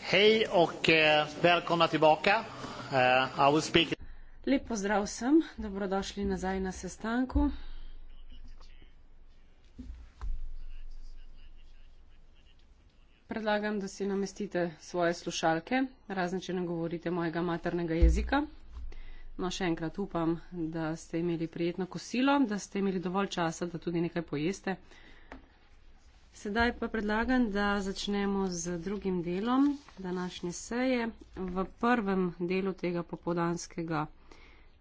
Hej och eh, välkomna tillbaka. Eh, Lep pozdrav vsem, dobrodošli nazaj na sestanku. predlagam, da si namestite svoje slušalke, razen če ne govorite mojega maternega jezika. No, še enkrat upam, da ste imeli prijetno kosilo, da ste imeli dovolj časa, da tudi nekaj pojeste. Sedaj pa predlagam, da začnemo z drugim delom današnje seje. V prvem delu tega popodanskega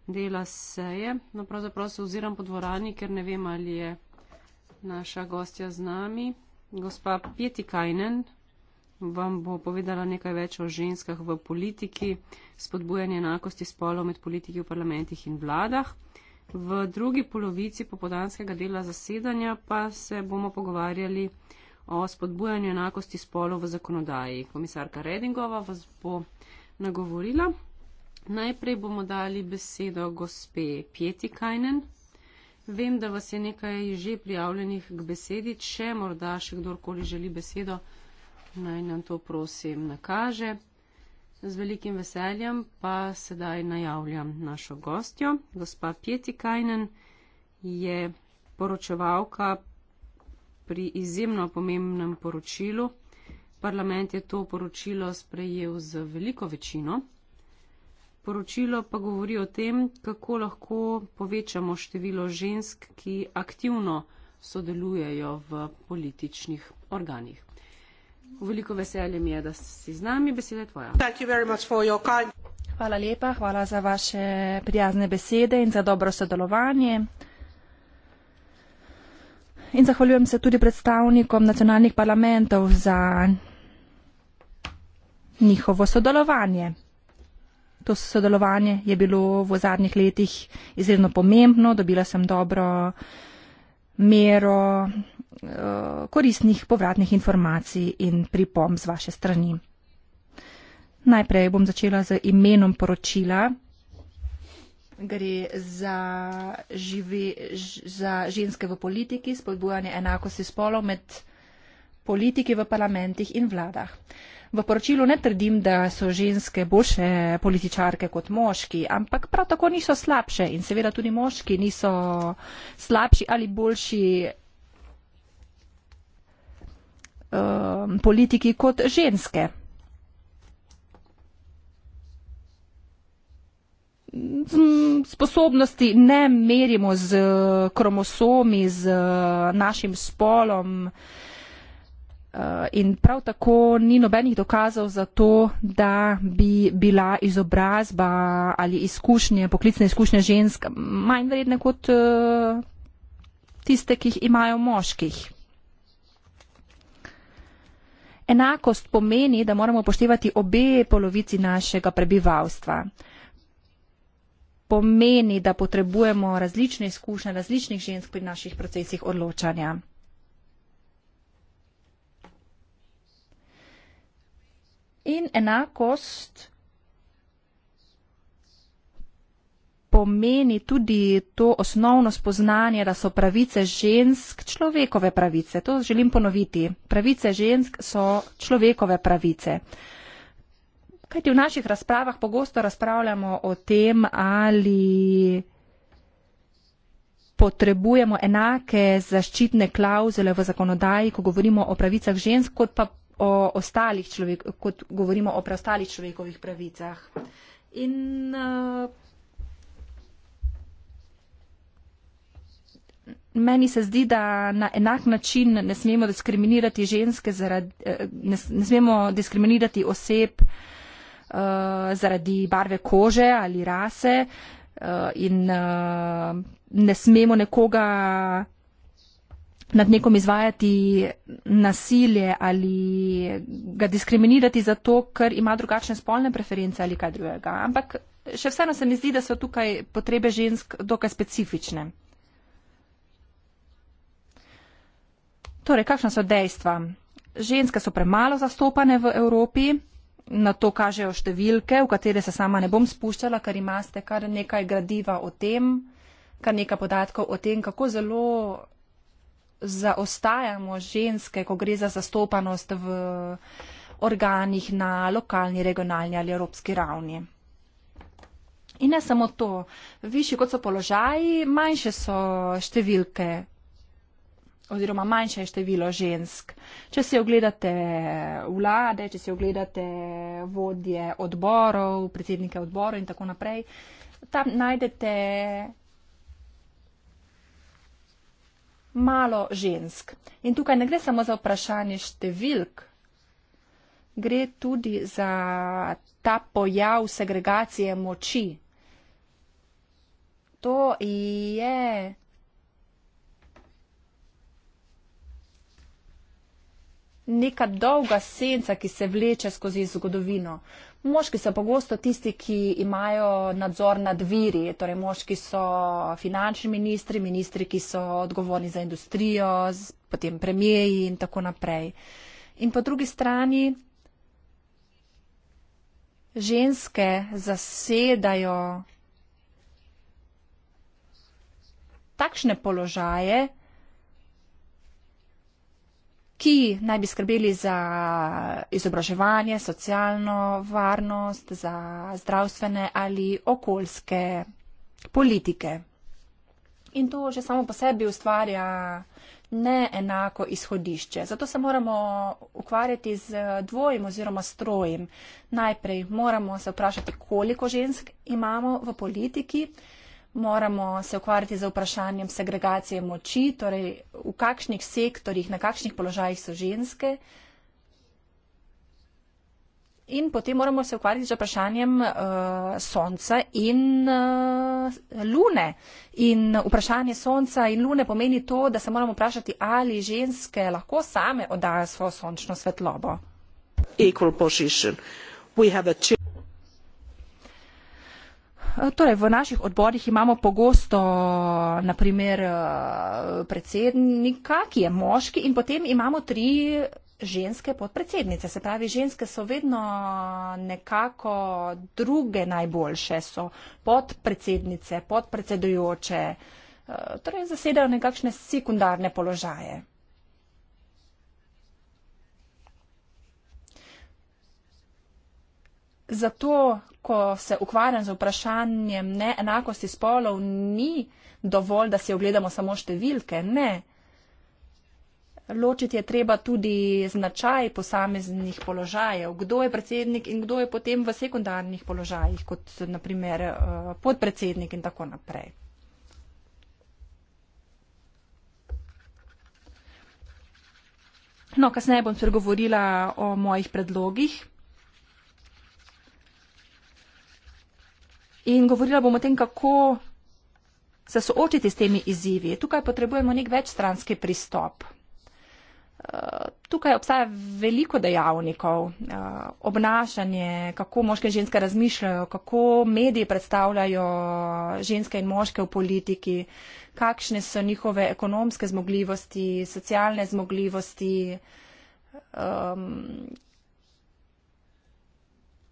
dela seje, no pravzaprav se oziram po dvorani, ker ne vem, ali je naša gostja z nami. Gospa Pietikajnen, vam bo povedala nekaj več o ženskah v politiki, spodbujanje enakosti spolov med politiki v parlamentih in vladah. V drugi polovici popodanskega dela zasedanja pa se bomo pogovarjali o spodbujanju enakosti spolov v zakonodaji. Komisarka Redingova vas bo nagovorila. Najprej bomo dali besedo gospe Pieti Kajnen. Vem, da vas je nekaj že prijavljenih k besedi, če morda še kdorkoli želi besedo naj nam to prosim nakaže. Z velikim veseljem pa sedaj najavljam našo gostjo. Gospa Pieti Kajnen je poročevalka pri izjemno pomembnem poročilu. Parlament je to poročilo sprejel z veliko večino. Poročilo pa govori o tem, kako lahko povečamo število žensk, ki aktivno sodelujejo v političnih organih. Veliko veselje mi je, da si z nami. Beseda je tvoja. Hvala lepa, hvala za vaše prijazne besede in za dobro sodelovanje. In zahvaljujem se tudi predstavnikom nacionalnih parlamentov za njihovo sodelovanje. To sodelovanje je bilo v zadnjih letih izredno pomembno, dobila sem dobro mero Eh, koristnih povratnih informacij in pripom z vaše strani. Najprej bom začela z imenom poročila. Gre za, živi, za ženske v politiki, spodbujanje enakosti spolov med politiki v parlamentih in vladah. V poročilu ne trdim, da so ženske boljše političarke kot moški, ampak prav tako niso slabše in seveda tudi moški niso slabši ali boljši Um, politiki kot ženske. Sposobnosti ne merimo z uh, kromosomi, z uh, našim spolom uh, in prav tako ni nobenih dokazov za to, da bi bila izobrazba ali izkušnje, poklicne izkušnje žensk manj vredne kot tiste, ki jih imajo moških. Enakost pomeni, da moramo upoštevati obe polovici našega prebivalstva. Pomeni, da potrebujemo različne izkušnje različnih žensk pri naših procesih odločanja. In enakost pomeni tudi to osnovno spoznanje, da so pravice žensk človekove pravice. To želim ponoviti. Pravice žensk so človekove pravice. Kajti v naših razpravah pogosto razpravljamo o tem, ali potrebujemo enake zaščitne klauzule v zakonodaji, ko govorimo o pravicah žensk, kot pa o ostalih človek, kot govorimo o preostalih človekovih pravicah. In uh, Meni se zdi, da na enak način ne smemo diskriminirati ženske, zaradi, eh, ne, ne smemo diskriminirati oseb uh, zaradi barve kože ali rase uh, in uh, ne smemo nekoga nad nekom izvajati nasilje ali ga diskriminirati zato, ker ima drugačne spolne preference ali kaj drugega. Ampak še vseeno se mi zdi, da so tukaj potrebe žensk dokaj specifične. Torej, kakšna so dejstva? Ženske so premalo zastopane v Evropi, na to kažejo številke, v katere se sama ne bom spuščala, ker imate kar nekaj gradiva o tem, kar nekaj podatkov o tem, kako zelo zaostajamo ženske, ko gre za zastopanost v organih na lokalni, regionalni ali evropski ravni. In ne samo to, višji kot so položaji, manjše so številke oziroma manjše število žensk. Če si ogledate vlade, če si ogledate vodje odborov, predsednike odborov in tako naprej, tam najdete malo žensk. In tukaj ne gre samo za vprašanje številk, gre tudi za ta pojav segregacije moči. To je neka dolga senca, ki se vleče skozi zgodovino. Moški so pogosto tisti, ki imajo nadzor nad viri, torej moški so finančni ministri, ministri, ki so odgovorni za industrijo, potem premijeji in tako naprej. In po drugi strani ženske zasedajo takšne položaje, ki naj bi skrbeli za izobraževanje, socialno varnost, za zdravstvene ali okoljske politike. In to že samo po sebi ustvarja neenako izhodišče. Zato se moramo ukvarjati z dvojim oziroma strojim. Najprej moramo se vprašati, koliko žensk imamo v politiki, moramo se ukvarjati z vprašanjem segregacije moči, torej v kakšnih sektorjih, na kakšnih položajih so ženske. In potem moramo se ukvarjati z vprašanjem uh, sonca in uh, lune. In vprašanje sonca in lune pomeni to, da se moramo vprašati, ali ženske lahko same oddajo svojo sončno svetlobo. Torej, v naših odborih imamo pogosto naprimer eh, predsednika, ki je moški in potem imamo tri ženske podpredsednice. Se pravi, ženske so vedno nekako druge najboljše, so podpredsednice, podpredsedujoče, eh, torej zasedajo nekakšne sekundarne položaje. Zato, ko se ukvarjam z vprašanjem neenakosti spolov, ni dovolj, da si ogledamo samo številke. Ne. Ločiti je treba tudi značaj posameznih položajev, kdo je predsednik in kdo je potem v sekundarnih položajih, kot naprimer eh, podpredsednik in tako naprej. No, kasneje bom spregovorila o mojih predlogih. In govorila bomo o tem, kako se soočiti s temi izzivi. Tukaj potrebujemo nek večstranski pristop. Eh, tukaj obstaja veliko dejavnikov, eh, obnašanje, kako moške in ženske razmišljajo, kako mediji predstavljajo ženske in moške v politiki, kakšne so njihove ekonomske zmogljivosti, socialne zmogljivosti, ehm,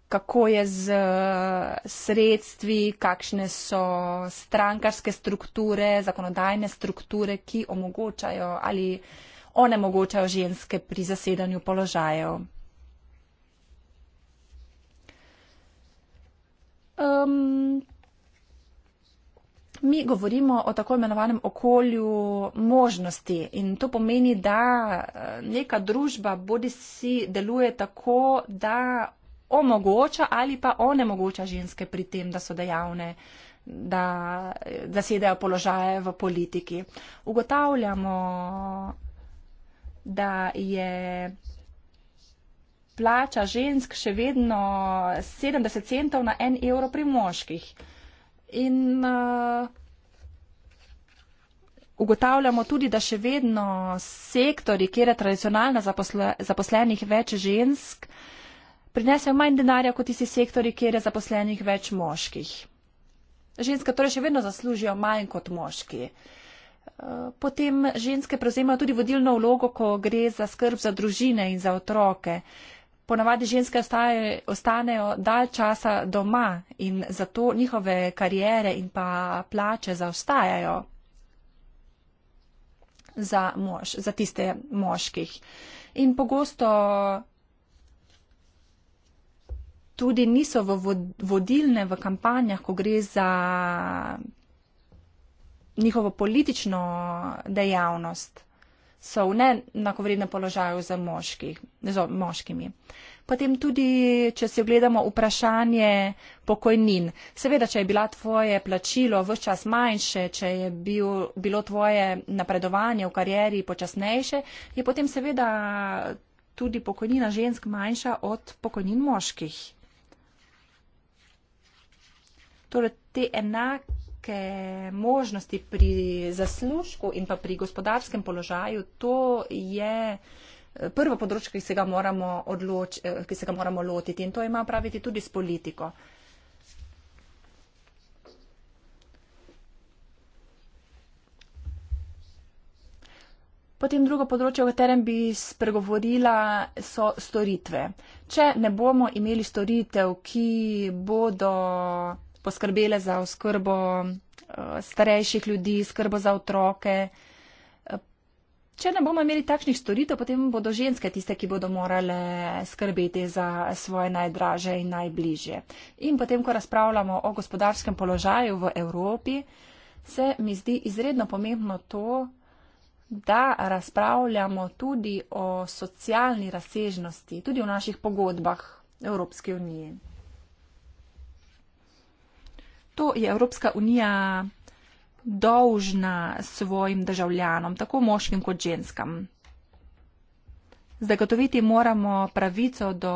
kako je z eh, sredstvi, kakšne so strankarske strukture, zakonodajne strukture, ki omogočajo ali onemogočajo ženske pri zasedanju položajev. Um, mi govorimo o tako imenovanem okolju možnosti in to pomeni, da eh, neka družba bodi si deluje tako, da omogoča ali pa onemogoča ženske pri tem, da so dejavne, da zasedajo položaje v politiki. Ugotavljamo, da je plača žensk še vedno 70 centov na en evro pri moških. In uh, ugotavljamo tudi, da še vedno sektori, kjer je tradicionalno zaposle, zaposlenih več žensk, uh, prinesejo manj denarja kot tisti sektori, kjer je zaposlenih več moških. Ženske torej še vedno zaslužijo manj kot moški. Eh, potem ženske prevzemajo tudi vodilno vlogo, ko gre za skrb za družine in za otroke. Ponavadi ženske ostaje, ostanejo dalj časa doma in zato njihove karijere in pa plače zaostajajo za, mož, za tiste moških. In pogosto tudi niso v vodilne v kampanjah, ko gre za njihovo politično dejavnost, so v neenakovrednem položaju z, moški, z moškimi. Potem tudi, če si ogledamo vprašanje pokojnin. Seveda, če je bila tvoje plačilo v čas manjše, če je bil, bilo tvoje napredovanje v karieri počasnejše, je potem seveda tudi pokojnina žensk manjša od pokojnin moških. Torej, te enake možnosti pri zaslužku in pa pri gospodarskem položaju, to je eh, prvo področje, ki se ga moramo, odloč, eh, ki se ga moramo lotiti in to ima praviti tudi s politiko. Potem drugo področje, o katerem bi spregovorila, so storitve. Če ne bomo imeli storitev, ki bodo poskrbele za oskrbo eh, starejših ljudi, skrbo za otroke. Eh, če ne bomo imeli takšnih storitev, potem bodo ženske tiste, ki bodo morale skrbeti za svoje najdraže in najbližje. In potem, ko razpravljamo o gospodarskem položaju v Evropi, se mi zdi izredno pomembno to, da razpravljamo tudi o socialni razsežnosti, tudi v naših pogodbah Evropske unije. To je Evropska unija dolžna svojim državljanom, tako moškim kot ženskam. Zagotoviti moramo pravico do,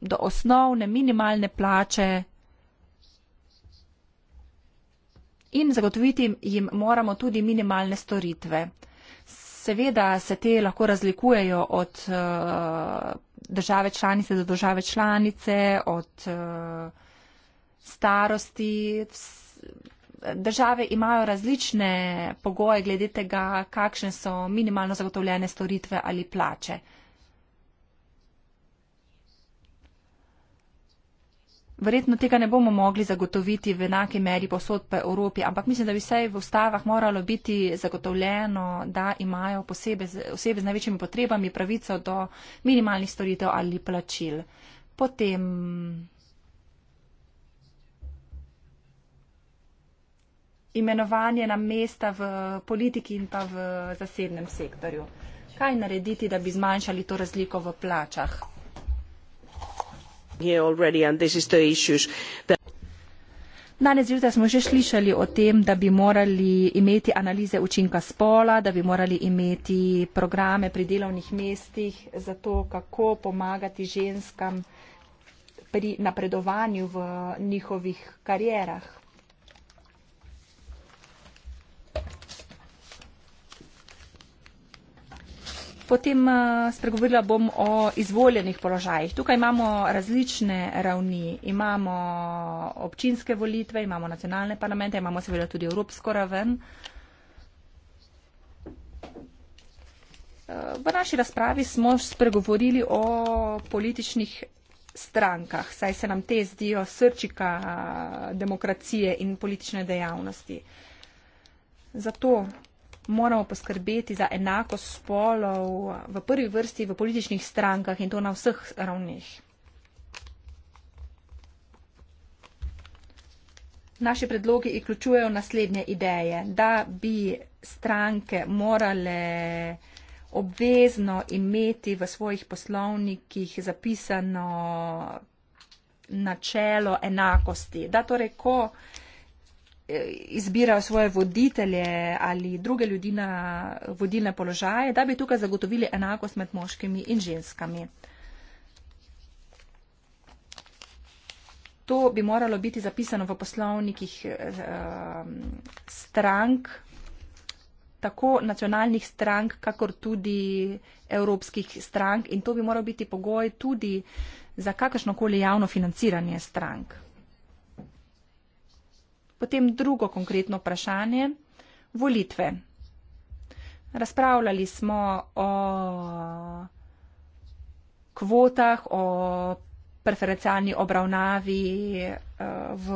do osnovne minimalne plače in zagotoviti jim moramo tudi minimalne storitve. Seveda se te lahko razlikujejo od uh, države članice do države članice, od uh, starosti. Države imajo različne pogoje glede tega, kakšne so minimalno zagotovljene storitve ali plače. Verjetno tega ne bomo mogli zagotoviti v enaki meri posod po Evropi, ampak mislim, da bi vsaj v ustavah moralo biti zagotovljeno, da imajo posebe, osebe z največjimi potrebami pravico do minimalnih storitev ali plačil. Potem imenovanje na mesta v politiki in pa v zasebnem sektorju. Kaj narediti, da bi zmanjšali to razliko v plačah? Danes zjutraj smo že slišali o tem, da bi morali imeti analize učinka spola, da bi morali imeti programe pri delovnih mestih za to, kako pomagati ženskam pri napredovanju v njihovih karjerah. Potem eh, spregovorila bom o izvoljenih položajih. Tukaj imamo različne ravni. Imamo občinske volitve, imamo nacionalne parlamente, imamo seveda tudi evropsko raven. Eh, v naši razpravi smo spregovorili o političnih strankah, saj se nam te zdijo srčika eh, demokracije in politične dejavnosti. Zato moramo poskrbeti za enako spolov v prvi vrsti v političnih strankah in to na vseh ravneh. Naši predlogi vključujejo naslednje ideje, da bi stranke morale obvezno imeti v svojih poslovnikih zapisano načelo enakosti, da torej, ko Eh, izbirajo svoje voditelje ali druge ljudi na vodilne položaje, da bi tukaj zagotovili enakost med moškimi in ženskami. To bi moralo biti zapisano v poslovnikih eh, strank, tako nacionalnih strank, kakor tudi evropskih strank in to bi moralo biti pogoj tudi za kakršnokoli javno financiranje strank. Potem drugo konkretno vprašanje. Volitve. Razpravljali smo o kvotah, o preferencialni obravnavi eh, v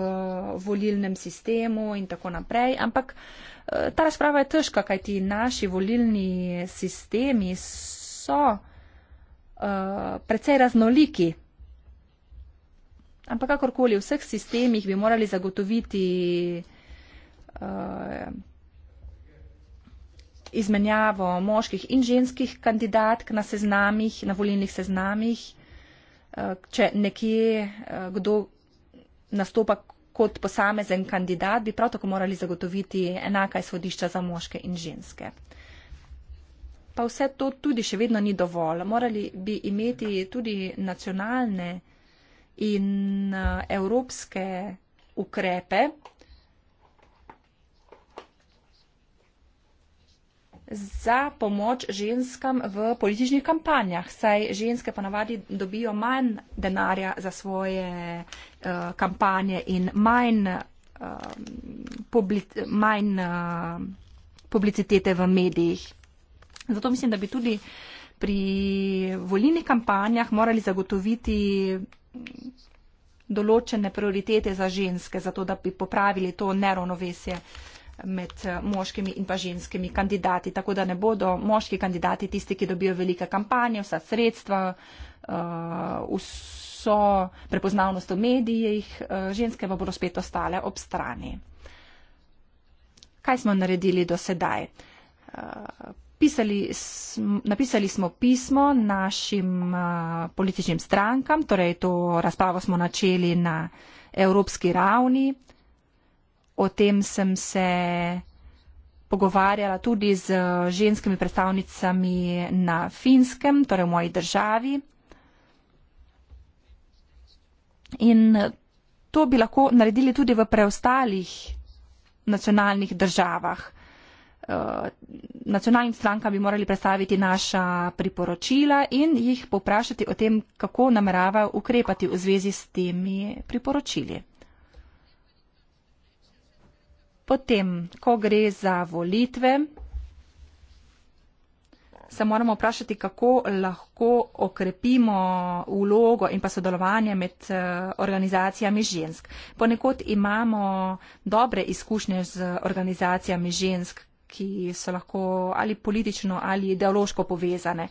volilnem sistemu in tako naprej, ampak eh, ta razprava je težka, kajti naši volilni sistemi so eh, precej raznoliki. Ampak kakorkoli v vseh sistemih bi morali zagotoviti uh, izmenjavo moških in ženskih kandidatk na seznamih, na volilnih seznamih, uh, če nekje uh, kdo nastopa kot posamezen kandidat, bi prav tako morali zagotoviti enaka izhodišča za moške in ženske. Pa vse to tudi še vedno ni dovolj. Morali bi imeti tudi nacionalne in eh, evropske ukrepe za pomoč ženskam v političnih kampanjah, saj ženske ponavadi dobijo manj denarja za svoje uh, kampanje in manj, uh, public, manj uh, publicitete v medijih. Zato mislim, da bi tudi pri volilnih kampanjah morali zagotoviti določene prioritete za ženske, zato da bi popravili to neravnovesje med eh, moškimi in pa ženskimi kandidati. Tako da ne bodo moški kandidati tisti, ki dobijo velike kampanje, vsa sredstva, eh, vso prepoznavnost v medijih, eh, ženske pa bodo spet ostale ob strani. Kaj smo naredili do sedaj? pisali, napisali smo pismo našim političnim strankam, torej to razpravo smo načeli na evropski ravni. O tem sem se pogovarjala tudi z ženskimi predstavnicami na finskem, torej v moji državi. In to bi lahko naredili tudi v preostalih nacionalnih državah nacionalnim strankam bi morali predstaviti naša priporočila in jih poprašati o tem, kako nameravajo ukrepati v zvezi s temi priporočili. Potem, ko gre za volitve, se moramo vprašati, kako lahko okrepimo vlogo in pa sodelovanje med eh, organizacijami žensk. Ponekod imamo dobre izkušnje z organizacijami žensk, ki so lahko ali politično ali ideološko povezane.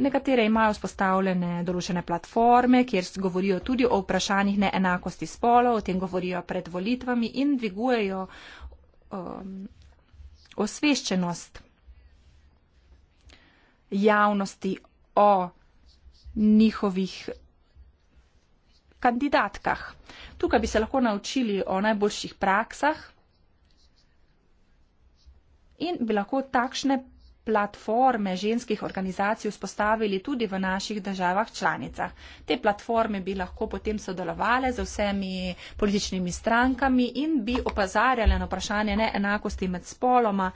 Nekatere imajo spostavljene določene platforme, kjer govorijo tudi o vprašanjih neenakosti spolov, o tem govorijo pred volitvami in dvigujejo um, osveščenost javnosti o njihovih kandidatkah. Tukaj bi se lahko naučili o najboljših praksah, in bi lahko takšne platforme ženskih organizacij vzpostavili tudi v naših državah članicah. Te platforme bi lahko potem sodelovali z vsemi političnimi strankami in bi opozarjali na vprašanje neenakosti med spoloma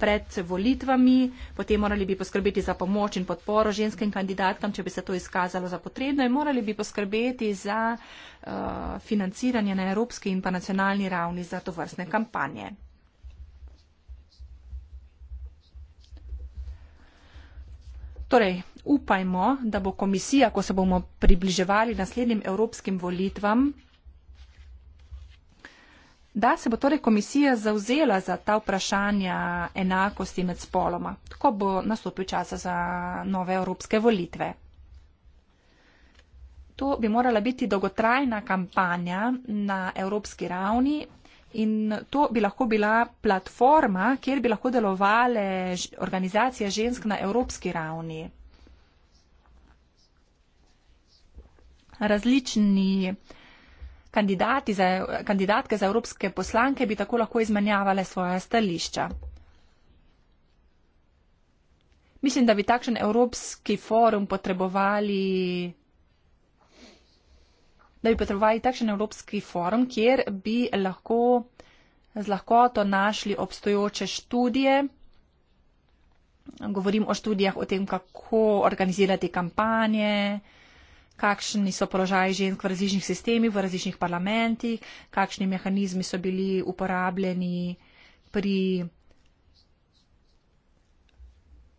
pred volitvami, potem morali bi poskrbeti za pomoč in podporo ženskim kandidatkam, če bi se to izkazalo za potrebno in morali bi poskrbeti za uh, financiranje na evropski in pa nacionalni ravni za to vrstne kampanje. Torej, upajmo, da bo komisija, ko se bomo približevali naslednjim evropskim volitvam, da se bo torej komisija zauzela za ta vprašanja enakosti med spoloma, ko bo nastopil čas za nove evropske volitve. To bi morala biti dolgotrajna kampanja na evropski ravni, In to bi lahko bila platforma, kjer bi lahko delovale organizacije žensk na evropski ravni. Različni za, kandidatke za evropske poslanke bi tako lahko izmenjavale svoje stališča. Mislim, da bi takšen evropski forum potrebovali da bi potrebovali takšen evropski forum, kjer bi lahko z lahkoto našli obstojoče študije. Govorim o študijah o tem, kako organizirati kampanje, kakšni so položaji žensk v različnih sistemih, v različnih parlamentih, kakšni mehanizmi so bili uporabljeni pri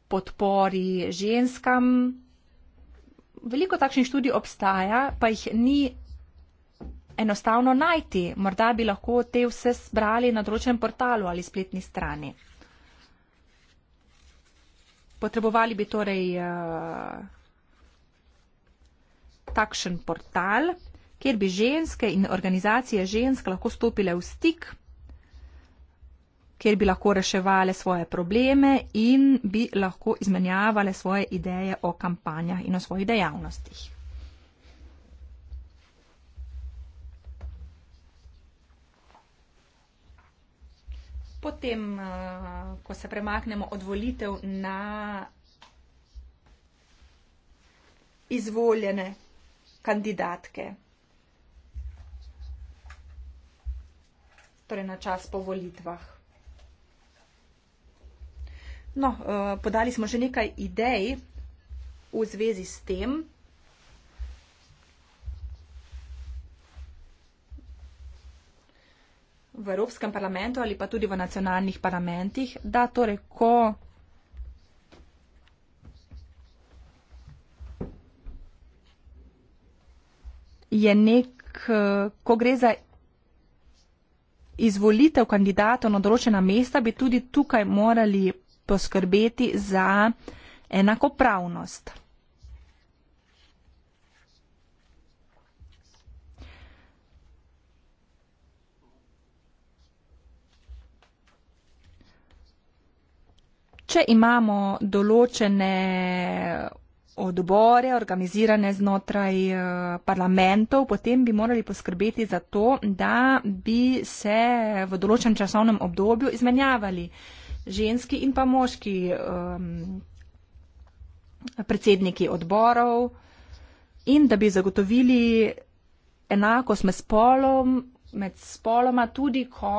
podpori ženskam. Veliko takšnih študij obstaja, pa jih ni enostavno najti. Morda bi lahko te vse zbrali na določenem portalu ali spletni strani. Potrebovali bi torej uh, takšen portal, kjer bi ženske in organizacije žensk lahko stopile v stik, kjer bi lahko reševali svoje probleme in bi lahko izmenjavali svoje ideje o kampanjah in o svojih dejavnostih. Potem, eh, ko se premaknemo od volitev na izvoljene kandidatke, torej na čas po volitvah. No, eh, podali smo že nekaj idej v zvezi s tem. v Evropskem parlamentu ali pa tudi v nacionalnih parlamentih, da torej, ko je nek, ko gre za izvolitev kandidatov na določena mesta, bi tudi tukaj morali poskrbeti za enakopravnost. če imamo določene odbore organizirane znotraj eh, parlamentov, potem bi morali poskrbeti za to, da bi se v določenem časovnem obdobju izmenjavali ženski in pa moški um, predsedniki odborov in da bi zagotovili enakost med spolom, med spoloma tudi, ko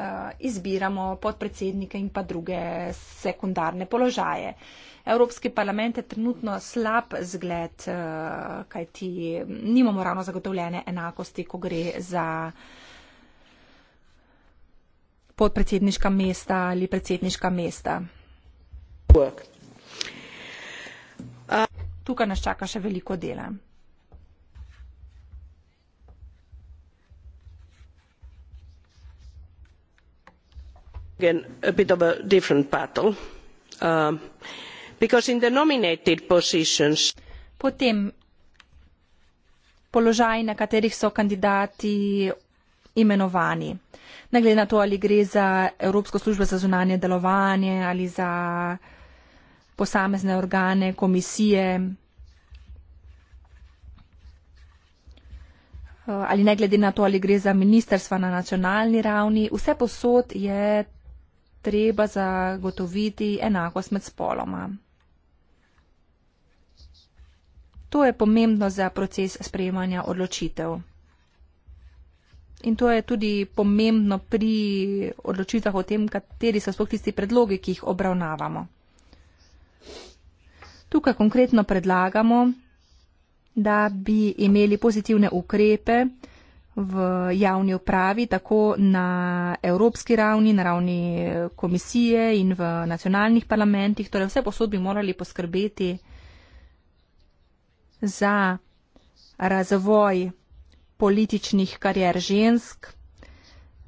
Eh, izbiramo podpredsednike in pa druge sekundarne položaje. Evropski parlament je trenutno slab zgled, eh, kajti nimamo ravno zagotovljene enakosti, ko gre za podpredsedniška mesta ali predsedniška mesta. Tukaj nas čaka še veliko dela. again a bit of a different battle um, because in the nominated positions potem položaji na katerih so kandidati imenovani ne glede na to ali gre za evropsko službo za zunanje delovanje ali za posamezne organe komisije eh, ali ne glede na to, ali gre za ministerstva na nacionalni ravni, vse posod je treba zagotoviti enakost med spoloma. To je pomembno za proces sprejemanja odločitev. In to je tudi pomembno pri odločitvah o tem, kateri so sploh tisti predlogi, ki jih obravnavamo. Tukaj konkretno predlagamo, da bi imeli pozitivne ukrepe, v javni upravi, tako na evropski ravni, na ravni eh, komisije in v nacionalnih parlamentih. Torej vse posod bi morali poskrbeti za razvoj političnih karier žensk.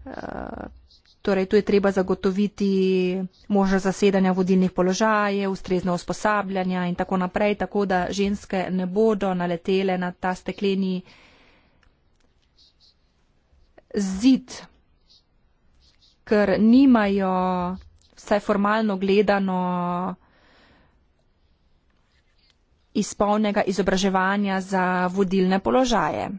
Eh, torej, tu je treba zagotoviti možnost zasedanja vodilnih položajev, ustrezno usposabljanja in tako naprej, tako da ženske ne bodo naletele na ta stekleni zid, ker nimajo, vsaj formalno gledano, izpolnega izobraževanja za vodilne položaje.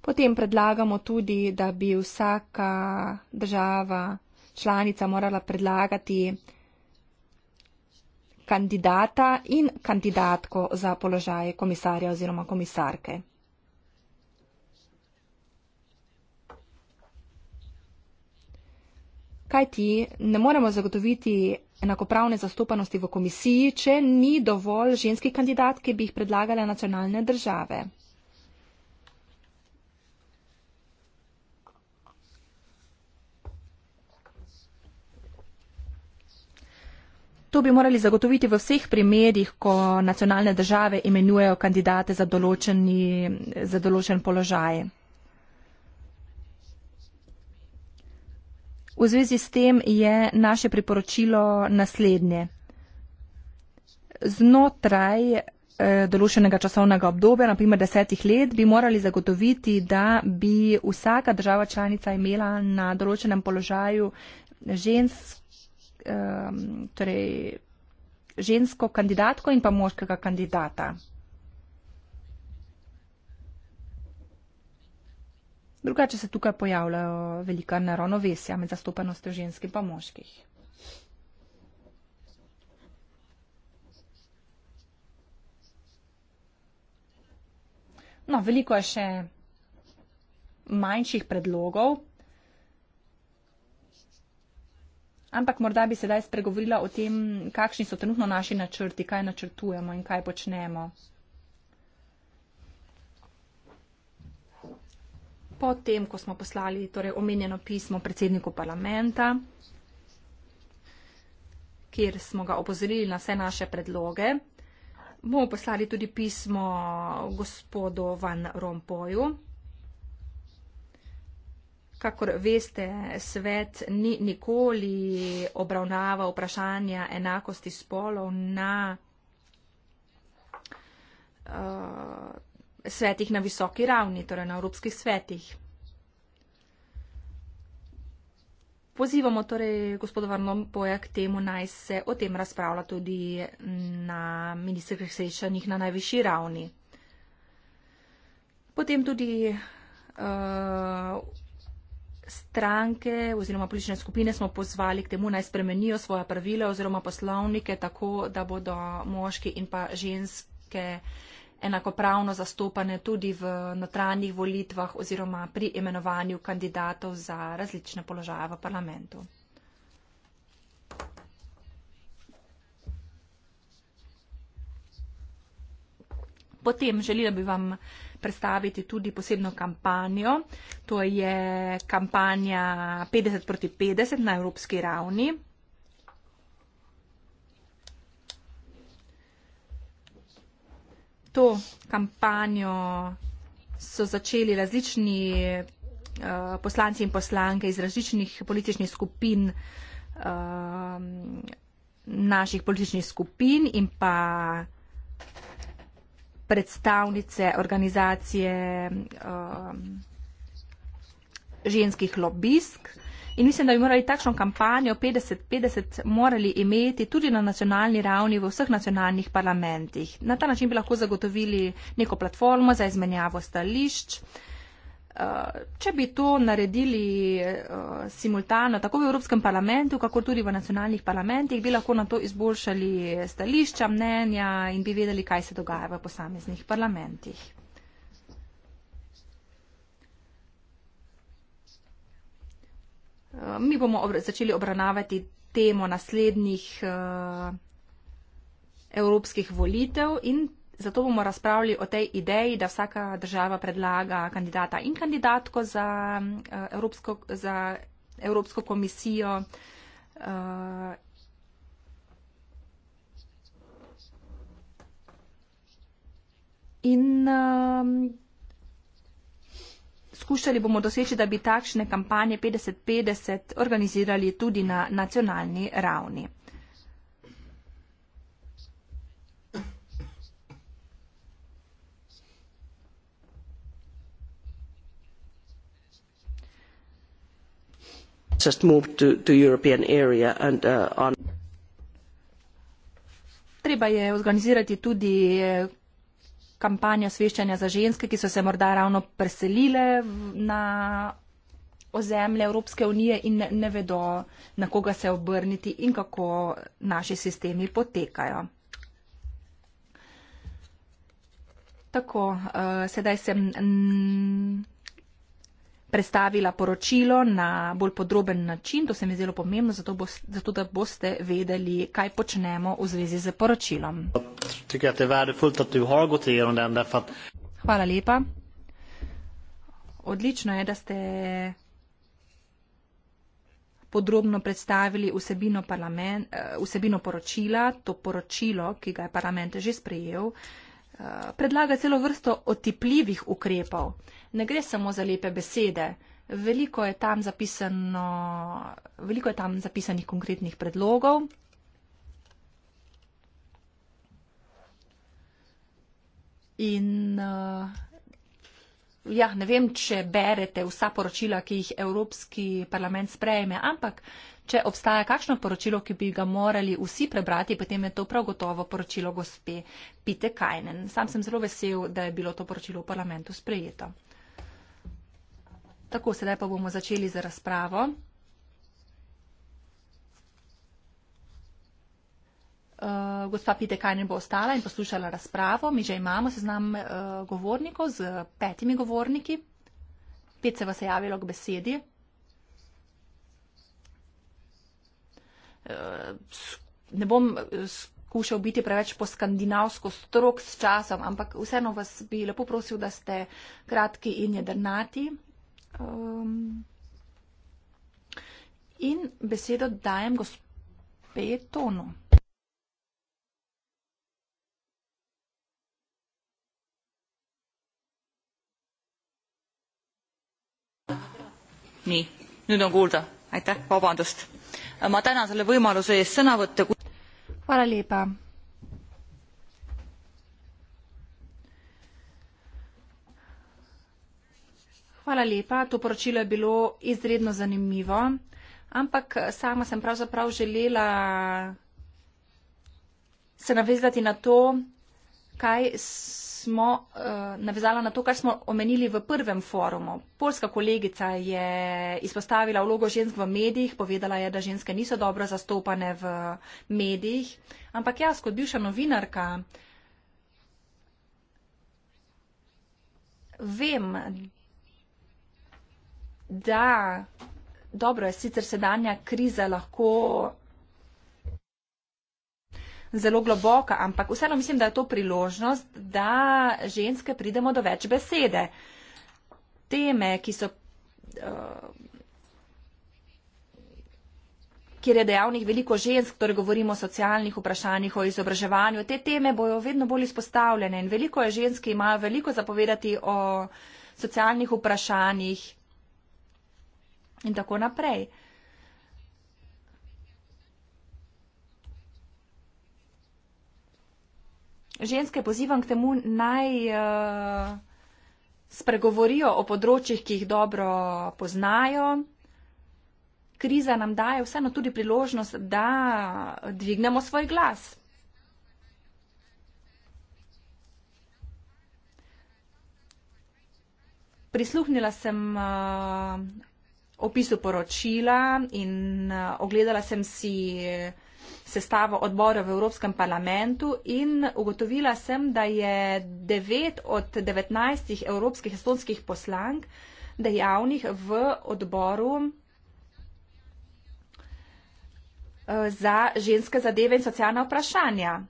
Potem predlagamo tudi, da bi vsaka država članica morala predlagati kandidata in kandidatko za položaje komisarja oziroma komisarke. kaj ti ne moremo zagotoviti enakopravne zastopanosti v komisiji, če ni dovolj ženskih kandidat, ki bi jih predlagale nacionalne države. To bi morali zagotoviti v vseh primerjih, ko nacionalne države imenujejo kandidate za določen položaj. V zvezi s tem je naše priporočilo naslednje. Znotraj eh, določenega časovnega obdobja, naprimer desetih let, bi morali zagotoviti, da bi vsaka država članica imela na določenem položaju žensk, eh, torej žensko kandidatko in pa moškega kandidata. Drugače se tukaj pojavljajo velika neravnovesja med zastopanostjo ženski pa moških. No, veliko je še manjših predlogov, ampak morda bi sedaj spregovorila o tem, kakšni so trenutno naši načrti, kaj načrtujemo in kaj počnemo. potem, ko smo poslali torej, omenjeno pismo predsedniku parlamenta, kjer smo ga opozorili na vse naše predloge, bomo poslali tudi pismo gospodu Van Rompoju. Kakor veste, svet ni nikoli obravnava vprašanja enakosti spolov na uh, svetih na visoki ravni, torej na evropskih svetih. Pozivamo torej gospoda Varnoboja k temu, naj se o tem razpravlja tudi na ministrskih srečanjih na najvišji ravni. Potem tudi uh, stranke oziroma politične skupine smo pozvali k temu, naj spremenijo svoje pravile oziroma poslovnike tako, da bodo moški in pa ženske uh, enakopravno zastopane tudi v notranjih volitvah oziroma pri imenovanju kandidatov za različne položaje v parlamentu. Potem želela bi vam predstaviti tudi posebno kampanjo. To je kampanja 50 proti 50 na evropski ravni. to kampanjo so začeli različni uh, poslanci in poslanke iz različnih političnih skupin, uh, naših političnih skupin in pa predstavnice organizacije uh, ženskih lobisk. In mislim, da bi morali takšno kampanjo 50-50 morali imeti tudi na nacionalni ravni v vseh nacionalnih parlamentih. Na ta način bi lahko zagotovili neko platformo za izmenjavo stališč. Eh, če bi to naredili eh, simultano tako v Evropskem parlamentu, kako tudi v nacionalnih parlamentih, bi lahko na to izboljšali stališča, mnenja in bi vedeli, kaj se dogaja v posameznih parlamentih. Eh, mi bomo ob začeli obravnavati temo naslednjih uh, evropskih volitev in zato bomo razpravljali o tej ideji, da vsaka država predlaga kandidata in kandidatko za, uh, Evropsko, za Evropsko komisijo. Uh, in uh, poskušali bomo doseči, da bi takšne kampanje 50-50 organizirali tudi na nacionalni ravni. Uh, Treba je organizirati tudi eh, kampanja osveščanja za ženske, ki so se morda ravno preselile na ozemlje Evropske unije in ne, ne vedo, na koga se obrniti in kako naši sistemi potekajo. Tako, uh, sedaj sem. Mm, predstavila poročilo na bolj podroben način. To se mi je zelo pomembno, zato, bo, zato da boste vedeli, kaj počnemo v zvezi z poročilom. Hvala lepa. Odlično je, da ste podrobno predstavili vsebino, eh, vsebino poročila, to poročilo, ki ga je parlament že sprejel, eh, predlaga celo vrsto otipljivih ukrepov ne gre samo za lepe besede. Veliko je tam, zapisano, veliko je tam zapisanih konkretnih predlogov. In eh, ja, ne vem, če berete vsa poročila, ki jih Evropski parlament sprejme, ampak če obstaja kakšno poročilo, ki bi ga morali vsi prebrati, potem je to prav gotovo poročilo gospe Pite Kajnen. Sam sem zelo vesel, da je bilo to poročilo v parlamentu sprejeto. Tako, sedaj pa bomo začeli z razpravo. Eh, gospa Pite, kaj ne bo ostala in poslušala razpravo. Mi že imamo seznam eh, govornikov z petimi govorniki. Pet se vas je javilo k besedi. Eh, ne bom skušal biti preveč po skandinavsko strok s časom, ampak vseeno vas bi lepo prosil, da ste kratki in jedrnati Um, in besedo dajem gospe Tonu. nii, nüüd on kuulda, aitäh, vabandust. ma tänan selle võimaluse eest sõna võtta. Vale liba. Hvala lepa, to poročilo je bilo izredno zanimivo, ampak sama sem pravzaprav želela se navezati na to, kaj smo uh, navezala na to, kar smo omenili v prvem forumu. Polska kolegica je izpostavila vlogo žensk v medijih, povedala je, da ženske niso dobro zastopane v medijih, ampak jaz kot bivša novinarka vem, da dobro je sicer sedanja kriza lahko zelo globoka, ampak vseeno mislim, da je to priložnost, da ženske pridemo do več besede. Teme, ki so. Uh, kjer je dejavnih veliko žensk, torej govorimo o socialnih vprašanjih, o izobraževanju, te teme bojo vedno bolj izpostavljene in veliko je žensk, ki imajo veliko zapovedati o socialnih vprašanjih, in tako naprej. Ženske pozivam k temu, naj uh, spregovorijo o področjih, ki jih dobro poznajo. Kriza nam daje vseeno tudi priložnost, da dvignemo svoj glas. Prisluhnila sem uh, opisu poročila in eh, ogledala sem si eh, sestavo odbora v Evropskem parlamentu in ugotovila sem, da je 9 od 19 evropskih estonskih poslank dejavnih v odboru eh, za ženske zadeve in socialna vprašanja.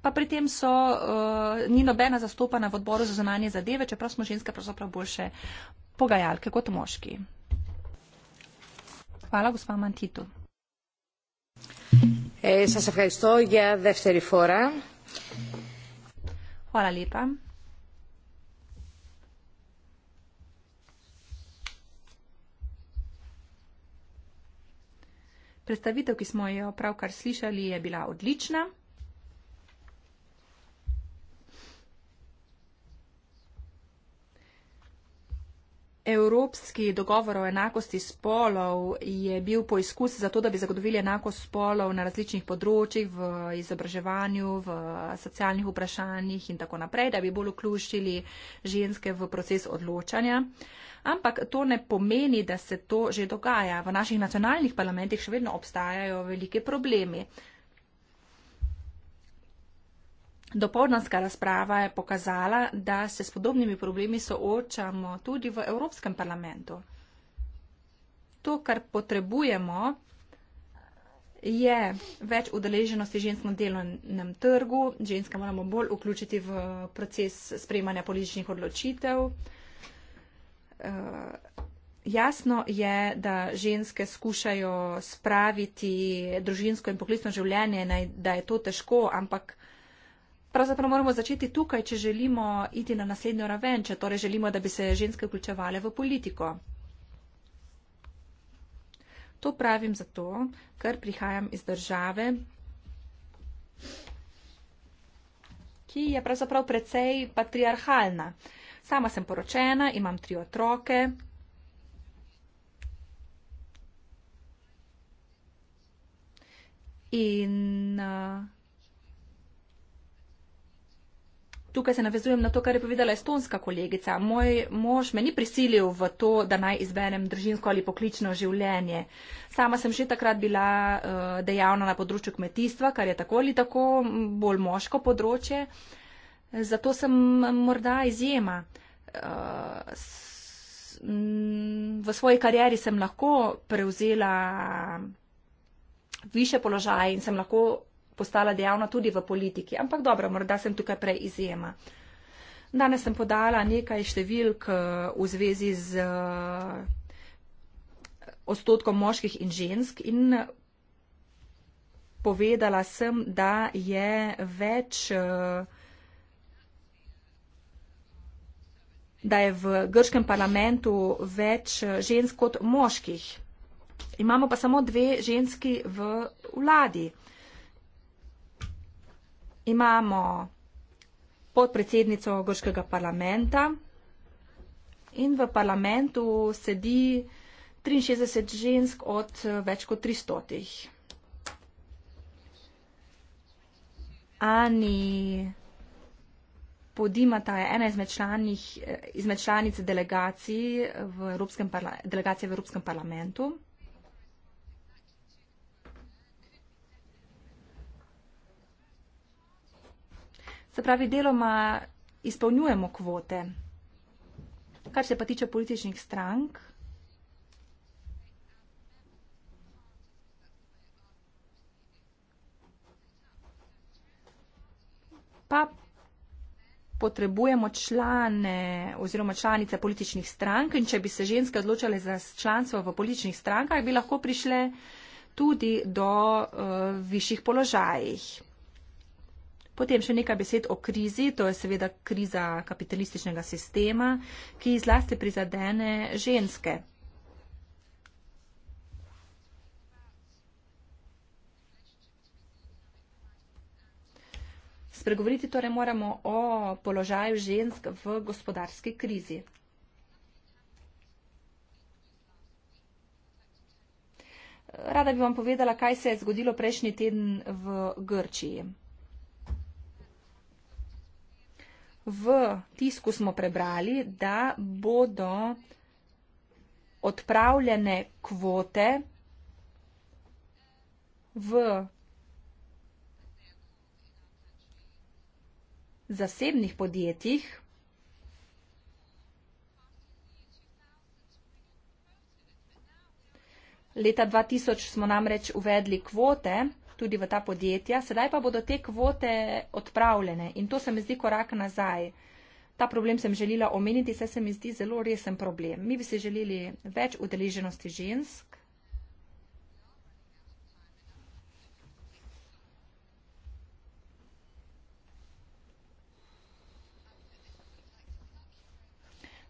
Pa pri tem so, uh, ni nobena zastopana v odboru za zunanje zadeve, čeprav smo ženske pravzaprav boljše pogajalke kot moški. Hvala, gospa Mantitu. Eh, ja, Hvala lepa. Predstavitev, ki smo jo pravkar slišali, je bila odlična. Evropski dogovor o enakosti spolov je bil poizkus za to, da bi zagotovili enakost spolov na različnih področjih, v izobraževanju, v socialnih vprašanjih in tako naprej, da bi bolj vključili ženske v proces odločanja. Ampak to ne pomeni, da se to že dogaja. V naših nacionalnih parlamentih še vedno obstajajo velike problemi. Dopolnanska razprava je pokazala, da se s podobnimi problemi soočamo tudi v Evropskem parlamentu. To, kar potrebujemo, je več udeleženosti žensk na delovnem trgu. Ženske moramo bolj vključiti v proces sprejemanja političnih odločitev. Eh, jasno je, da ženske skušajo spraviti družinsko in poklicno življenje, da je to težko, ampak Pravzaprav moramo začeti tukaj, če želimo iti na naslednjo raven, če torej želimo, da bi se ženske vključevale v politiko. To pravim zato, ker prihajam iz države, ki je pravzaprav precej patriarhalna. Sama sem poročena, imam tri otroke. In uh, Tukaj se navezujem na to, kar je povedala estonska kolegica. Moj mož me ni prisilil v to, da naj izberem družinsko ali poklično življenje. Sama sem že takrat bila eh, dejavna na področju kmetijstva, kar je tako ali tako bolj moško področje. Zato sem morda izjema. Eh, v svoji karieri sem lahko prevzela više položaje in sem lahko postala dejavna tudi v politiki, ampak dobro, morda sem tukaj prej izjema. Danes sem podala nekaj številk eh, v zvezi z eh, odstotkom moških in žensk in eh, povedala sem, da je več, da je v grškem parlamentu več žensk kot moških. Imamo pa samo dve ženski v vladi imamo podpredsednico grškega parlamenta in v parlamentu sedi 63 žensk od eh, več kot 300. Ani Podimata je ena izmed, članih, eh, izmed članic delegacije v, v Evropskem parlamentu. Se pravi, deloma izpolnjujemo kvote. Kar se pa tiče političnih strank. Pa potrebujemo člane oziroma članice političnih strank in če bi se ženske odločale za članstvo v političnih strankah, bi lahko prišle tudi do uh, višjih položajih. Potem še nekaj besed o krizi, to je seveda kriza kapitalističnega sistema, ki zlasti prizadene ženske. Spregovoriti torej moramo o položaju žensk v gospodarski krizi. Rada bi vam povedala, kaj se je zgodilo prejšnji teden v Grčiji. v tisku smo prebrali, da bodo odpravljene kvote v zasebnih podjetjih. Leta 2000 smo namreč uvedli kvote tudi v ta podjetja, sedaj pa bodo te kvote odpravljene in to se mi zdi korak nazaj. Ta problem sem želela omeniti, saj se mi zdi zelo resen problem. Mi bi si želeli več udeleženosti žensk.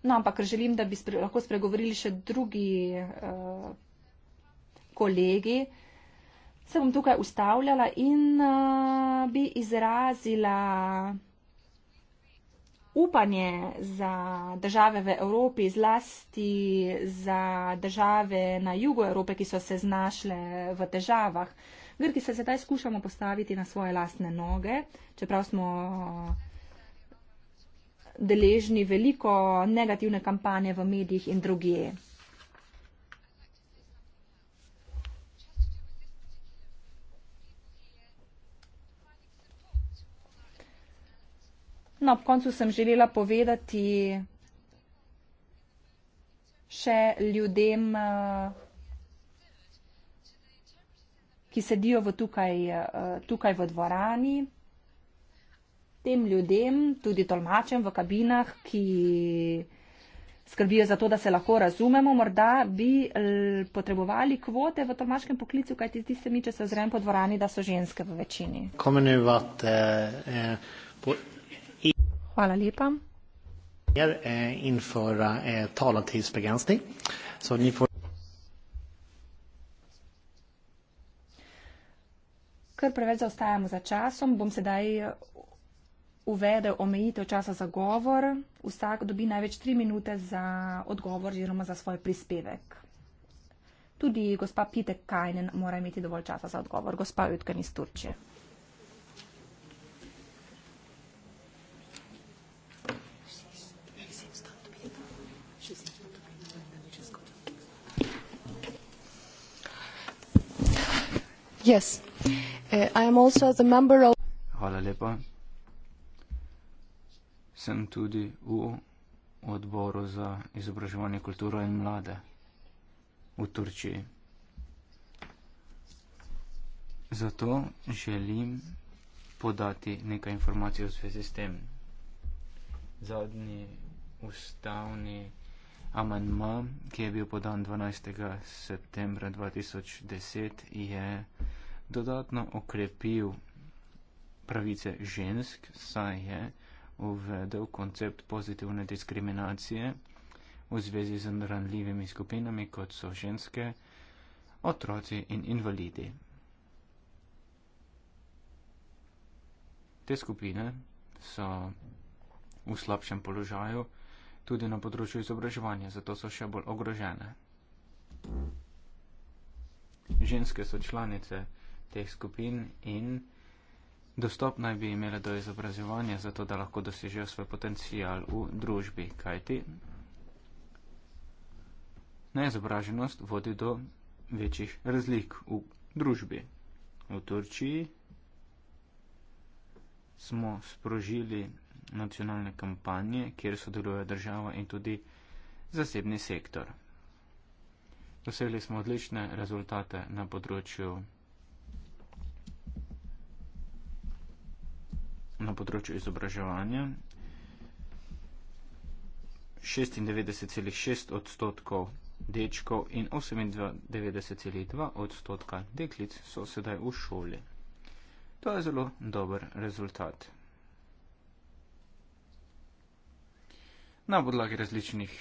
No, ampak želim, da bi spre, lahko spregovorili še drugi uh, kolegi. Uh, se bom tukaj ustavljala in uh, bi izrazila upanje za države v Evropi, zlasti za države na jugu Evrope, ki so se znašle v težavah. Grki se zdaj skušamo postaviti na svoje lastne noge, čeprav smo deležni veliko negativne kampanje v medijih in drugje. No, ob koncu sem želela povedati še ljudem, eh, ki sedijo v tukaj, eh, tukaj v dvorani, tem ljudem, tudi tolmačem v kabinah, ki skrbijo za to, da se lahko razumemo, morda bi potrebovali kvote v tolmačkem poklicu, kajti zdi se mi, če se ozrem po dvorani, da so ženske v večini. Komunivate, eh, eh, po... Hvala lepa. Eh, In for eh, talatidsbegrensning. Ker preveč zaostajamo za časom, bom sedaj eh, uvedel omejitev časa za govor. Vsak dobi največ tri minute za odgovor oziroma za svoj prispevek. Tudi gospa Pite Kajnen mora imeti dovolj časa za odgovor. Gospa Jutkan iz Turčije. Yes. Uh, I am also the member of Hvala lepa. Sem tudi v odboru za izobraževanje kulturo in mlade v Turčiji. Zato želim podati nekaj informacij v zvezi s tem. Zadnji ustavni amandma, ki je bil podan 12. septembra 2010, je dodatno okrepil pravice žensk, saj je uvedel koncept pozitivne diskriminacije v zvezi z ranljivimi skupinami, kot so ženske, otroci in invalidi. Te skupine so v slabšem položaju tudi na področju izobraževanja, zato so še bolj ogrožene. Ženske so članice teh skupin in dostop naj bi imele do izobraževanja, zato da lahko dosežejo svoj potencial v družbi, kajti neizobraženost vodi do večjih razlik v družbi. V Turčiji smo sprožili nacionalne kampanje, kjer sodeluje država in tudi zasebni sektor. Dosegli smo odlične rezultate na področju na področju izobraževanja. 96,6 odstotkov dečkov in 98,2 odstotka deklic so sedaj v šoli. To je zelo dober rezultat. Na podlagi različnih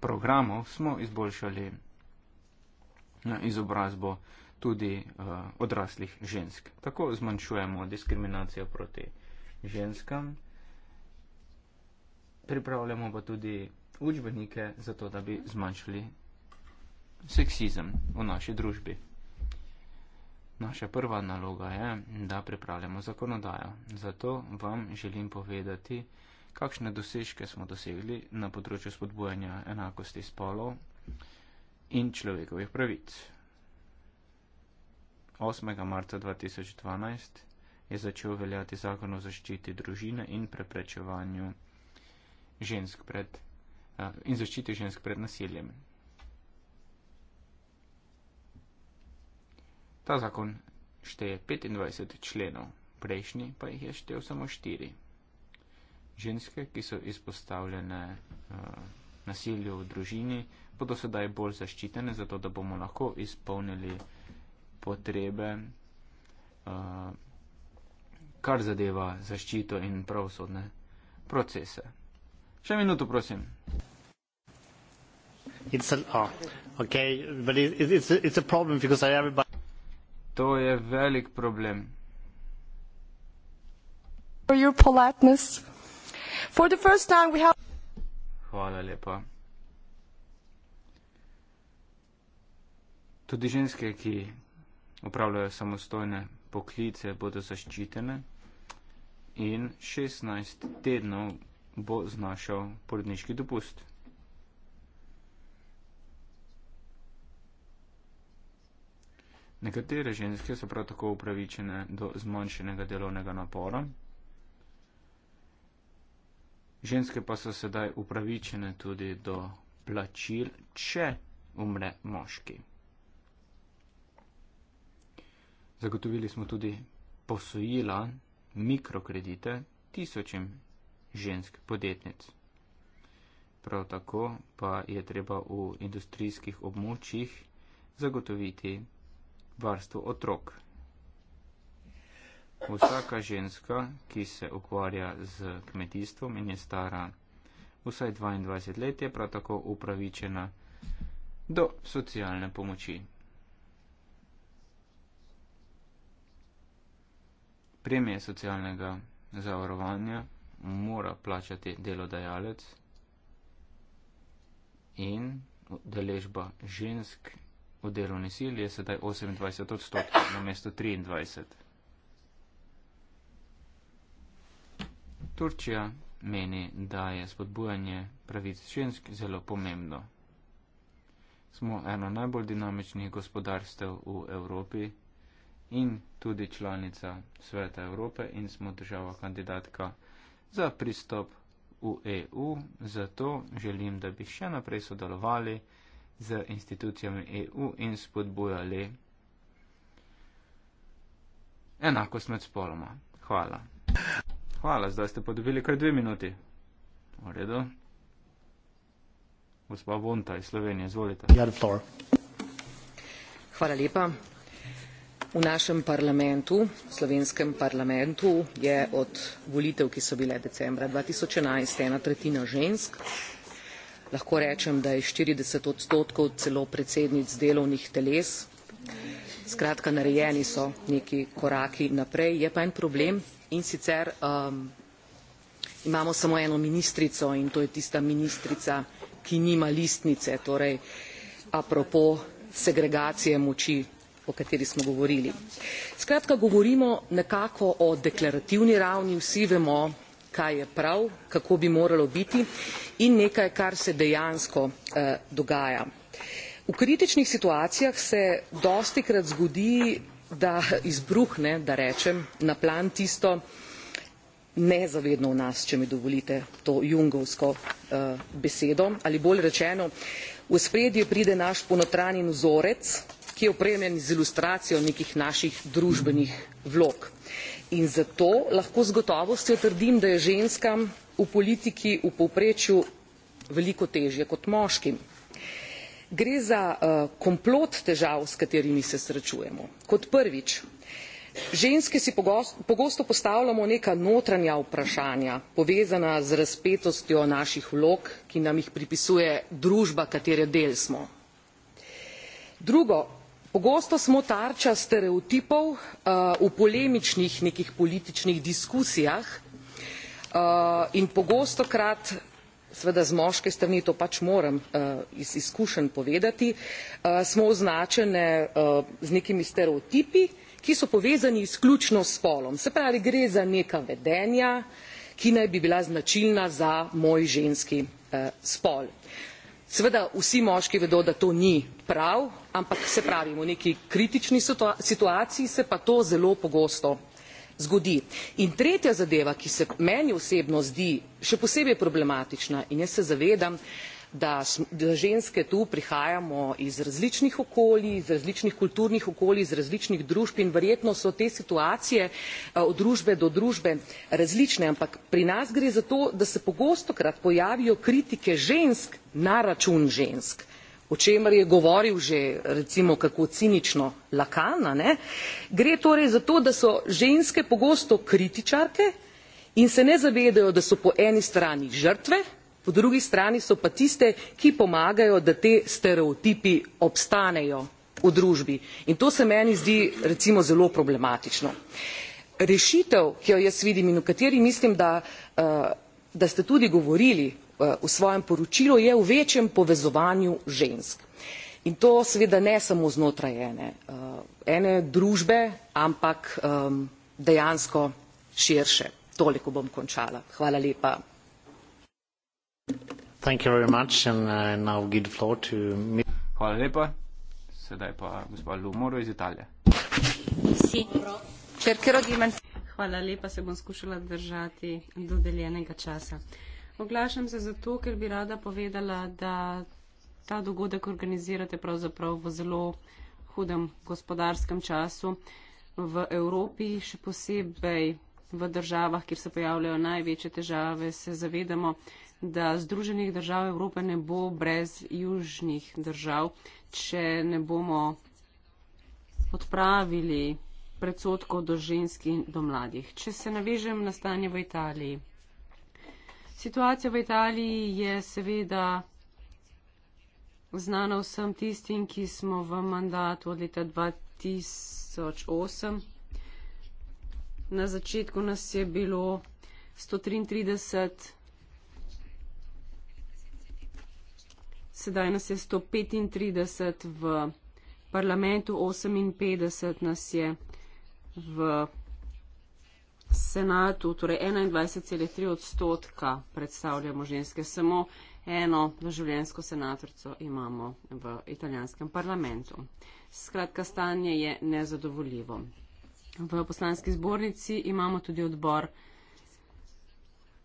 programov smo izboljšali eh, izobrazbo tudi uh, odraslih žensk. Tako zmanjšujemo diskriminacijo proti ženskam. Pripravljamo pa tudi učbenike, zato da bi zmanjšali seksizem v naši družbi. Naša prva naloga je, da pripravljamo zakonodajo. Zato vam želim povedati, kakšne dosežke smo dosegli na področju spodbujanja enakosti spolov in človekovih pravic. 8. marca 2012 je začel veljati zakon o zaščiti družine in preprečevanju žensk pred uh, in zaščiti žensk pred nasiljem. Ta zakon šteje 25 členov, prejšnji pa jih je štev samo 4. Ženske, ki so izpostavljene uh, nasilju v družini, bodo sedaj bolj zaščitene, zato da bomo lahko izpolnili potrebe uh, kar zadeva zaščito in pravosodne procese. Še minuto, prosim. It's a, oh, okay, but it, it's, it's a problem because I have a To je velik problem. For your politeness. For the first time we have Hvala lepa. Tudi ženske, ki opravljajo samostojne poklice, bodo zaščitene in 16 tednov bo znašal porodniški dopust. Nekatere ženske so prav tako upravičene do zmanjšenega delovnega napora. Ženske pa so sedaj upravičene tudi do plačil, če umre moški. Zagotovili smo tudi posojila mikrokredite tisočim žensk podjetnic. Prav tako pa je treba v industrijskih območjih zagotoviti varstvo otrok. Vsaka ženska, ki se ukvarja z kmetijstvom in je stara vsaj 22 let, je prav tako upravičena do socialne pomoči. premije socialnega zavarovanja mora plačati delodajalec in deležba žensk v delovni sili je sedaj 28 odstotkov na mesto 23. Turčija meni, da je spodbujanje pravic žensk zelo pomembno. Smo eno najbolj dinamičnih gospodarstev v Evropi in tudi članica Sveta Evrope in smo država kandidatka za pristop v EU. Zato želim, da bi še naprej sodelovali z institucijami EU in spodbujali enakost med spoloma. Hvala. Hvala, zdaj ste podobili kar dve minuti. V redu. Gospa Vonta iz Slovenije, izvolite. Hvala lepa. V našem parlamentu, slovenskem parlamentu, je od volitev, ki so bile decembra 2011, ena tretjina žensk. Lahko rečem, da je 40 odstotkov celo predsednic delovnih teles. Skratka, narejeni so neki koraki naprej. Je pa en problem in sicer um, imamo samo eno ministrico in to je tista ministrica, ki nima listnice, torej apropo segregacije moči o kateri smo govorili. Skratka, govorimo nekako o deklarativni ravni, vsi vemo, kaj je prav, kako bi moralo biti in nekaj, kar se dejansko eh, dogaja. V kritičnih situacijah se dostikrat zgodi, da izbruhne, da rečem, na plan tisto nezavedno v nas, če mi dovolite to jungovsko eh, besedo, ali bolj rečeno, v spredje pride naš ponotranjen vzorec, ki je opremljen z ilustracijo nekih naših družbenih vlog. In zato lahko z gotovostjo trdim, da je ženskam v politiki v povprečju veliko težje kot moškim. Gre za uh, komplot težav, s katerimi se srečujemo. Kot prvič, ženske si pogosto, pogosto postavljamo neka notranja vprašanja, povezana z razpetostjo naših vlog, ki nam jih pripisuje družba, katere del smo. Drugo, pogosto smo tarča stereotipov eh, v polemičnih nekih političnih diskusijah eh, in pogostokrat seveda z moške strani to pač moram eh, iz izkušenj povedati smo označene z nekimi stereotipi ki so povezani izključno s spolom se pravi gre za neka vedenja ki naj bi bila značilna za moj ženski spol seveda vsi moški vedo da to ni prav ampak se pravi v neki kritični situaciji se pa to zelo pogosto zgodi. in tretja zadeva ki se meni osebno zdi še posebej problematična in jaz se zavedam da, da ženske tu prihajamo iz različnih okolij, iz različnih kulturnih okolij, iz različnih družb in verjetno so te situacije eh, od družbe do družbe različne, ampak pri nas gre za to, da se pogostokrat pojavijo kritike žensk na račun žensk o čemer je govoril že recimo kako cinično Lakana, ne, gre torej za to, da so ženske pogosto kritičarke in se ne zavedajo, da so po eni strani žrtve, po drugi strani so pa tiste, ki pomagajo, da te stereotipi obstanejo v družbi. In to se meni zdi recimo zelo problematično. Rešitev, ki jo jaz vidim in v kateri mislim, da, eh, da ste tudi govorili eh, v svojem poročilu, je v večjem povezovanju žensk. In to seveda ne samo znotraj ene, eh, ene družbe, ampak ehm, dejansko širše. Toliko bom končala. Hvala lepa. Uh, Hvala lepa. Sedaj pa gospa Lumoro iz Italije. Hvala lepa, se bom skušala držati dodeljenega časa. Oglašam se zato, ker bi rada povedala, da ta dogodek organizirate pravzaprav v zelo hudem gospodarskem času v Evropi, še posebej v državah, kjer se pojavljajo največje težave, se zavedamo, da Združenih držav Evrope ne bo brez južnih držav, če ne bomo odpravili predsotkov do žensk in do mladih. Če se navežem na stanje v Italiji. Situacija v Italiji je seveda znana vsem tistim, ki smo v mandatu od leta 2008. Na začetku nas je bilo 133 sedaj nas je 135 v parlamentu, 58 nas je v senatu, torej 21,3 odstotka predstavljamo ženske. Samo eno doživljensko senatorco imamo v italijanskem parlamentu. Skratka, stanje je nezadovoljivo. V poslanski zbornici imamo tudi odbor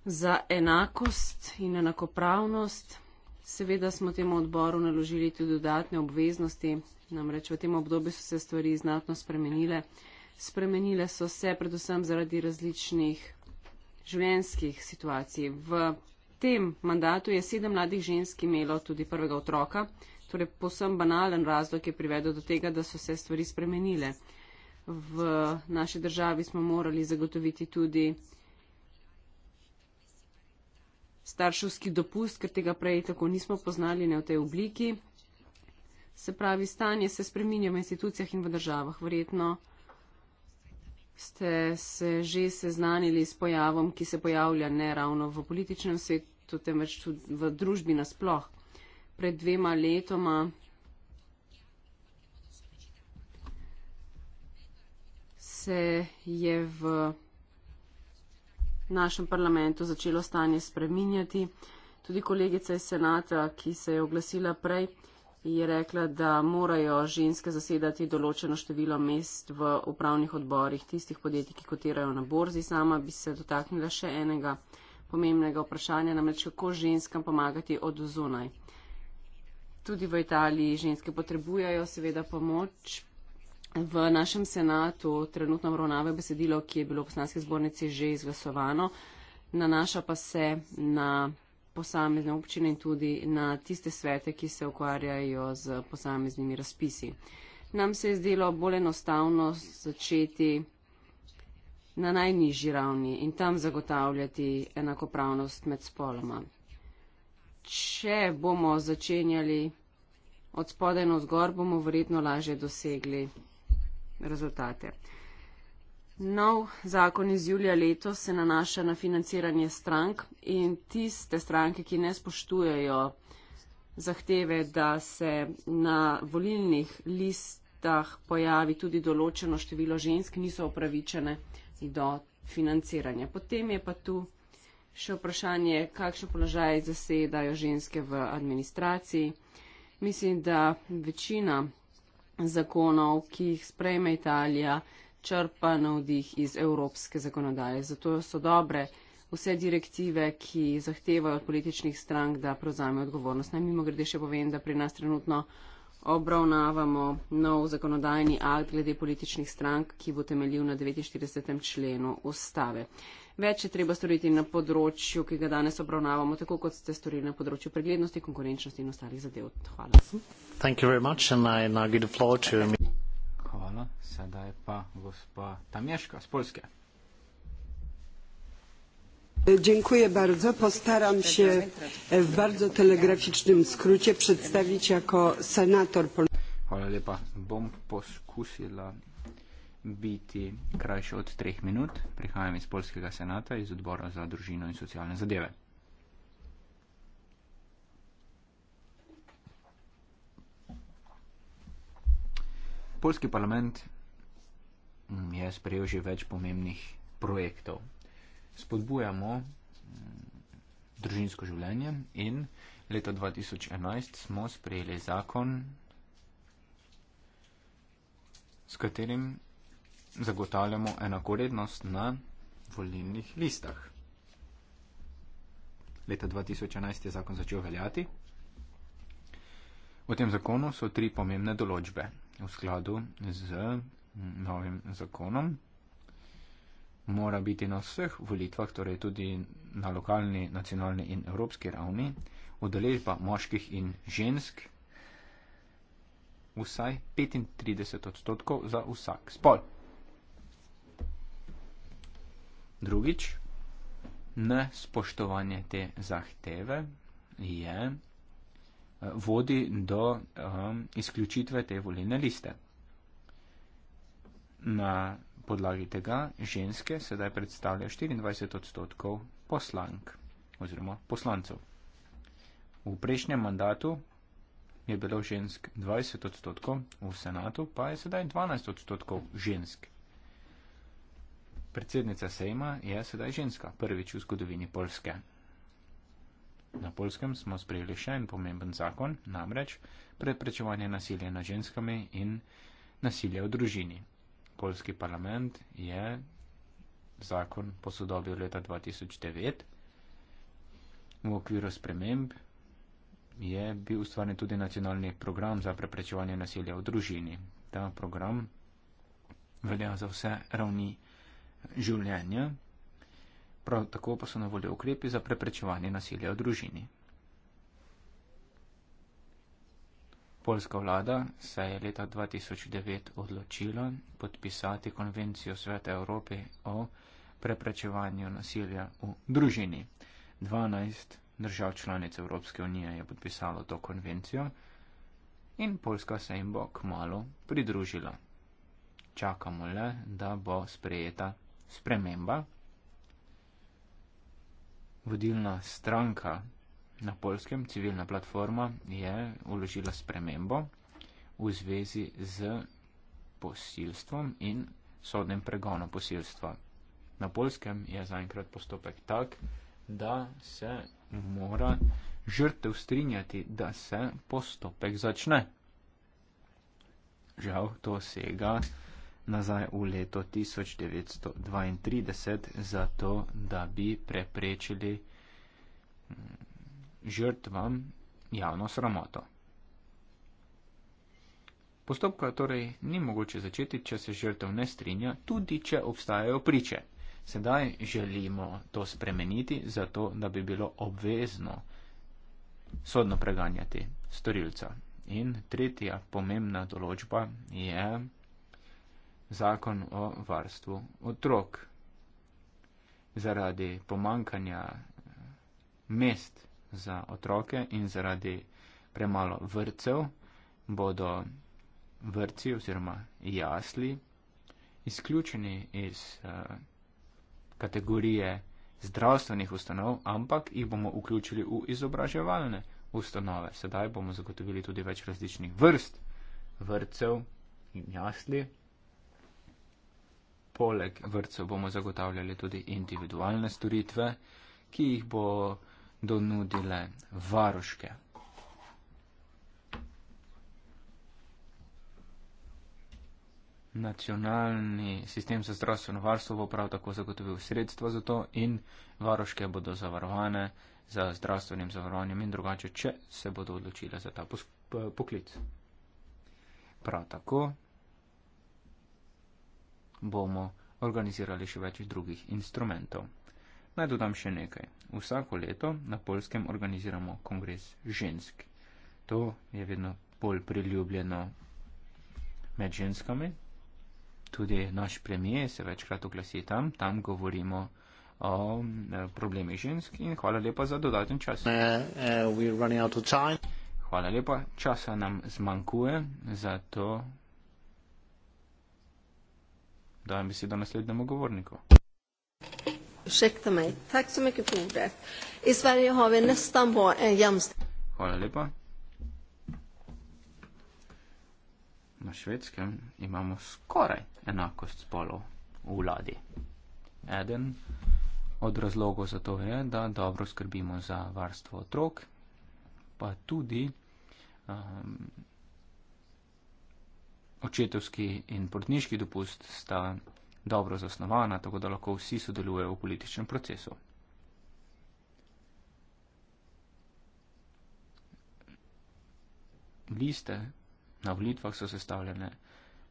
za enakost in enakopravnost. Seveda smo temu odboru naložili tudi dodatne obveznosti, namreč v tem obdobju so se stvari znatno spremenile. Spremenile so se predvsem zaradi različnih življenjskih situacij. V tem mandatu je sedem mladih žensk imelo tudi prvega otroka, torej posem banalen razlog je privedel do tega, da so se stvari spremenile. V naši državi smo morali zagotoviti tudi starševski dopust, ker tega prej tako nismo poznali ne v tej obliki. Se pravi, stanje se spreminja v institucijah in v državah. Verjetno ste se že seznanili s pojavom, ki se pojavlja ne ravno v političnem svetu, temveč tudi v družbi nasploh. Pred dvema letoma se je v v našem parlamentu začelo stanje spreminjati. Tudi kolegica iz senata, ki se je oglasila prej, je rekla, da morajo ženske zasedati določeno število mest v upravnih odborih tistih podjetij, ki kotirajo na borzi. Sama bi se dotaknila še enega pomembnega vprašanja, namreč kako ženskam pomagati od zunaj. Tudi v Italiji ženske potrebujajo seveda pomoč V našem senatu trenutno obravnava besedilo, ki je bilo v poslanski zbornici že izglasovano, nanaša pa se na posamezne občine in tudi na tiste svete, ki se ukvarjajo z posameznimi razpisi. Nam se je zdelo bolj enostavno začeti na najnižji ravni in tam zagotavljati enakopravnost med spoloma. Če bomo začenjali od spodaj na zgor, bomo verjetno lažje dosegli rezultate. Nov zakon iz julija letos se nanaša na financiranje strank in tiste stranke, ki ne spoštujejo zahteve, da se na volilnih listah pojavi tudi določeno število žensk, niso upravičene do financiranja. Potem je pa tu še vprašanje, kakšne položaje zasedajo ženske v administraciji. Mislim, da večina zakonov, ki jih sprejme Italija, črpa navdih iz evropske zakonodaje. Zato so dobre vse direktive, ki zahtevajo od političnih strank, da prevzame odgovornost. Naj mimo grede še povem, da pri nas trenutno obravnavamo nov zakonodajni akt glede političnih strank, ki bo temeljil na 49. členu ustave. Več je treba storiti na področju, ki ga danes obravnavamo, tako kot ste storili na področju preglednosti, konkurenčnosti in ostalih zadev. Hvala. Much, Hvala. Sedaj pa gospa Tamješka z Polske. Dziękuję bardzo. Postaram się w bardzo telegraficznym skrócie przedstawić jako senator. Hvala lepa. Bom poskusila biti krajši od treh minut. Prihajam iz Polskega senata, iz odbora za družino in socialne zadeve. Polski parlament mm, je sprejel že več pomembnih projektov. Spodbujamo mm, družinsko življenje in leta 2011 smo sprejeli zakon, s katerim zagotavljamo enakorednost na volilnih listah. Leta 2011 je zakon začel veljati. V tem zakonu so tri pomembne določbe. V skladu z novim zakonom mora biti na vseh volitvah, torej tudi na lokalni, nacionalni in evropski ravni, udeležba moških in žensk vsaj 35 odstotkov za vsak spol. Drugič, ne spoštovanje te zahteve je, eh, vodi do um, izključitve te volilne liste. Na podlagi tega ženske sedaj predstavlja 24 odstotkov poslank oziroma poslancev. V prejšnjem mandatu je bilo žensk 20 odstotkov, v senatu pa je sedaj 12 odstotkov žensk. Predsednica sejma je sedaj ženska, prvič v zgodovini Polske. Na Polskem smo sprejeli še en pomemben zakon, namreč preprečevanje nasilja nad ženskami in nasilja v družini. Polski parlament je zakon posodobil leta 2009. V okviru sprememb je bil ustvarjen tudi nacionalni program za preprečevanje nasilja v družini. Ta program velja za vse ravni življenja, prav tako pa so na voljo ukrepi za preprečevanje nasilja v družini. Poljska vlada se je leta 2009 odločila podpisati konvencijo Sveta Evrope o preprečevanju nasilja v družini. 12 držav članic Evropske unije je podpisalo to konvencijo in Poljska se jim bo kmalo pridružila. Čakamo le, da bo sprejeta sprememba. Vodilna stranka na polskem, civilna platforma, je uložila spremembo v zvezi z posilstvom in sodnem pregonom posilstva. Na polskem je zaenkrat postopek tak, da se mora žrtev strinjati, da se postopek začne. Žal to sega nazaj v leto 1932, zato da bi preprečili mm, žrtvam javno sramoto. Postopka torej ni mogoče začeti, če se žrtev ne strinja, tudi če obstajajo priče. Sedaj želimo to spremeniti, zato da bi bilo obvezno sodno preganjati storilca. In tretja pomembna določba je, zakon o varstvu otrok. Zaradi pomankanja eh, mest za otroke in zaradi premalo vrcev bodo vrci oziroma jasli izključeni iz uh, kategorije zdravstvenih ustanov, ampak jih bomo vključili v izobraževalne ustanove. Sedaj bomo zagotovili tudi več različnih vrst vrcev in jasli, poleg vrtcev bomo zagotavljali tudi individualne storitve, ki jih bo donudile varoške. Nacionalni sistem za zdravstveno varstvo bo prav tako zagotovil sredstva za to in varoške bodo zavarovane za zdravstvenim zavarovanjem in drugače, če se bodo odločile za ta poklic. Prav tako bomo organizirali še več drugih instrumentov. Naj dodam še nekaj. Vsako leto na Polskem organiziramo kongres žensk. To je vedno bolj priljubljeno med ženskami. Tudi naš premijer se večkrat oglasi tam, tam govorimo o e, problemih žensk in hvala lepa za dodaten čas. Uh, uh, hvala lepa, časa nam zmanjkuje, zato Dajem besedo naslednjemu govorniku. Ursäkta mig, tack så mycket för ordet. I Sverige har vi nästan bara en jämställdhet. Na švedskem imamo skoraj enakost spolov v vladi. Eden od razlogov za to je, da dobro skrbimo za varstvo otrok, pa tudi um, očetovski in porodniški dopust sta dobro zasnovana, tako da lahko vsi sodelujejo v političnem procesu. Liste na volitvah so sestavljene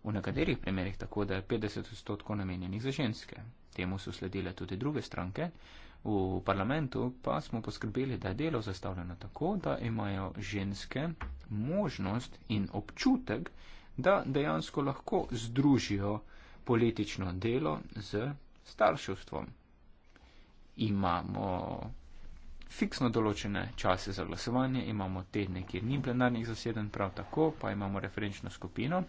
v nekaterih primerjih tako, da je 50 odstotkov namenjenih za ženske. Temu so sledile tudi druge stranke, v parlamentu pa smo poskrbeli, da je delo zastavljeno tako, da imajo ženske možnost in občutek, da dejansko lahko združijo politično delo z starševstvom. Imamo fiksno določene čase za glasovanje, imamo tedne, kjer ni plenarnih zaseden, prav tako pa imamo referenčno skupino,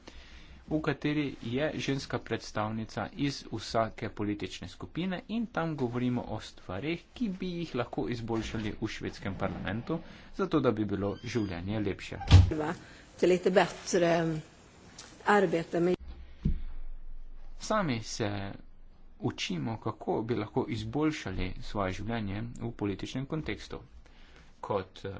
v kateri je ženska predstavnica iz vsake politične skupine in tam govorimo o stvarih, ki bi jih lahko izboljšali v švedskem parlamentu, zato da bi bilo življenje lepše. Dva, arbeta med. Sami se učimo, kako bi lahko izboljšali svoje življenje v političnem kontekstu. Kot eh,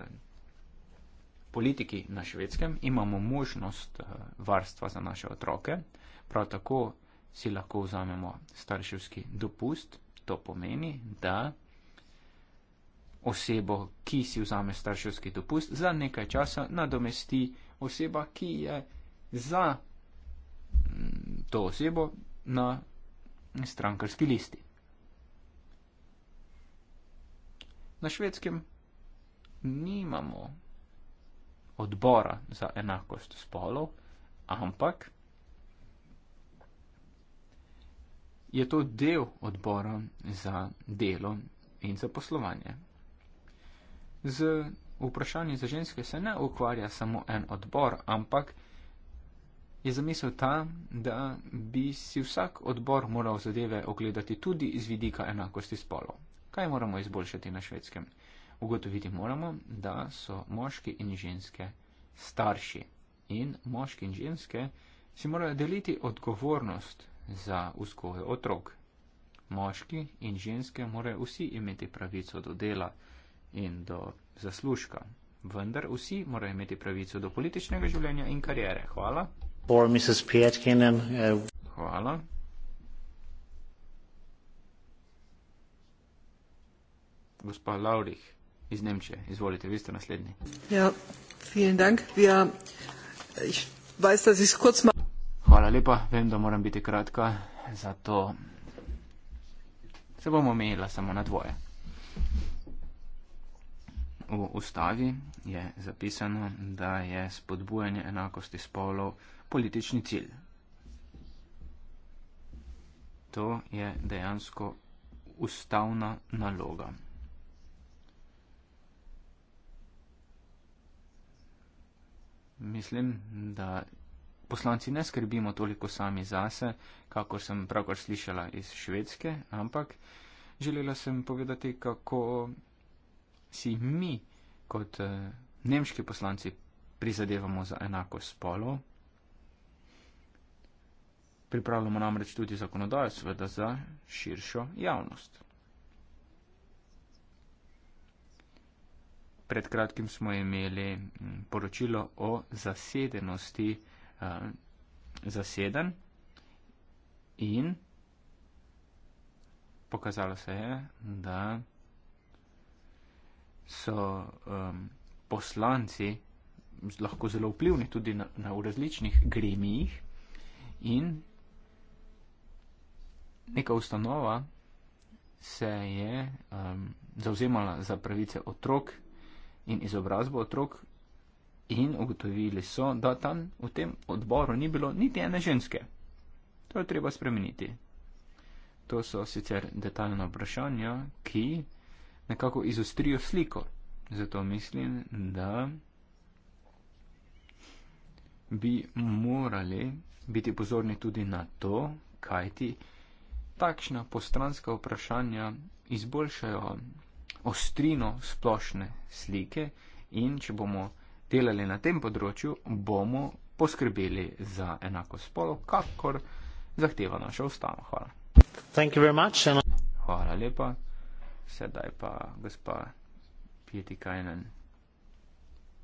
politiki na švedskem imamo možnost eh, varstva za naše otroke, prav tako si lahko vzamemo starševski dopust. To pomeni, da osebo, ki si vzame starševski dopust, za nekaj časa nadomesti oseba, ki je za to osebo na strankarski listi. Na švedskem nimamo odbora za enakost spolov, ampak je to del odbora za delo in za poslovanje. Z vprašanji za ženske se ne ukvarja samo en odbor, ampak je zamisel ta, da bi si vsak odbor moral zadeve ogledati tudi iz vidika enakosti spolov. Kaj moramo izboljšati na švedskem? Ugotoviti moramo, da so moški in ženske starši in moški in ženske si morajo deliti odgovornost za vzgojo otrok. Moški in ženske morajo vsi imeti pravico do dela in do zaslužka, vendar vsi morajo imeti pravico do političnega življenja in karijere. Hvala for Mrs. Pietkinen. Uh, Hvala. Gospa Laurich iz Nemčije, izvolite, vi ste naslednji. Ja, vielen Dank. Ja, ich weiß, dass ich kurz mal... Hvala lepa, vem, da moram biti kratka, zato se bom omejila samo na dvoje. V ustavi je zapisano, da je spodbujanje enakosti spolov politični cilj. To je dejansko ustavna naloga. Mislim, da poslanci ne skrbimo toliko sami zase, kakor sem pravkar slišala iz Švedske, ampak želela sem povedati, kako si mi kot eh, nemški poslanci prizadevamo za enako spolo. Pripravljamo namreč tudi zakonodajo, seveda za širšo javnost. Pred kratkim smo imeli mm, poročilo o zasedenosti eh, zaseden in pokazalo se je, da so eh, poslanci lahko zelo vplivni tudi na, na, v različnih gremijih in neka ustanova se je um, zauzemala za pravice otrok in izobrazbo otrok in ugotovili so, da tam v tem odboru ni bilo niti ene ženske. To je treba spremeniti. To so sicer detaljna vprašanja, ki nekako izostrijo sliko. Zato mislim, da bi morali biti pozorni tudi na to, kaj ti je takšna postranska vprašanja izboljšajo ostrino splošne slike in če bomo delali na tem področju, bomo poskrbeli za enako spolo, kakor zahteva naša ustava. Hvala. Hvala lepa. Sedaj pa gospa Pieti Kajnen.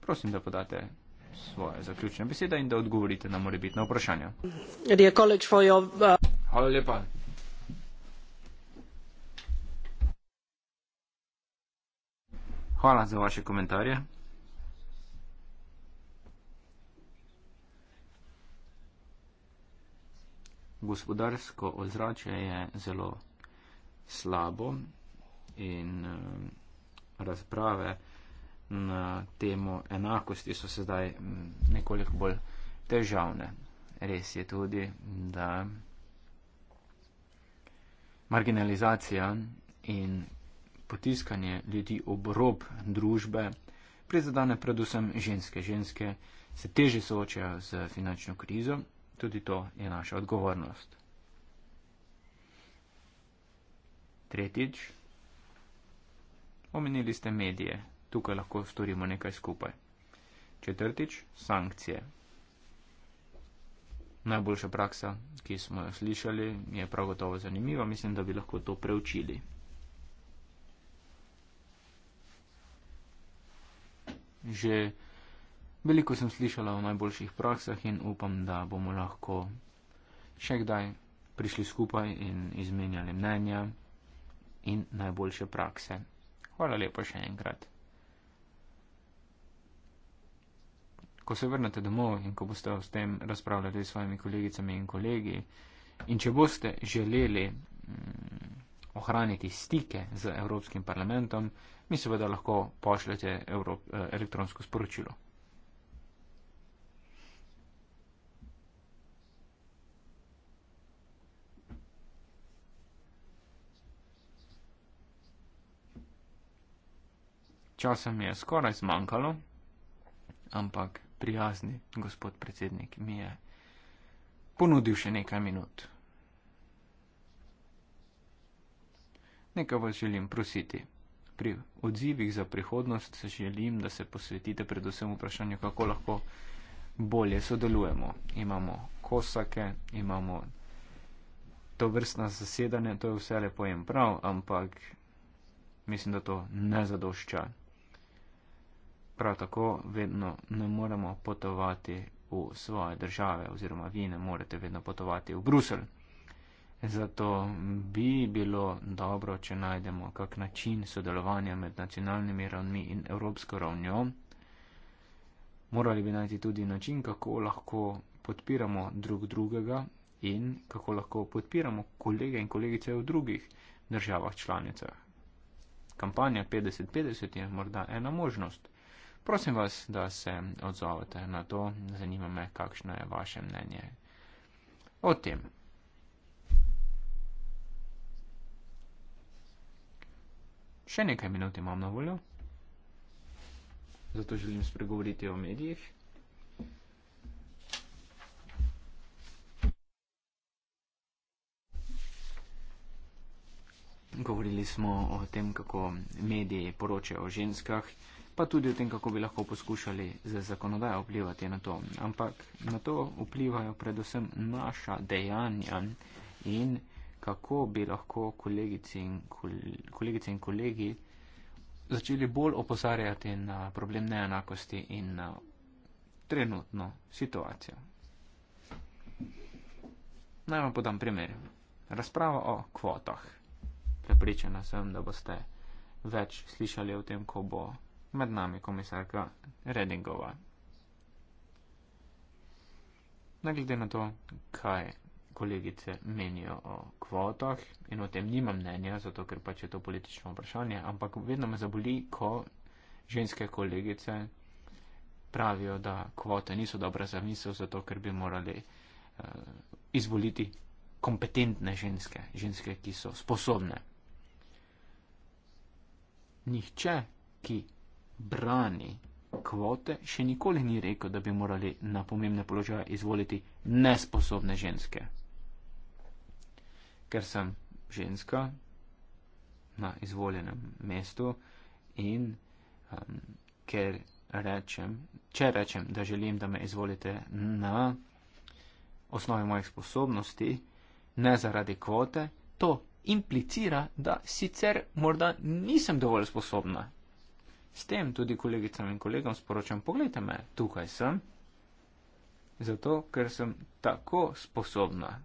Prosim, da podate svoje zaključne besede in da odgovorite na morebitna vprašanja. Uh, Hvala lepa, Hvala za vaše komentarje. Gospodarsko ozračje je zelo slabo in eh, razprave na temo enakosti so sedaj mm, nekoliko bolj težavne. Res je tudi, da marginalizacija in potiskanje ljudi ob rob družbe prizadane predvsem ženske. Ženske se teže soočajo z finančno krizo, tudi to je naša odgovornost. Tretjič, omenili ste medije, tukaj lahko storimo nekaj skupaj. Četrtič, sankcije. Najboljša praksa, ki smo jo slišali, je prav gotovo zanimiva, mislim, da bi lahko to preučili. že veliko sem slišala o najboljših praksah in upam, da bomo lahko še kdaj prišli skupaj in izmenjali mnenja in najboljše prakse. Hvala lepa še enkrat. Ko se vrnete domov in ko boste s tem razpravljali s svojimi kolegicami in kolegi in če boste želeli. Mm, ohraniti stike z Evropskim parlamentom, mi seveda lahko pošljete Evrop, eh, elektronsko sporočilo. Časa mi je skoraj zmanjkalo, ampak prijazni gospod predsednik mi je ponudil še nekaj minut. Nekaj vas želim prositi. Pri odzivih za prihodnost se želim, da se posvetite predvsem vprašanju, kako lahko bolje sodelujemo. Imamo kosake, imamo to vrstna zasedanje, to je vse lepo in prav, ampak mislim, da to ne zadošča. Prav tako vedno ne moremo potovati v svoje države oziroma vi ne morete vedno potovati v Bruselj. Zato bi bilo dobro, če najdemo kak način sodelovanja med nacionalnimi ravnmi in evropsko ravnjo. Morali bi najti tudi način, kako lahko podpiramo drug drugega in kako lahko podpiramo kolege in kolegice v drugih državah članicah. Kampanja 50-50 je morda ena možnost. Prosim vas, da se odzovete na to. Zanima me, kakšno je vaše mnenje o tem. Še nekaj minut imam na voljo. Zato želim spregovoriti o medijih. Govorili smo o tem, kako mediji poročajo o ženskah, pa tudi o tem, kako bi lahko poskušali z zakonodajo vplivati na to. Ampak na to vplivajo predvsem naša dejanja in kako bi lahko kolegici in, kol kolegice in kolegi začeli bolj opozarjati na problem neenakosti in na trenutno situacijo. Naj vam podam primer. Razprava o kvotah. Prepričana sem, da boste več slišali o tem, ko bo med nami komisarka Redingova. Ne glede na to, kaj kolegice menijo o kvotah in o tem nimam mnenja, zato ker pač je to politično vprašanje, ampak vedno me zaboli, ko ženske kolegice pravijo, da kvote niso dobra za misel, zato ker bi morali uh, izvoliti kompetentne ženske, ženske, ki so sposobne. Nihče, ki brani kvote, še nikoli ni rekel, da bi morali na pomembne položaje izvoliti nesposobne ženske ker sem ženska na izvoljenem mestu in um, ker rečem, če rečem, da želim, da me izvolite na osnovi mojih sposobnosti, ne zaradi kvote, to implicira, da sicer morda nisem dovolj sposobna. S tem tudi kolegicam in kolegom sporočam, pogledajte me, tukaj sem, zato ker sem tako sposobna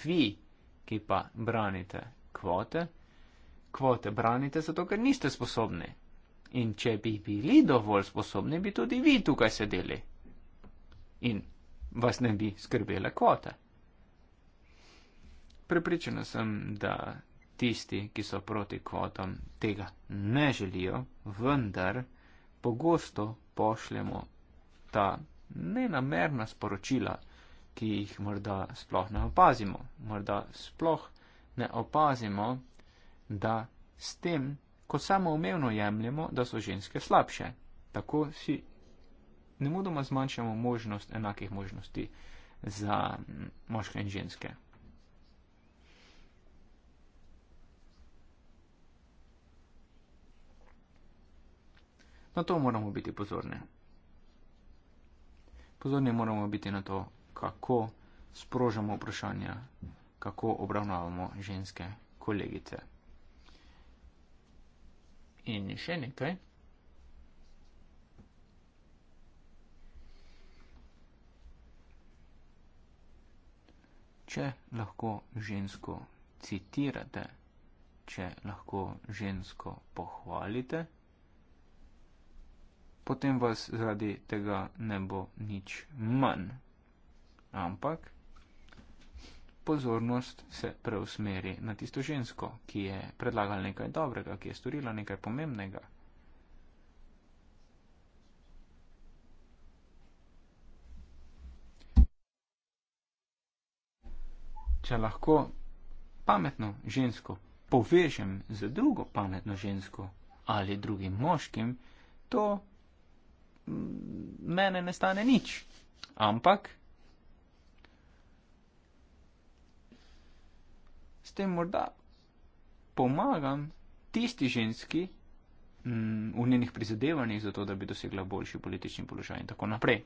vi, ki pa branite kvote, kvote branite zato, ker niste sposobni. In če bi bili dovolj sposobni, bi tudi vi tukaj sedeli. In vas ne bi skrbele kvote. Pripričana sem, da tisti, ki so proti kvotom, tega ne želijo, vendar pogosto pošljemo ta nenamerna sporočila, ki jih morda sploh ne opazimo. Morda sploh ne opazimo, da s tem, ko samo umevno jemljemo, da so ženske slabše. Tako si ne mudoma zmanjšamo možnost enakih možnosti za moške in ženske. Na to moramo biti pozorni. Pozorni moramo biti na to, kako sprožamo vprašanja, kako obravnavamo ženske kolegice. In še nekaj. Če lahko žensko citirate, če lahko žensko pohvalite, potem vas zaradi tega ne bo nič manj ampak pozornost se preusmeri na tisto žensko, ki je predlagala nekaj dobrega, ki je storila nekaj pomembnega. Če lahko pametno žensko povežem z drugo pametno žensko ali drugim moškim, to mm, mene ne stane nič. Ampak s tem morda pomagam tisti ženski m, mm, v njenih prizadevanjih za to, da bi dosegla boljši politični položaj in tako naprej.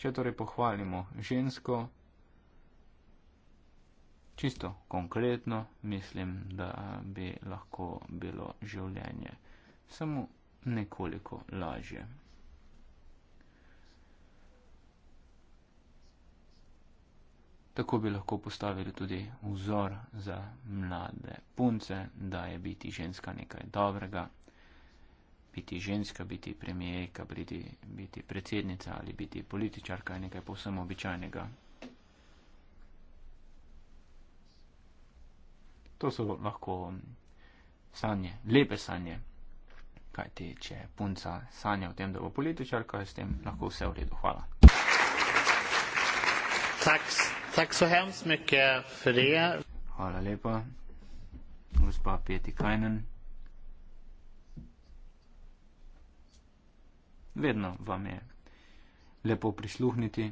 Če torej pohvalimo žensko, čisto konkretno, mislim, da bi lahko bilo življenje samo nekoliko lažje. Tako bi lahko postavili tudi vzor za mlade punce, da je biti ženska nekaj dobrega. Biti ženska, biti premijejka, biti, biti predsednica ali biti političarka je nekaj povsem običajnega. To so lahko sanje, lepe sanje. Kaj ti, če punca sanja o tem, da bo političarka, je s tem lahko vse v redu. Hvala. Thanks. Tack så hemskt mycket för det. Hvala lepa, gospa Peti Kajnen. Vedno vam je lepo prisluhniti.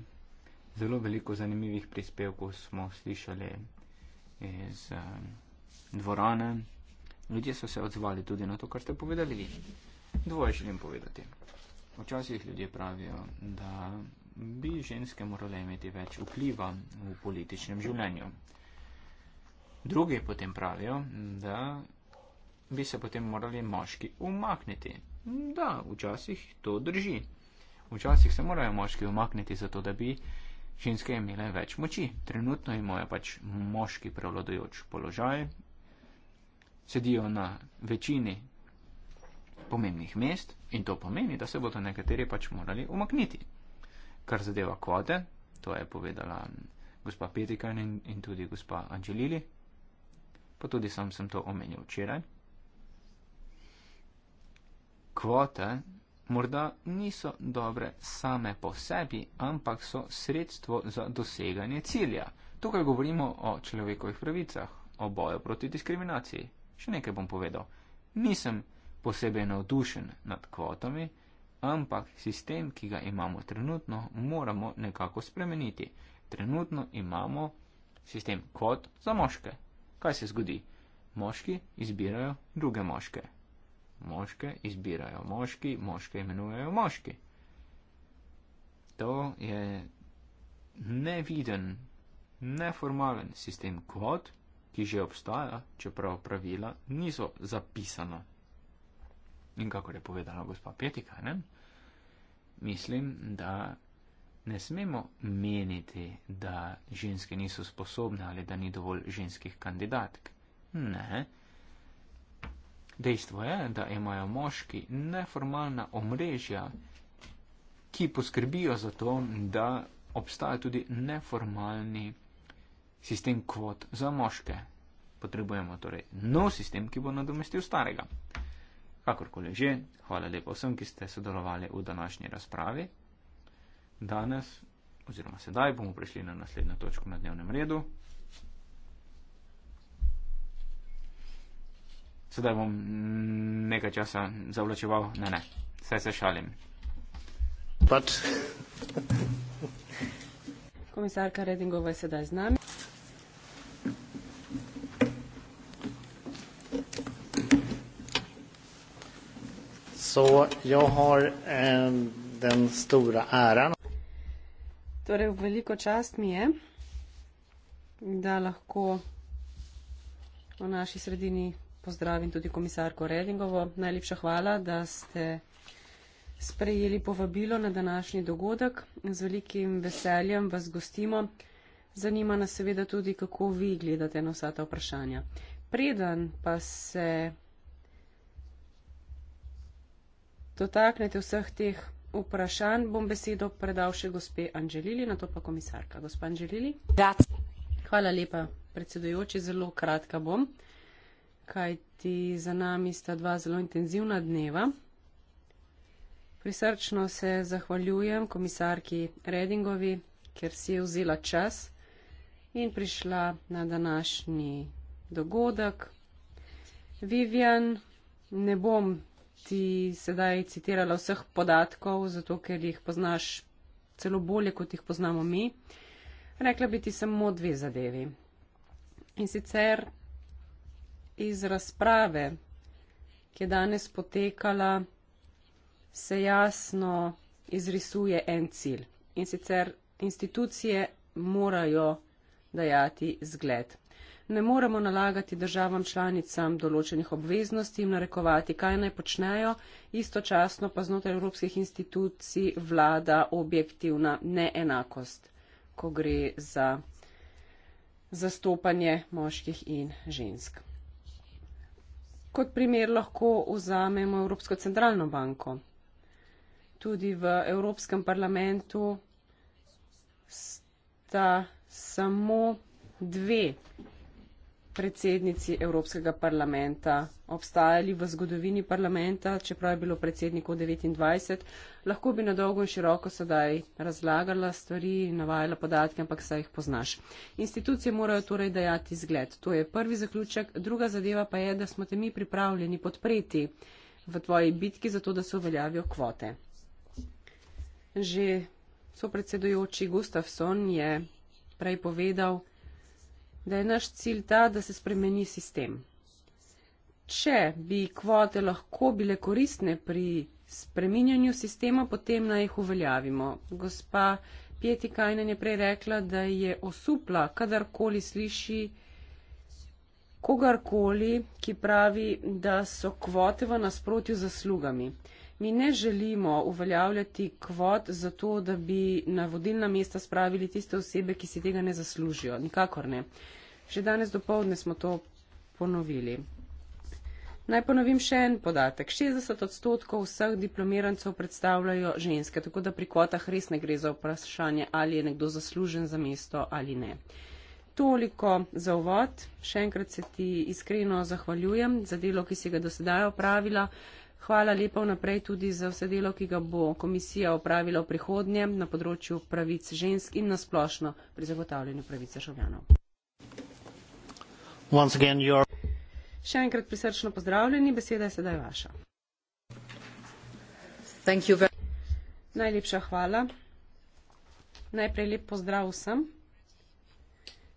Zelo veliko zanimivih prispevkov smo slišali iz uh, dvorane. Ljudje so se odzvali tudi na to, kar ste povedali vi. Dvoje želim povedati. Včasih ljudje pravijo, da bi ženske morale imeti več vpliva v političnem življenju. Drugi potem pravijo, da bi se potem morali moški umakniti. Da, včasih to drži. Včasih se morajo moški umakniti, zato da bi ženske imele več moči. Trenutno imajo pač moški prevladojoč položaj, sedijo na večini pomembnih mest in to pomeni, da se bodo nekateri pač morali umakniti kar zadeva kvote, to je povedala gospa Petikan in, in tudi gospa Angelili, pa tudi sam sem to omenil včeraj. Kvote morda niso dobre same po sebi, ampak so sredstvo za doseganje cilja. Tukaj govorimo o človekovih pravicah, o boju proti diskriminaciji. Še nekaj bom povedal. Nisem posebej navdušen nad kvotami, ampak sistem, ki ga imamo trenutno, moramo nekako spremeniti. Trenutno imamo sistem kot za moške. Kaj se zgodi? Moški izbirajo druge moške. Moške izbirajo moški, moške imenujejo moški. To je neviden, neformalen sistem kvot, ki že obstaja, čeprav pravila niso zapisana In kako je povedala gospa Petika, ne? mislim, da ne smemo meniti, da ženske niso sposobne ali da ni dovolj ženskih kandidatk. Ne. Dejstvo je, da imajo moški neformalna omrežja, ki poskrbijo za to, da obstaja tudi neformalni sistem kvot za moške. Potrebujemo torej nov sistem, ki bo nadomestil starega. Kakorkoli že, hvala lepo vsem, ki ste sodelovali v današnji razpravi. Danes oziroma sedaj bomo prišli na naslednjo točko na dnevnem redu. Sedaj bom nekaj časa zavlačeval, ne, ne, vse se šalim. Pač. Komisarka Redingova je sedaj z nami. Så jag har eh, den stora äran. Torej, veliko čast mi je, da lahko v naši sredini pozdravim tudi komisarko Redingovo. Najlepša hvala, da ste sprejeli povabilo na današnji dogodek. Z velikim veseljem vas gostimo. Zanima nas seveda tudi, kako vi gledate na vsa ta vprašanja. Preden pa se dotaknete vseh teh vprašanj, bom besedo predal še gospe Anželili, na to pa komisarka. Gospa Anželili. Hvala lepa, predsedujoči, zelo kratka bom, kajti za nami sta dva zelo intenzivna dneva. Prisrčno se zahvaljujem komisarki Redingovi, ker si je vzela čas in prišla na današnji dogodek. Vivian, ne bom ti sedaj citirala vseh podatkov, zato ker jih poznaš celo bolje, kot jih poznamo mi, rekla bi ti samo dve zadevi. In sicer iz razprave, ki je danes potekala, se jasno izrisuje en cilj. In sicer institucije morajo dajati zgled ne moremo nalagati državam članicam določenih obveznosti in narekovati, kaj naj počnejo, istočasno pa znotraj evropskih institucij vlada objektivna neenakost, ko gre za zastopanje moških in žensk. Kot primer lahko vzamemo Evropsko centralno banko. Tudi v Evropskem parlamentu sta samo dve predsednici Evropskega parlamenta obstajali v zgodovini parlamenta, čeprav je bilo predsednikov 29, lahko bi na dolgo in široko sedaj razlagala stvari, navajala podatke, ampak saj jih poznaš. Institucije morajo torej dajati zgled. To je prvi zaključek. Druga zadeva pa je, da smo te mi pripravljeni podpreti v tvoji bitki za to, da se uveljavijo kvote. Že so predsedujoči Gustafsson je prej povedal, da je naš cilj ta, da se spremeni sistem. Če bi kvote lahko bile koristne pri spreminjanju sistema, potem naj jih uveljavimo. Gospa Pjeti Kajnen je prej rekla, da je osupla, kadarkoli sliši kogarkoli, ki pravi, da so kvote v nasprotju z zaslugami. Mi ne želimo uveljavljati kvot zato, da bi na vodilna mesta spravili tiste osebe, ki si tega ne zaslužijo. Nikakor ne. Že danes do povdne smo to ponovili. Naj ponovim še en podatek. 60 odstotkov vseh diplomirancev predstavljajo ženske, tako da pri kvotah res ne gre za vprašanje, ali je nekdo zaslužen za mesto ali ne. Toliko za uvod. Še enkrat se ti iskreno zahvaljujem za delo, ki si ga do sedaj opravila. Hvala lepa vnaprej tudi za vse delo, ki ga bo komisija opravila v prihodnje na področju pravic žensk in na splošno pri zagotavljanju pravic državljanov. Še enkrat prisrčno pozdravljeni, beseda je sedaj vaša. Najlepša hvala. Najprej lep pozdrav vsem.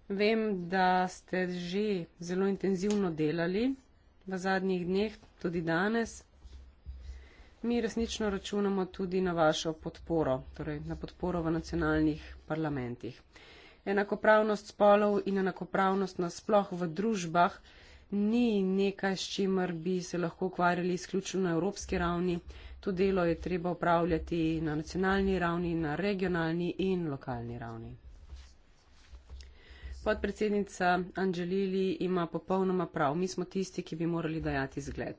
Vem, da ste že zelo intenzivno delali v zadnjih dneh, tudi danes. Mi resnično računamo tudi na vašo podporo, torej na podporo v nacionalnih parlamentih. Uh, enakopravnost spolov in enakopravnost nasploh v družbah ni nekaj, s čimer bi se lahko ukvarjali izključno na evropski ravni. To delo je treba upravljati na nacionalni ravni, na regionalni in lokalni ravni. Podpredsednica Anželili ima popolnoma prav. Mi smo tisti, ki bi morali dajati zgled.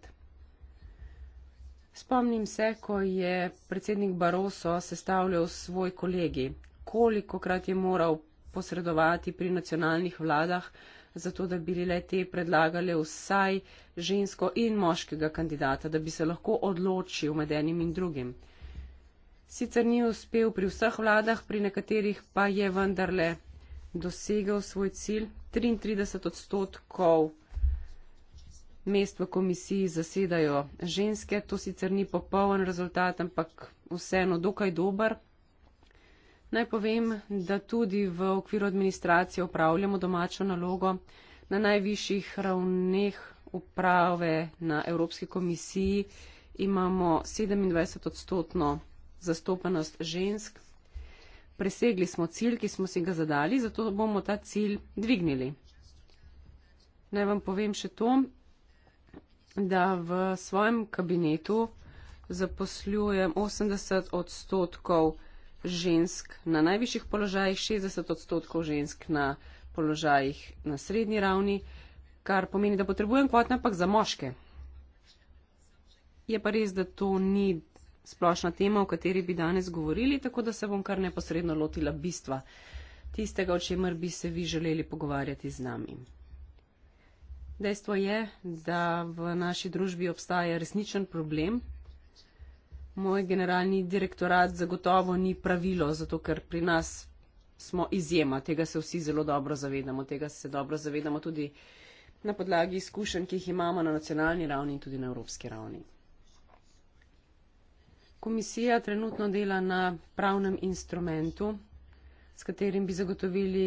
Spomnim se, ko je predsednik Baroso sestavljal svoj kolegi, koliko krat je moral posredovati pri nacionalnih vladah, zato da bi le te predlagale vsaj žensko in moškega kandidata, da bi se lahko odločil med enim in drugim. Sicer ni uspel pri vseh vladah, pri nekaterih pa je vendarle dosegel svoj cilj. 33 odstotkov mest v komisiji zasedajo ženske, to sicer ni popoln rezultat, ampak vseeno dokaj dober. Naj povem, da tudi v okviru administracije upravljamo domačo nalogo. Na najvišjih ravneh uprave na Evropski komisiji imamo 27 odstotno zastopanost žensk. Presegli smo cilj, ki smo si ga zadali, zato bomo ta cilj dvignili. Naj vam povem še to, da v svojem kabinetu zaposlujem 80 odstotkov žensk žensk na najvišjih položajih, 60 odstotkov žensk na položajih na srednji ravni, kar pomeni, da potrebujem kvotne, ampak za moške. Je pa res, da to ni splošna tema, o kateri bi danes govorili, tako da se bom kar neposredno lotila bistva tistega, o čemer bi se vi želeli pogovarjati z nami. Dejstvo je, da v naši družbi obstaja resničen problem Moj generalni direktorat zagotovo ni pravilo, zato ker pri nas smo izjema, tega se vsi zelo dobro zavedamo, tega se dobro zavedamo tudi na podlagi izkušenj, ki jih imamo na nacionalni ravni in tudi na evropski ravni. Komisija trenutno dela na pravnem instrumentu, s katerim bi zagotovili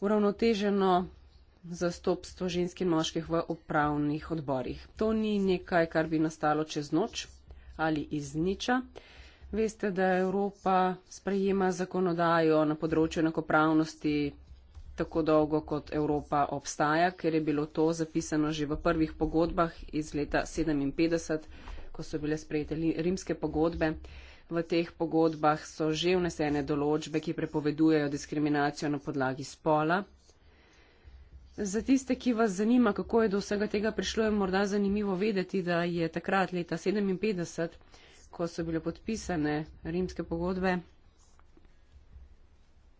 uravnoteženo zastopstvo ženskih in moških v upravnih odborih. To ni nekaj, kar bi nastalo čez noč ali iz niča. Veste, da Evropa sprejema zakonodajo na področju enakopravnosti tako dolgo, kot Evropa obstaja, ker je bilo to zapisano že v prvih pogodbah iz leta 1957, ko so bile sprejete rimske pogodbe. V teh pogodbah so že vnesene določbe, ki prepovedujejo diskriminacijo na podlagi spola, Za tiste, ki vas zanima, kako je do vsega tega prišlo, je morda zanimivo vedeti, da je takrat leta 57, ko so bile podpisane rimske pogodbe,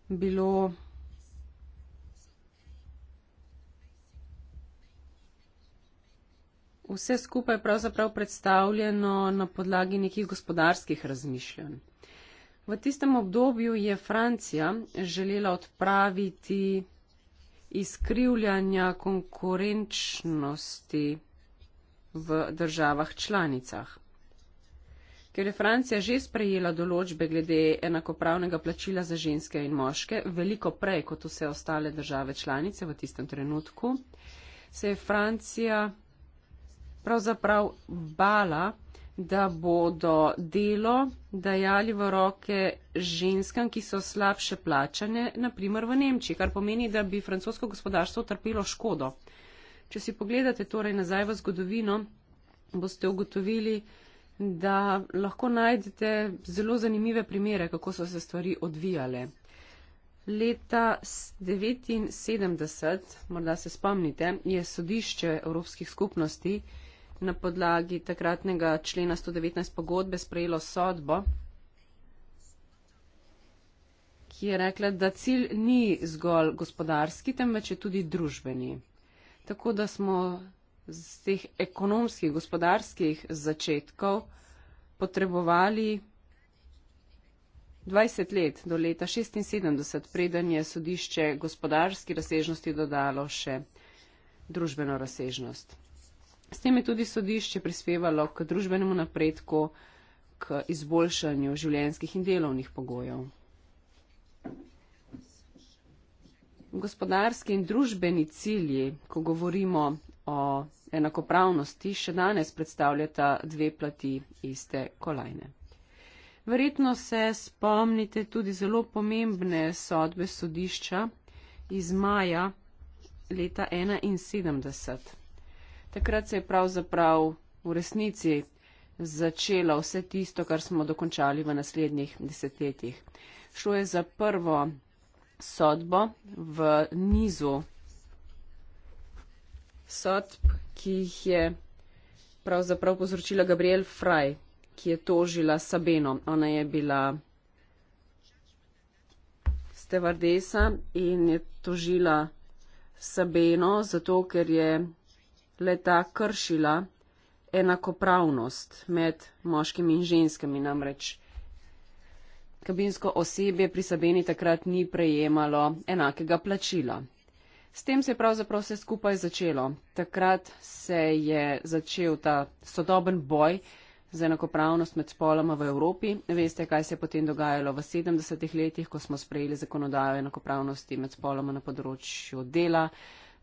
bilo vse skupaj pravzaprav predstavljeno na podlagi nekih gospodarskih razmišljanj. V tistem obdobju je Francija želela odpraviti izkrivljanja konkurenčnosti v državah članicah. Ker je Francija že sprejela določbe glede enakopravnega plačila za ženske in moške, veliko prej kot vse ostale države članice v tistem trenutku, se je Francija pravzaprav bala, da bodo delo dajali v roke ženskam, ki so slabše plačane, naprimer v Nemčiji, kar pomeni, da bi francosko gospodarstvo trpelo škodo. Če si pogledate torej nazaj v zgodovino, boste ugotovili, da lahko najdete zelo zanimive primere, kako so se stvari odvijale. Leta 1979, morda se spomnite, je sodišče Evropskih skupnosti na podlagi takratnega člena 119 pogodbe sprejelo sodbo, ki je rekla, da cilj ni zgolj gospodarski, temveč je tudi družbeni. Tako da smo z teh ekonomskih, gospodarskih začetkov potrebovali 20 let do leta 76, preden je sodišče gospodarski razsežnosti dodalo še družbeno razsežnost. S tem je tudi sodišče prispevalo k družbenemu napredku, k izboljšanju življenjskih in delovnih pogojev. Gospodarski in družbeni cilji, ko govorimo o enakopravnosti, še danes predstavljata dve plati iste kolajne. Verjetno se spomnite tudi zelo pomembne sodbe sodišča iz maja leta 1971 takrat se je pravzaprav v resnici začelo vse tisto, kar smo dokončali v naslednjih desetletjih. Šlo je za prvo sodbo v nizu sodb, ki jih je pravzaprav povzročila Gabriel Fraj, ki je tožila Sabeno. Ona je bila stevardesa in je tožila Sabeno, zato ker je leta kršila enakopravnost med moškimi in ženskami. Namreč kabinsko osebje pri Sabeni takrat ni prejemalo enakega plačila. S tem se je pravzaprav vse skupaj začelo. Takrat se je začel ta sodoben boj za enakopravnost med spoloma v Evropi. Veste, kaj se je potem dogajalo v 70-ih letih, ko smo sprejeli zakonodajo enakopravnosti med spoloma na področju dela,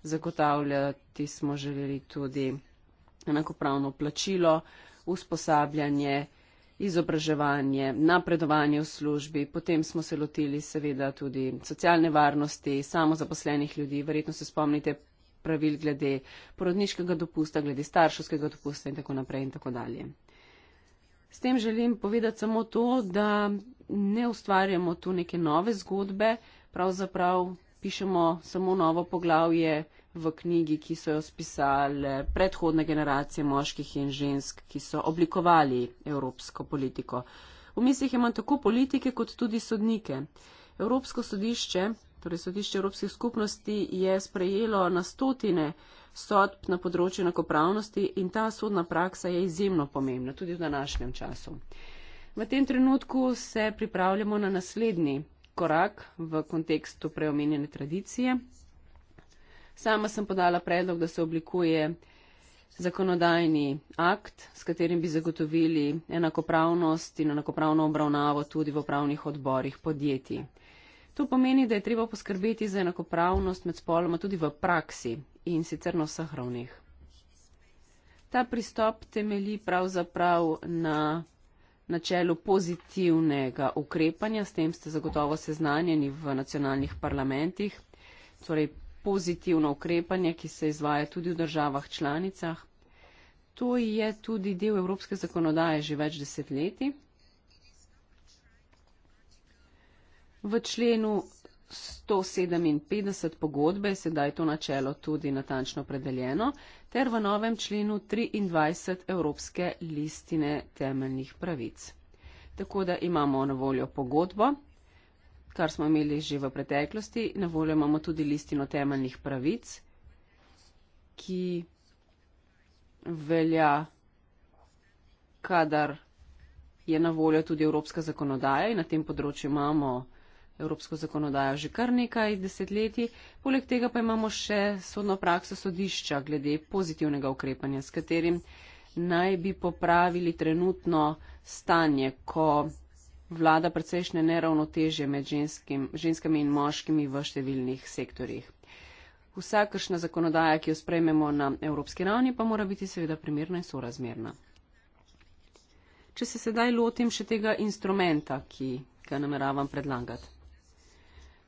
zagotavljati smo želeli tudi enakopravno plačilo, usposabljanje, izobraževanje, napredovanje v službi, potem smo se lotili seveda tudi socialne varnosti, samozaposlenih ljudi, verjetno se spomnite pravil glede porodniškega dopusta, glede starševskega dopusta in tako naprej in tako dalje. S tem želim povedati samo to, da ne ustvarjamo tu neke nove zgodbe, pravzaprav pišemo samo novo poglavje v knjigi, ki so jo spisali predhodne generacije moških in žensk, ki so oblikovali evropsko politiko. V mislih imam tako politike kot tudi sodnike. Evropsko sodišče, torej sodišče Evropskih skupnosti, je sprejelo na stotine sodb na področju enakopravnosti in ta sodna praksa je izjemno pomembna tudi v današnjem času. V tem trenutku se pripravljamo na naslednji korak v kontekstu preomenjene tradicije. Sama sem podala predlog, da se oblikuje zakonodajni akt, s katerim bi zagotovili enakopravnost in enakopravno obravnavo tudi v upravnih odborih podjetij. To pomeni, da je treba poskrbeti za enakopravnost med spoloma tudi v praksi in sicer na vseh ravneh. Ta pristop temelji pravzaprav na načelu pozitivnega ukrepanja, s tem ste zagotovo seznanjeni v nacionalnih parlamentih, torej pozitivno ukrepanje, ki se izvaja tudi v državah članicah. To je tudi del evropske zakonodaje že več desetletij. V členu 157 pogodbe, sedaj je to načelo tudi natančno predeljeno, ter v novem členu 23 Evropske listine temeljnih pravic. Tako da imamo na voljo pogodbo, kar smo imeli že v preteklosti, na voljo imamo tudi listino temeljnih pravic, ki velja, kadar je na voljo tudi evropska zakonodaja in na tem področju imamo evropsko zakonodajo že kar nekaj desetletij, poleg tega pa imamo še sodno prakso sodišča glede pozitivnega ukrepanja, s katerim naj bi popravili trenutno stanje, ko vlada precejšnje neravnotežje med ženskim, ženskami in moškimi v številnih sektorjih. Vsakršna zakonodaja, ki jo sprejmemo na evropski ravni, pa mora biti seveda primerna in sorazmerna. Če se sedaj lotim še tega instrumenta, ki ga nameravam predlagati.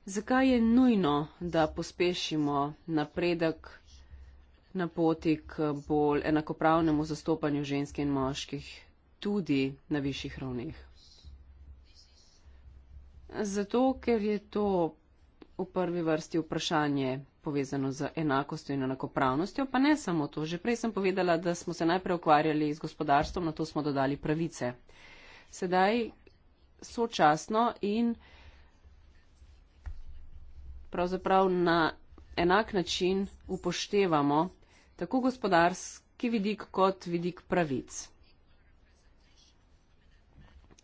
Zakaj je nujno, da pospešimo napredek na poti k bolj enakopravnemu zastopanju žensk in moških tudi na višjih ravneh? Zato, ker je to v prvi vrsti vprašanje povezano z enakostjo in enakopravnostjo, pa ne samo to. Že prej sem povedala, da smo se najprej ukvarjali z gospodarstvom, na to smo dodali pravice. Sedaj sočasno in pravzaprav na enak način upoštevamo tako gospodarski vidik kot vidik pravic.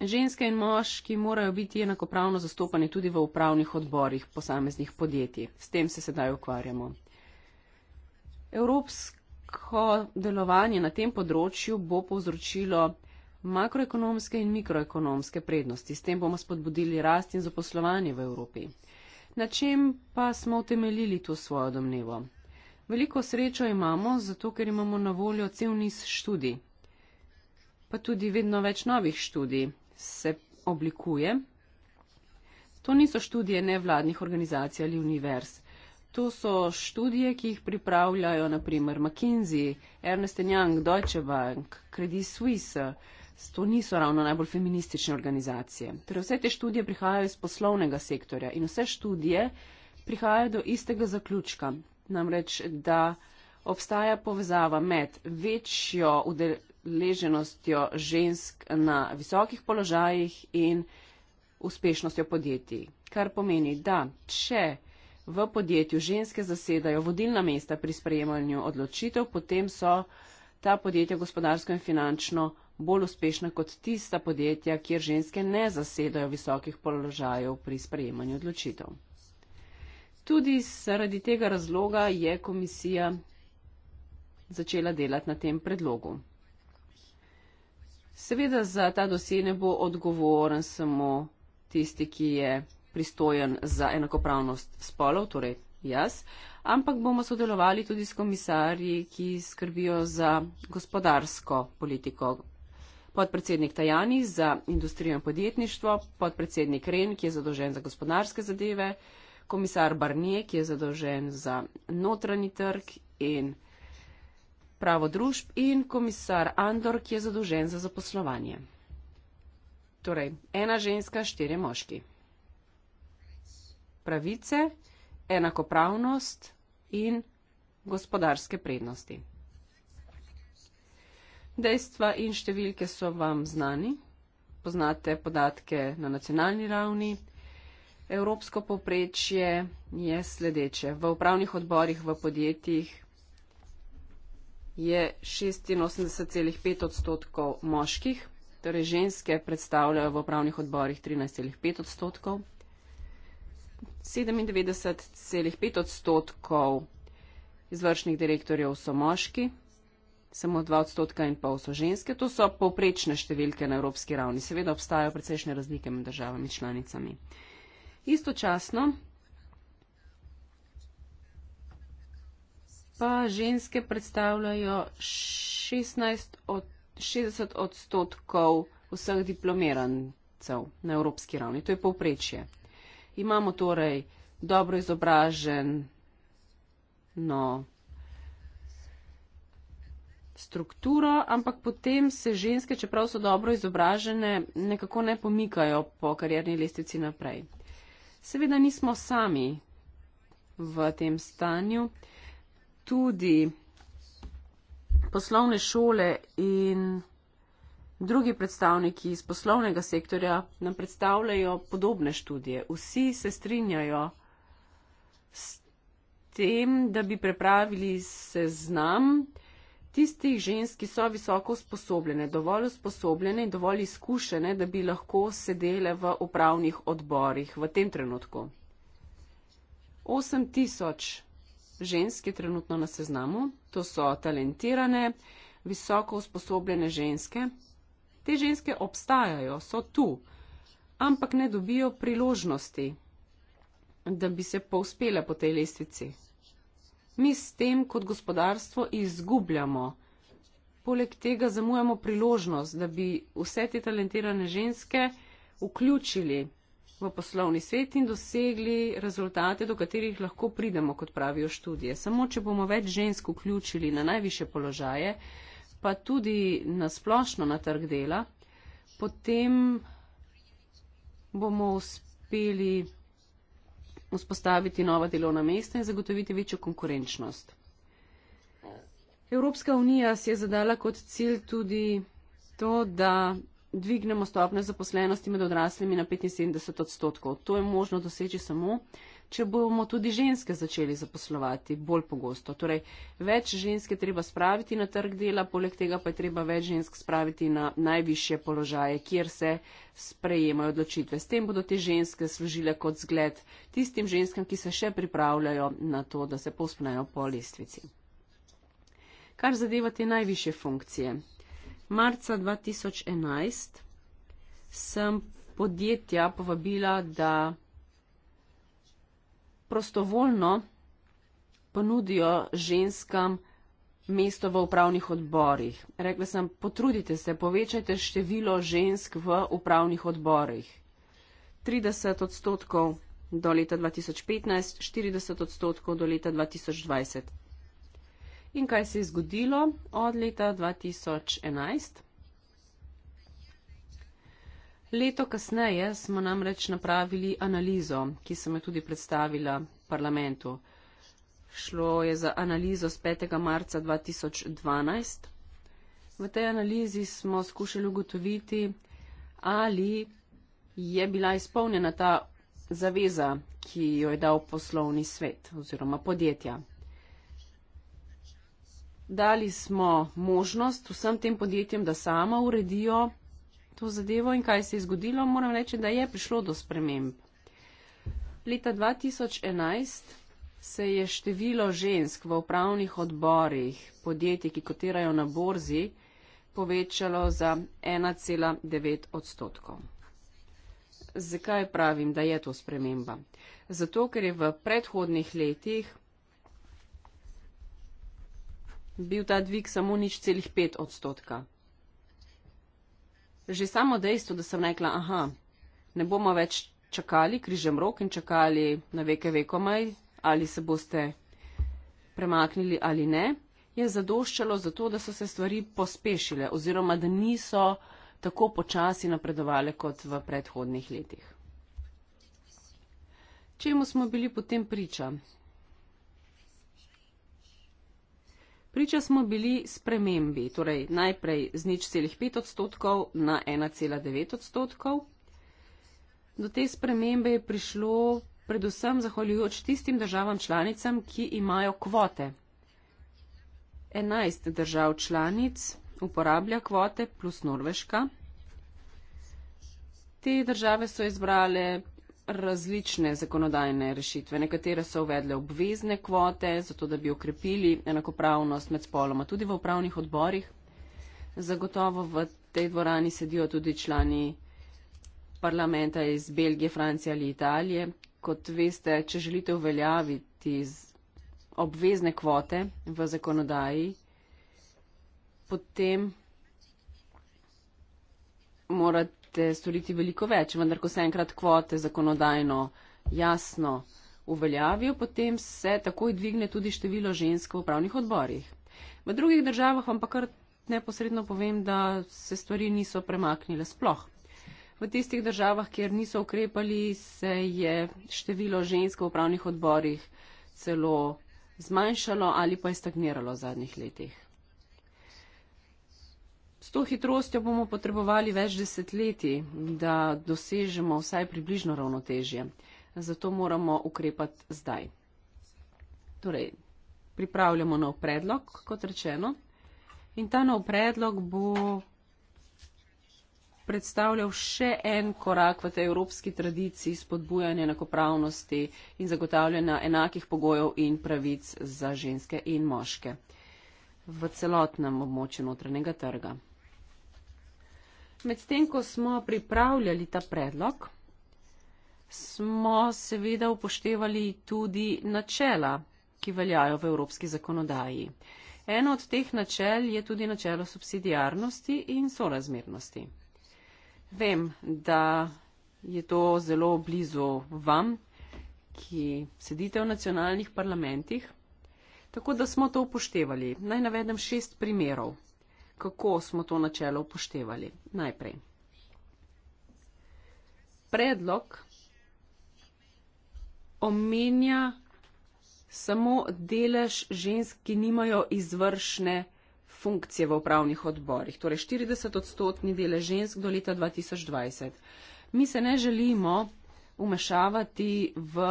Ženske in moški morajo biti enakopravno zastopani tudi v upravnih odborih posameznih podjetij. S tem se sedaj ukvarjamo. Evropsko delovanje na tem področju bo povzročilo makroekonomske in mikroekonomske prednosti. S tem bomo spodbudili rast in zaposlovanje v Evropi. Na čem pa smo utemeljili to svojo domnevo? Veliko srečo imamo, zato ker imamo na voljo cel niz študij, pa tudi vedno več novih študij se oblikuje. To niso študije nevladnih organizacij ali univerz. To so študije, ki jih pripravljajo naprimer McKinsey, Ernest Young, Deutsche Bank, Credit Suisse, To niso ravno najbolj feministične organizacije. Torej vse te študije prihajajo iz poslovnega sektorja in vse študije prihajajo do istega zaključka. Namreč, da obstaja povezava med večjo udeleženostjo žensk na visokih položajih in uspešnostjo podjetij. Kar pomeni, da če v podjetju ženske zasedajo vodilna mesta pri sprejemanju odločitev, potem so ta podjetja gospodarsko in finančno bolj uspešna kot tista podjetja, kjer ženske ne zasedajo visokih položajev pri sprejemanju odločitev. Tudi zaradi tega razloga je komisija začela delati na tem predlogu. Seveda za ta dosje ne bo odgovoren samo tisti, ki je pristojen za enakopravnost spolov, torej jaz, ampak bomo sodelovali tudi s komisarji, ki skrbijo za gospodarsko politiko podpredsednik Tajani za industrijo in podjetništvo, podpredsednik Ren, ki je zadolžen za gospodarske zadeve, komisar Barnier, ki je zadolžen za notranji trg in pravo družb in komisar Andor, ki je zadolžen za zaposlovanje. Torej, ena ženska, štiri moški. Pravice, enakopravnost in gospodarske prednosti. Dejstva in številke so vam znani, poznate podatke na nacionalni ravni. Evropsko povprečje je sledeče. V upravnih odborih v podjetjih je 86,5 odstotkov moških, torej ženske predstavljajo v upravnih odborih 13,5 odstotkov. 97,5 odstotkov izvršnih direktorjev so moški, samo 2 odstotka in pol so ženske. To so povprečne številke na evropski ravni. Seveda obstajajo precejšnje razlike med državami članicami. Istočasno pa ženske predstavljajo 16 od 60 odstotkov vseh diplomirancev na evropski ravni. To je povprečje. Imamo torej dobro izobražen, no, strukturo, ampak potem se ženske, čeprav so dobro izobražene, nekako ne pomikajo po karjerni lestvici naprej. Seveda nismo sami v tem stanju. Tudi poslovne šole in drugi predstavniki iz poslovnega sektorja nam predstavljajo podobne študije. Vsi se strinjajo s tem, da bi prepravili seznam, tistih žensk, ki so visoko usposobljene, dovolj usposobljene in dovolj izkušene, da bi lahko sedele v upravnih odborih v tem trenutku. 8 tisoč žensk je trenutno na seznamu, to so talentirane, visoko usposobljene ženske. Te ženske obstajajo, so tu, ampak ne dobijo priložnosti, da bi se povspele po tej lestvici mi s tem kot gospodarstvo izgubljamo. Poleg tega zamujamo priložnost, da bi vse te talentirane ženske vključili v poslovni svet in dosegli rezultate, do katerih lahko pridemo, kot pravijo študije. Samo, če bomo več žensk vključili na najviše položaje, pa tudi na splošno na trg dela, potem bomo uspeli vzpostaviti nova delovna mesta in zagotoviti večjo konkurenčnost. Evropska unija si je zadala kot cilj tudi to, da dvignemo stopne zaposlenosti med odraslimi na 75 odstotkov. To je možno doseči samo, če bomo tudi ženske začeli zaposlovati bolj pogosto. Torej, več ženske treba spraviti na trg dela, poleg tega pa je treba več žensk spraviti na najvišje položaje, kjer se sprejemajo odločitve. S tem bodo te ženske služile kot zgled tistim ženskam, ki se še pripravljajo na to, da se povspnajo po lestvici. Kar zadeva te najviše funkcije. Marca 2011 sem podjetja povabila, da prostovoljno ponudijo ženskam mesto v upravnih odborih. Rekla sem, potrudite se, povečajte število žensk v upravnih odborih. 30 odstotkov do leta 2015, 40 odstotkov do leta 2020. In kaj se je zgodilo od leta 2011? Leto kasneje smo namreč napravili analizo, ki sem jo tudi predstavila parlamentu. Šlo je za analizo z 5. marca 2012. V tej analizi smo skušali ugotoviti, ali je bila izpolnjena ta zaveza, ki jo je dal poslovni svet oziroma podjetja. Dali smo možnost vsem tem podjetjem, da samo uredijo to zadevo in kaj se je zgodilo, moram reči, da je prišlo do sprememb. Leta 2011 se je število žensk v upravnih odborih podjetij, ki kotirajo na borzi, povečalo za 1,9 odstotkov. Zakaj pravim, da je to sprememba? Zato, ker je v predhodnih letih bil ta dvig samo nič celih 5 odstotka že samo dejstvo, da sem rekla, aha, ne bomo več čakali, križem rok in čakali na veke vekomaj, ali se boste premaknili ali ne, je zadoščalo za to, da so se stvari pospešile oziroma da niso tako počasi napredovali kot v predhodnih letih. Čemu smo bili potem priča? Priča smo bili spremembi, torej najprej z nič celih pet odstotkov na 1,9 odstotkov. Do te spremembe je prišlo predvsem zahvaljujoč tistim državam članicam, ki imajo kvote. 11 držav članic uporablja kvote plus Norveška. Te države so izbrale različne zakonodajne rešitve. Nekatere so uvedle obvezne kvote, zato da bi okrepili enakopravnost med spoloma tudi v upravnih odborih. Zagotovo v tej dvorani sedijo tudi člani parlamenta iz Belgije, Francije ali Italije. Kot veste, če želite uveljaviti obvezne kvote v zakonodaji, potem morate morate storiti veliko več, vendar ko se enkrat kvote zakonodajno jasno uveljavijo, potem se takoj dvigne tudi število žensk v upravnih odborih. V drugih državah vam pa kar neposredno povem, da se stvari niso premaknile sploh. V tistih državah, kjer niso ukrepali, se je število žensk v upravnih odborih celo zmanjšalo ali pa je stagniralo v zadnjih letih. S to hitrostjo bomo potrebovali več desetletij, da dosežemo vsaj približno ravnotežje. Zato moramo ukrepati zdaj. Torej, pripravljamo nov predlog, kot rečeno. In ta nov predlog bo predstavljal še en korak v tej evropski tradiciji spodbujanja enakopravnosti in zagotavljanja enakih pogojev in pravic za ženske in moške v celotnem območju notranjega trga. Medtem, ko smo pripravljali ta predlog, smo seveda upoštevali tudi načela, ki veljajo v evropski zakonodaji. Eno od teh načel je tudi načelo subsidijarnosti in sorazmernosti. Vem, da je to zelo blizu vam, ki sedite v nacionalnih parlamentih, tako da smo to upoštevali. Naj navedem šest primerov kako smo to načelo upoštevali. Najprej. Predlog omenja samo delež žensk, ki nimajo izvršne funkcije v upravnih odborih, torej 40 odstotni delež žensk do leta 2020. Mi se ne želimo umešavati v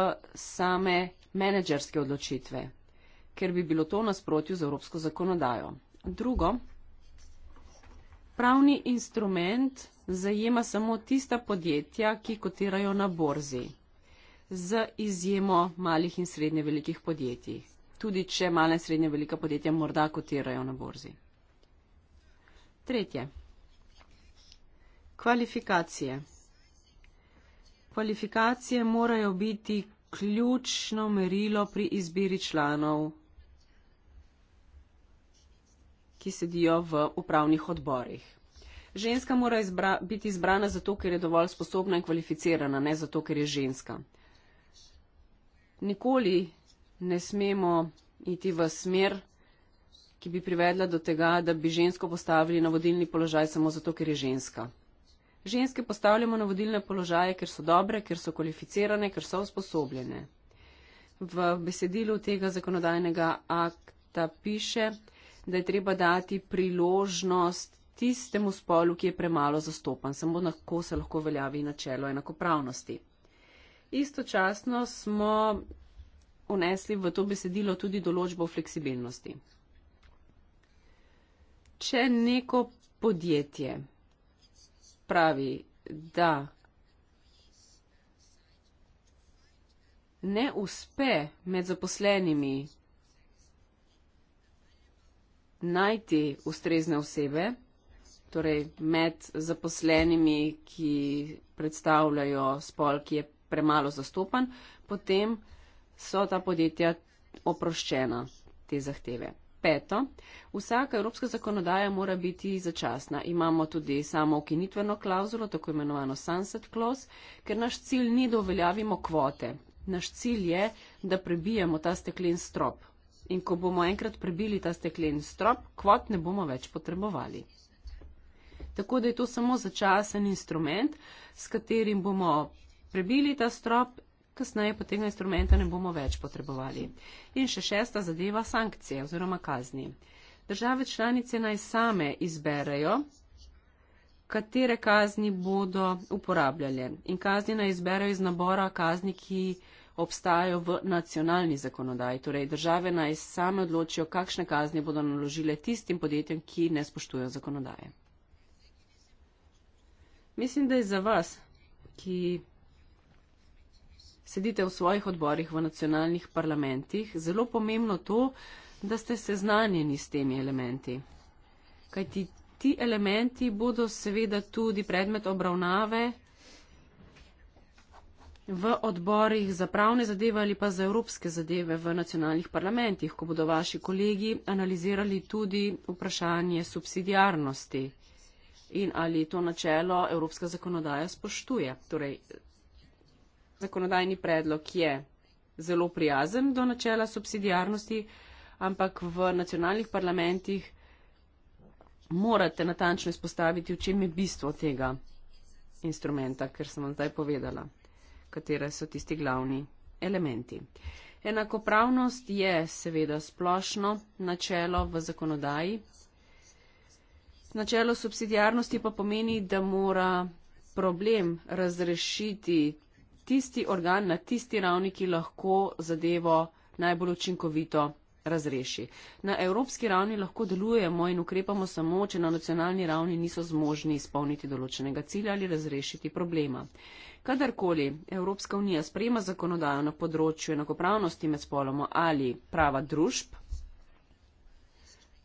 same menedžerske odločitve, ker bi bilo to nasprotju z evropsko zakonodajo. Drugo, Pravni instrument zajema samo tista podjetja, ki kotirajo na borzi, z izjemo malih in srednje velikih podjetij, tudi če mala in srednje velika podjetja morda kotirajo na borzi. Tretje. Kvalifikacije. Kvalifikacije morajo biti ključno merilo pri izbiri članov ki sedijo v upravnih odborih. Ženska mora izbra, biti izbrana zato, ker je dovolj sposobna in kvalificirana, ne zato, ker je ženska. Nikoli ne smemo iti v smer, ki bi privedla do tega, da bi žensko postavili na vodilni položaj samo zato, ker je ženska. Ženske postavljamo na vodilne položaje, ker so dobre, ker so kvalificirane, ker so usposobljene. V besedilu tega zakonodajnega akta piše, da je treba dati priložnost tistemu spolu, ki je premalo zastopan, samo tako se lahko veljavi načelo enakopravnosti. Istočasno smo unesli v to besedilo tudi določbo o fleksibilnosti. Če neko podjetje pravi, da ne uspe med zaposlenimi najti ustrezne osebe, torej med zaposlenimi, ki predstavljajo spol, ki je premalo zastopan, potem so ta podjetja oproščena te zahteve. Peto, vsaka evropska zakonodaja mora biti začasna. Imamo tudi samo ukinitveno klauzulo, tako imenovano sunset clause, ker naš cilj ni, da uveljavimo kvote. Naš cilj je, da prebijemo ta steklen strop, in ko bomo enkrat prebili ta steklen strop, kvot ne bomo več potrebovali. Tako da je to samo začasen instrument, s katerim bomo prebili ta strop, kasneje pa tega instrumenta ne bomo več potrebovali. In še šesta zadeva sankcije oziroma kazni. Države članice naj same izberejo, katere kazni bodo uporabljali. In kazni naj izberejo iz nabora kazni, ki jih obstajajo v nacionalni zakonodaji. Torej, države naj same odločijo, kakšne kazni bodo naložile tistim podjetjem, ki ne spoštujejo zakonodaje. Mislim, da je za vas, ki sedite v svojih odborih v nacionalnih parlamentih, zelo pomembno to, da ste seznanjeni s temi elementi. Kajti ti elementi bodo seveda tudi predmet obravnave v odborih za pravne zadeve ali pa za evropske zadeve v nacionalnih parlamentih, ko bodo vaši kolegi analizirali tudi vprašanje subsidijarnosti in ali to načelo evropska zakonodaja spoštuje. Torej, zakonodajni predlog je zelo prijazen do načela subsidijarnosti, ampak v nacionalnih parlamentih morate natančno izpostaviti, v čem je bistvo tega instrumenta, ker sem vam zdaj povedala katere so tisti glavni elementi. Enakopravnost je seveda splošno načelo v zakonodaji. Načelo subsidijarnosti pa pomeni, da mora problem razrešiti tisti organ na tisti ravni, ki lahko zadevo najbolj učinkovito razreši. Na evropski ravni lahko delujemo in ukrepamo samo, če na nacionalni ravni niso zmožni izpolniti določenega cilja ali razrešiti problema. Kadarkoli Evropska unija sprejema zakonodajo na področju enakopravnosti med spoloma ali prava družb,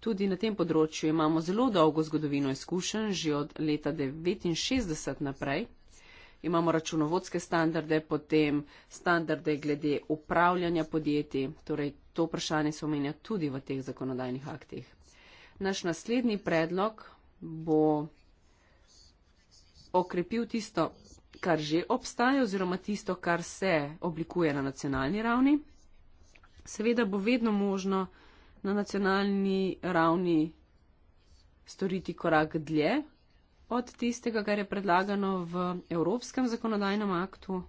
tudi na tem področju imamo zelo dolgo zgodovino izkušenj, že od leta 1969 naprej. Imamo računovodske standarde, potem standarde glede upravljanja podjetij, torej to vprašanje se omenja tudi v teh zakonodajnih aktih. Naš naslednji predlog bo okrepil tisto kar že obstaja oziroma tisto, kar se oblikuje na nacionalni ravni. Seveda bo vedno možno na nacionalni ravni storiti korak dlje od tistega, kar je predlagano v Evropskem zakonodajnem aktu.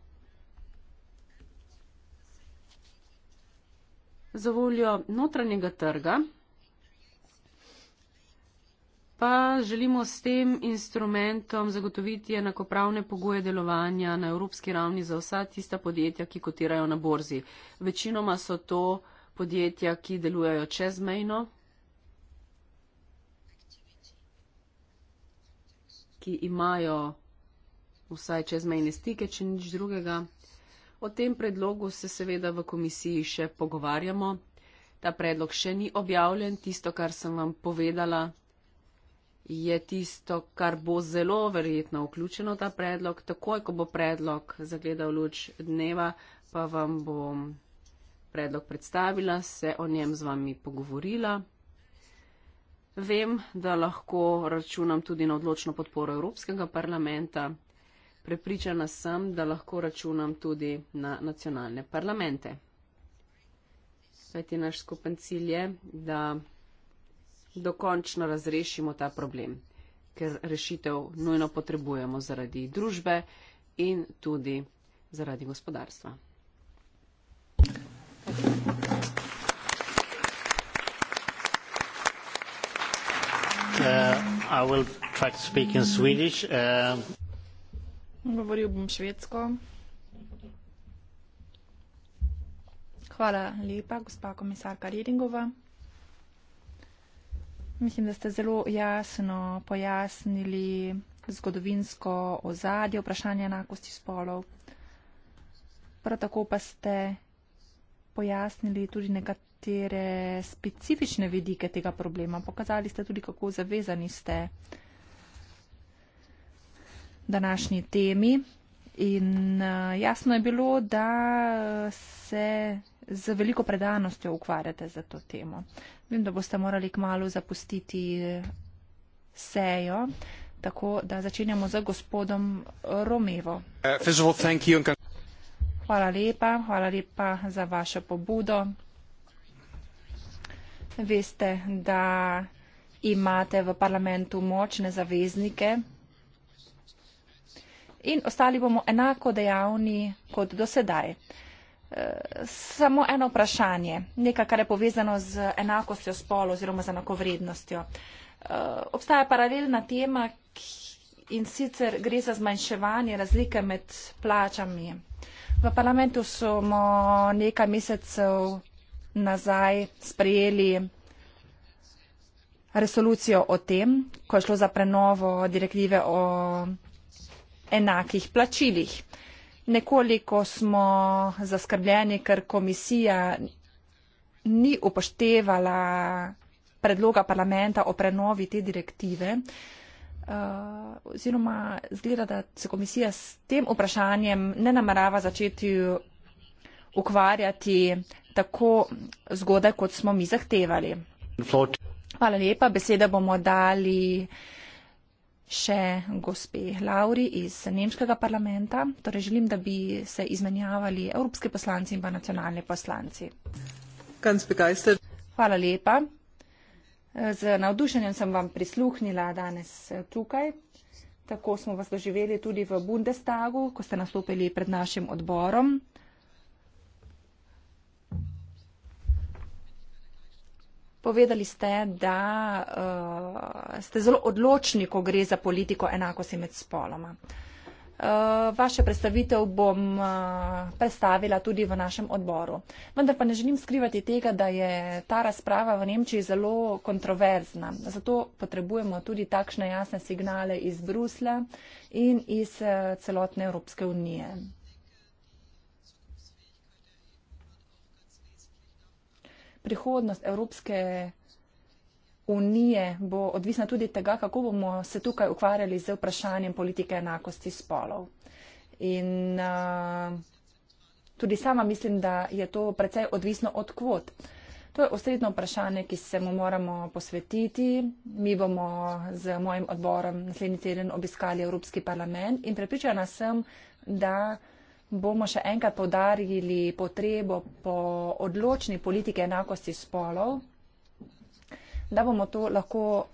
Za voljo notranjega trga pa želimo s tem instrumentom zagotoviti enakopravne pogoje delovanja na evropski ravni za vsa tista podjetja, ki kotirajo na borzi. Večinoma so to podjetja, ki delujejo čezmejno, ki imajo vsaj čezmejne stike, če nič drugega. O tem predlogu se seveda v komisiji še pogovarjamo. Ta predlog še ni objavljen. Tisto, kar sem vam povedala, je tisto, kar bo zelo verjetno vključeno v ta predlog. Takoj, ko bo predlog zagledal luč dneva, pa vam bom predlog predstavila, se o njem z vami pogovorila. Vem, da lahko računam tudi na odločno podporo Evropskega parlamenta. Prepričana sem, da lahko računam tudi na nacionalne parlamente. Kajti naš skupen cilj je, da dokončno razrešimo ta problem, ker rešitev nujno potrebujemo zaradi družbe in tudi zaradi gospodarstva. Uh, uh Govoril bom švedsko. Hvala lepa, gospa komisarka Redingova. Mislim, da ste zelo jasno pojasnili zgodovinsko ozadje vprašanja enakosti spolov. Prav tako pa ste pojasnili tudi nekatere specifične vidike tega problema. Pokazali ste tudi, kako zavezani ste današnji temi. In uh, jasno je bilo, da eh, se z veliko predanostjo ukvarjate za to temo. Vem, da boste morali kmalo zapustiti eh, sejo, tako da začenjamo z gospodom Romevo. Uh, hvala lepa, hvala lepa za vašo pobudo. Veste, da imate v parlamentu močne zaveznike, in ostali bomo enako dejavni kot dosedaj. E, samo eno vprašanje, nekaj, kar je povezano z enakostjo spolo oziroma z enakovrednostjo. E, obstaja paralelna tema in sicer gre za zmanjševanje razlike med plačami. V parlamentu smo nekaj mesecev nazaj sprejeli resolucijo o tem, ko je šlo za prenovo direktive o enakih plačilih. Nekoliko smo zaskrbljeni, ker komisija ni upoštevala predloga parlamenta o prenovi te direktive. Uh, oziroma, zgleda, da se komisija s tem vprašanjem ne namerava začeti ukvarjati tako zgodaj, kot smo mi zahtevali. Hvala lepa, besede bomo dali še gospe Lauri iz nemškega parlamenta. Torej želim, da bi se izmenjavali evropski poslanci in pa nacionalni poslanci. Hvala lepa. Z navdušenjem sem vam prisluhnila danes eh, tukaj. Tako smo vas doživeli tudi v Bundestagu, ko ste nastopili pred našim odborom. Povedali ste, da uh, ste zelo odločni, ko gre za politiko enakosti med spoloma. Uh, eh, vaše predstavitev bom uh, predstavila tudi v našem odboru. Vendar pa ne želim skrivati tega, da je ta razprava v Nemčiji zelo kontroverzna. Zato potrebujemo tudi takšne jasne signale iz Brusla in iz uh, celotne Evropske unije. prihodnost Evropske unije bo odvisna tudi tega, kako bomo se tukaj ukvarjali z vprašanjem politike enakosti spolov. In uh, tudi sama mislim, da je to precej odvisno od kvot. To je osrednjo vprašanje, ki se mu moramo posvetiti. Mi bomo z mojim odborom naslednji teden obiskali Evropski parlament in prepričana sem, da bomo še enkrat povdarjali potrebo po odločni politiki enakosti spolov, da bomo to lahko eh,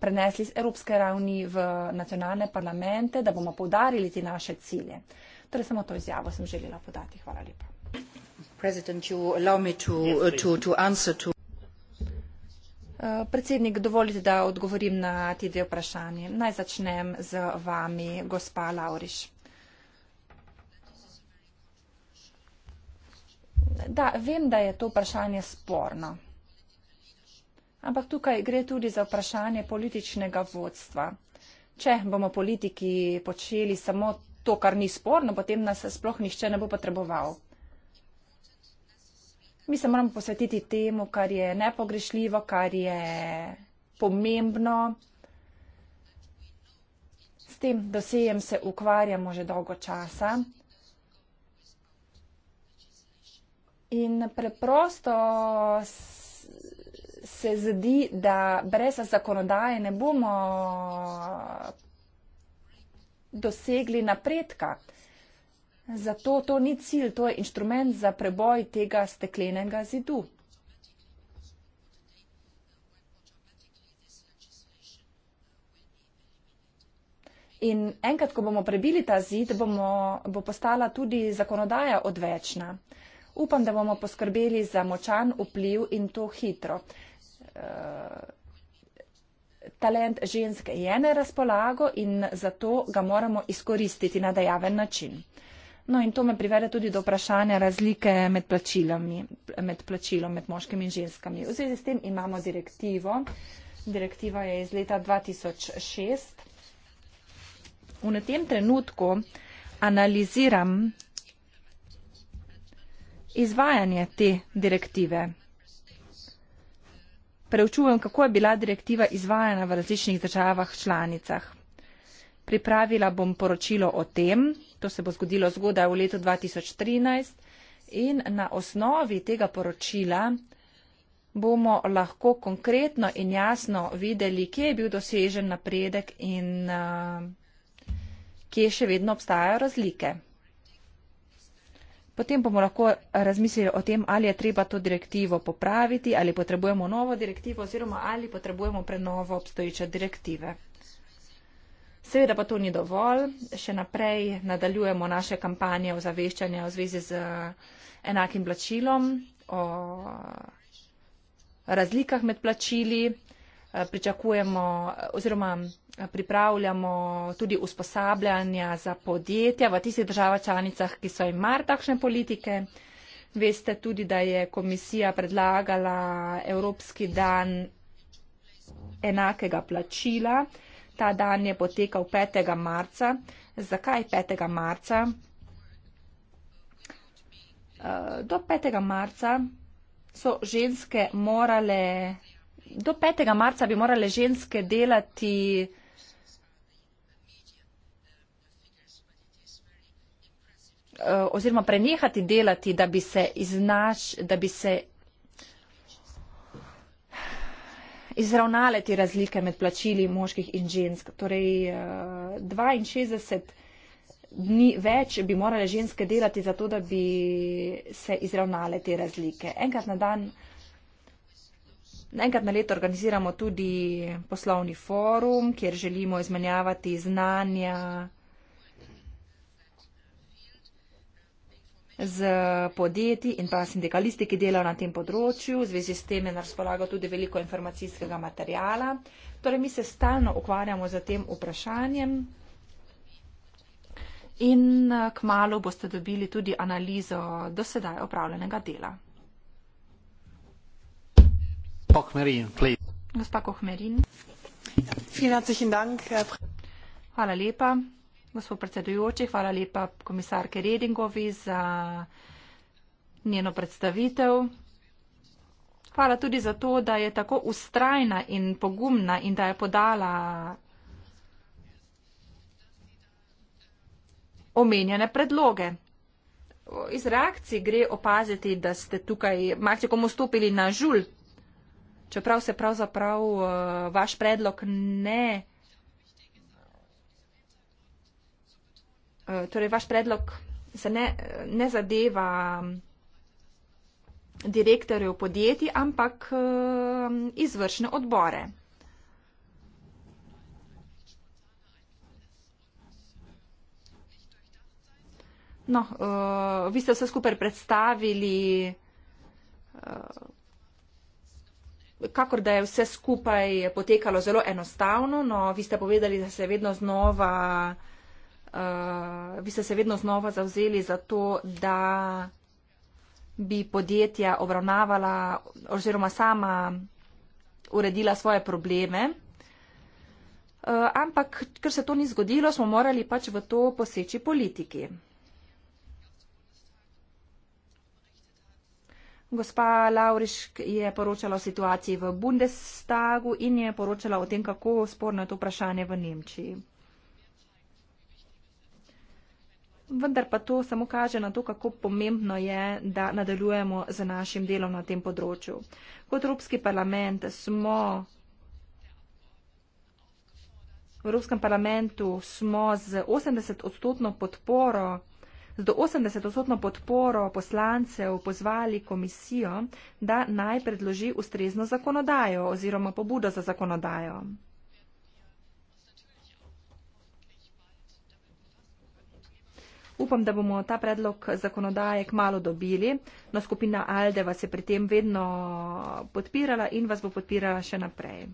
prenesli z evropske ravni v nacionalne parlamente, da bomo povdarjali te naše cilje. Torej, samo to izjavo sem želela podati. Hvala lepa. Eh, eh, predsednik, dovolite, da odgovorim na ti dve vprašanje. Naj začnem z vami, gospa Lauriš. da, vem, da je to vprašanje sporno. Ampak tukaj gre tudi za vprašanje političnega vodstva. Če bomo politiki počeli samo to, kar ni sporno, potem nas sploh nišče ne bo potreboval. Mi se moramo posvetiti temu, kar je nepogrešljivo, kar je pomembno. S tem dosejem se ukvarjamo že dolgo časa. In preprosto se zdi, da brez zakonodaje ne bomo dosegli napredka. Zato to ni cilj, to je inštrument za preboj tega steklenega zidu. In enkrat, ko bomo prebili ta zid, bomo, bo postala tudi zakonodaja odvečna. Uh, Upam, da bomo poskrbeli za močan vpliv in to hitro. Eh, talent žensk je na razpolago in zato ga moramo izkoristiti na dejaven način. No in to me privede tudi do vprašanja razlike med, med plačilom med moškimi in ženskami. V zvezi s tem imamo direktivo. Direktiva je iz leta 2006. V tem trenutku analiziram izvajanje te direktive. Preučujem, kako je bila direktiva izvajana v različnih državah članicah. Pripravila bom poročilo o tem, to se bo zgodilo zgodaj v letu 2013 in na osnovi tega poročila bomo lahko konkretno in jasno videli, kje je bil dosežen napredek in uh, kje še vedno obstajajo razlike. Potem bomo lahko razmislili o tem, ali je treba to direktivo popraviti, ali potrebujemo novo direktivo oziroma ali potrebujemo prenovo obstoječe direktive. Seveda pa to ni dovolj. Še naprej nadaljujemo naše kampanje o zaveščanju v zvezi z eh, enakim plačilom, o razlikah med plačili. Eh, pričakujemo oziroma eh, pripravljamo tudi usposabljanja za podjetja v tistih državah članicah, ki so imar takšne politike. Veste tudi, da je komisija predlagala Evropski dan enakega plačila. Ta dan je potekal 5. marca. Zakaj 5. marca? Eh, do 5. marca so ženske morale do 5. marca bi morale ženske delati. Eh, oziroma prenehati delati, da bi se, iznaš, da bi se izravnale te razlike med plačili moških in žensk. Torej 62 eh, dni več bi morale ženske delati, zato da bi se izravnale te razlike. Enkrat na dan Enkrat na leto organiziramo tudi poslovni forum, kjer želimo izmenjavati znanja z podjetji in pa sindikalisti, ki delajo na tem področju. V zvezi s tem je na razpolago tudi veliko informacijskega materijala. Torej, mi se stalno ukvarjamo z tem vprašanjem. In eh, k malu boste dobili tudi analizo dosedaj opravljenega dela. Hvala lepa, gospod predsedujoči. Hvala lepa komisarke Redingovi za njeno predstavitev. Hvala tudi za to, da je tako ustrajna in pogumna in da je podala omenjene predloge. Iz reakcij gre opaziti, da ste tukaj marsikomu stopili na žulj, čeprav se pravzaprav uh, vaš predlog ne. Eh, torej, vaš predlog se ne, ne zadeva mm, direktorjev podjetij, ampak eh, izvršne odbore. No, vi ste vse skupaj predstavili kakor da je vse skupaj potekalo zelo enostavno, no, vi ste povedali, da se vedno znova. Uh, vi ste se vedno znova zavzeli za to, da bi podjetja obravnavala oziroma sama uredila svoje probleme. Uh, ampak, ker se to ni zgodilo, smo morali pač v to poseči politiki. Gospa Lauriščk je poročala o situaciji v Bundestagu in je poročala o tem, kako sporno je to vprašanje v Nemčiji. Vendar pa to samo kaže na to, kako pomembno je, da nadaljujemo z našim delom na tem področju. Kot Evropski parlament smo. V Evropskem parlamentu smo z 80-odstotno podporo z do 80-odstotno podporo poslancev pozvali komisijo, da naj predloži ustrezno zakonodajo oziroma pobudo za zakonodajo. Upam, da bomo ta predlog zakonodaje k malo dobili. No, skupina Alde vas je pri tem vedno podpirala in vas bo podpirala še naprej.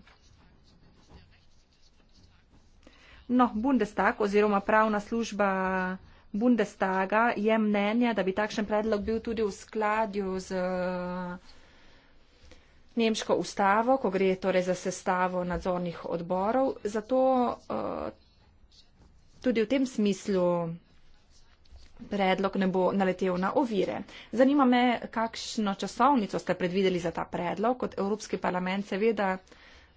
No, Bundestag oziroma pravna služba Bundestaga je mnenje, da bi takšen predlog bil tudi v skladju z eh, nemško ustavo, ko gre torej za sestavo nadzornih odborov. Zato eh, tudi v tem smislu predlog ne bo naletel na ovire. Zanima me, kakšno časovnico ste predvideli za ta predlog. Kot Evropski parlament seveda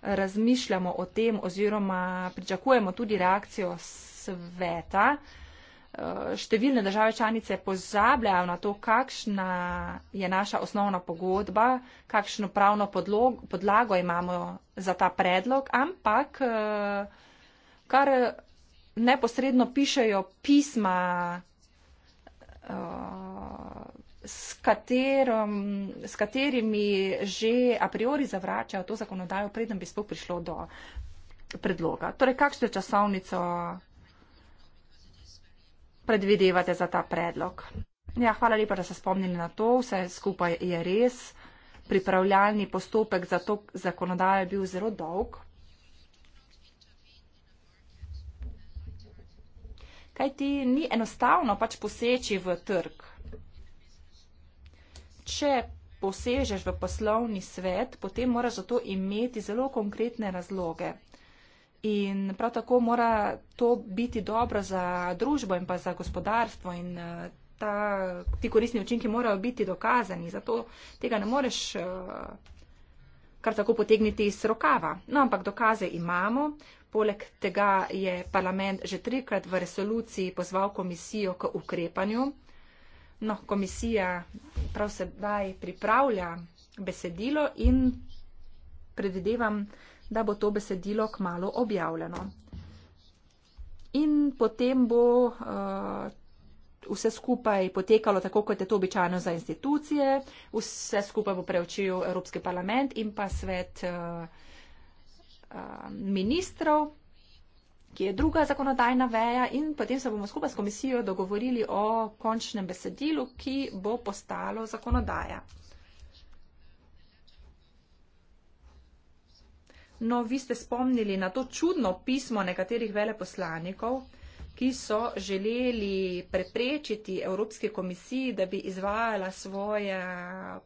razmišljamo o tem oziroma pričakujemo tudi reakcijo sveta. Eh, številne države članice pozabljajo na to, kakšna je naša osnovna pogodba, kakšno pravno podlog, podlago imamo za ta predlog, ampak eh, kar neposredno pišejo pisma, eh, s, katerom, s katerimi že a priori zavračajo to zakonodajo, predem bi sploh prišlo do predloga. Torej, kakšno časovnico predvidevate za ta predlog? Ja, hvala lepa, da ste spomnili na to. Vse skupaj je res. Pripravljalni postopek za to zakonodajo je bil zelo dolg. Kaj ti ni enostavno pač poseči v trg? Če posežeš v poslovni svet, potem moraš za to imeti zelo konkretne razloge. In prav tako mora to biti dobro za družbo in pa za gospodarstvo in eh, ta, ti koristni učinki morajo biti dokazani. Zato tega ne moreš eh, kar tako potegniti iz rokava. No, ampak dokaze imamo. Poleg tega je parlament že trikrat v resoluciji pozval komisijo k ukrepanju. No, komisija prav sedaj pripravlja besedilo in predvidevam, da bo to besedilo k malu objavljeno. In potem bo uh, vse skupaj potekalo tako, kot je to običajno za institucije, vse skupaj bo preučil Evropski parlament in pa svet uh, uh, ministrov, ki je druga zakonodajna veja in potem se bomo skupaj s komisijo dogovorili o končnem besedilu, ki bo postalo zakonodaja. No, vi ste spomnili na to čudno pismo nekaterih veleposlanikov, ki so želeli preprečiti Evropske komisiji, da bi izvajala svoje,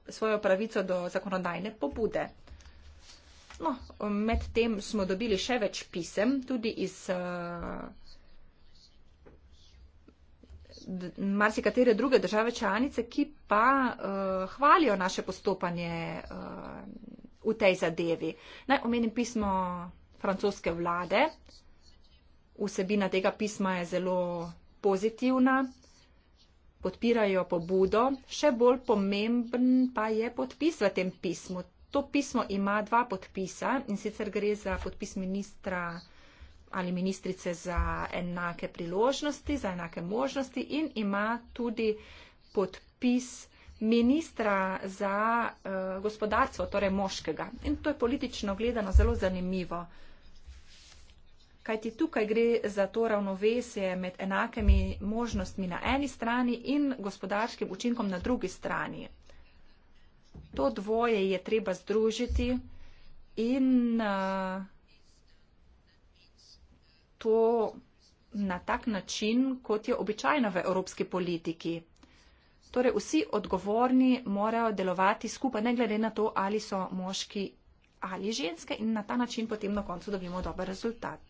svojo pravico do zakonodajne pobude. No, medtem smo dobili še več pisem, tudi iz uh, marsikatere druge države članice, ki pa uh, hvalijo naše postopanje. Uh, v tej zadevi. Naj omenim pismo francoske vlade. Vsebina tega pisma je zelo pozitivna. Podpirajo pobudo. Še bolj pomemben pa je podpis v tem pismu. To pismo ima dva podpisa in sicer gre za podpis ministra ali ministrice za enake priložnosti, za enake možnosti in ima tudi podpis ministra za uh, gospodarstvo, torej moškega. In to je politično gledano zelo zanimivo. Kaj ti tukaj gre za to ravnovesje med enakimi možnostmi na eni strani in gospodarskim učinkom na drugi strani. To dvoje je treba združiti in uh, to na tak način, kot je običajno v evropski politiki. Torej, vsi odgovorni morajo delovati skupaj, ne glede na to, ali so moški ali ženske in na ta način potem na koncu dobimo dober rezultat.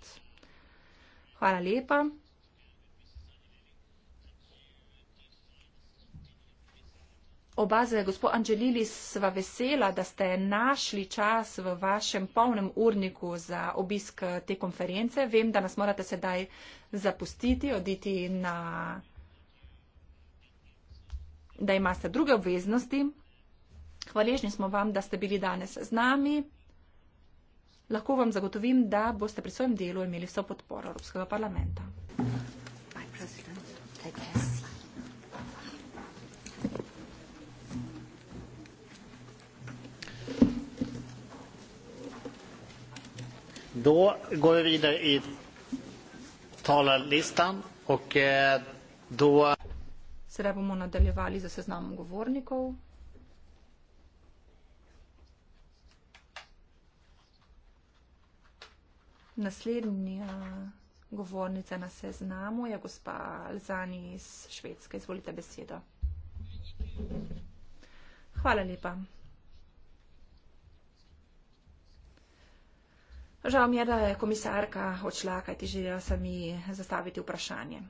Hvala lepa. Oba z gospod Anželili sva vesela, da ste našli čas v vašem polnem urniku za obisk te konference. Vem, da nas morate sedaj zapustiti, oditi na da imate druge obveznosti. Hvaležni smo vam, da ste bili danes z nami. Lahko vam zagotovim, da boste pri svojem delu imeli vso podporo Evropskega parlamenta. Då går vi vidare i talarlistan och eh, då Sedaj bomo nadaljevali za seznamom govornikov. Naslednja govornica na seznamu je gospa Alzani iz Švedske. Izvolite besedo. Hvala lepa. Žal mi je, da je komisarka odšla, kajti želela sem ji zastaviti vprašanje.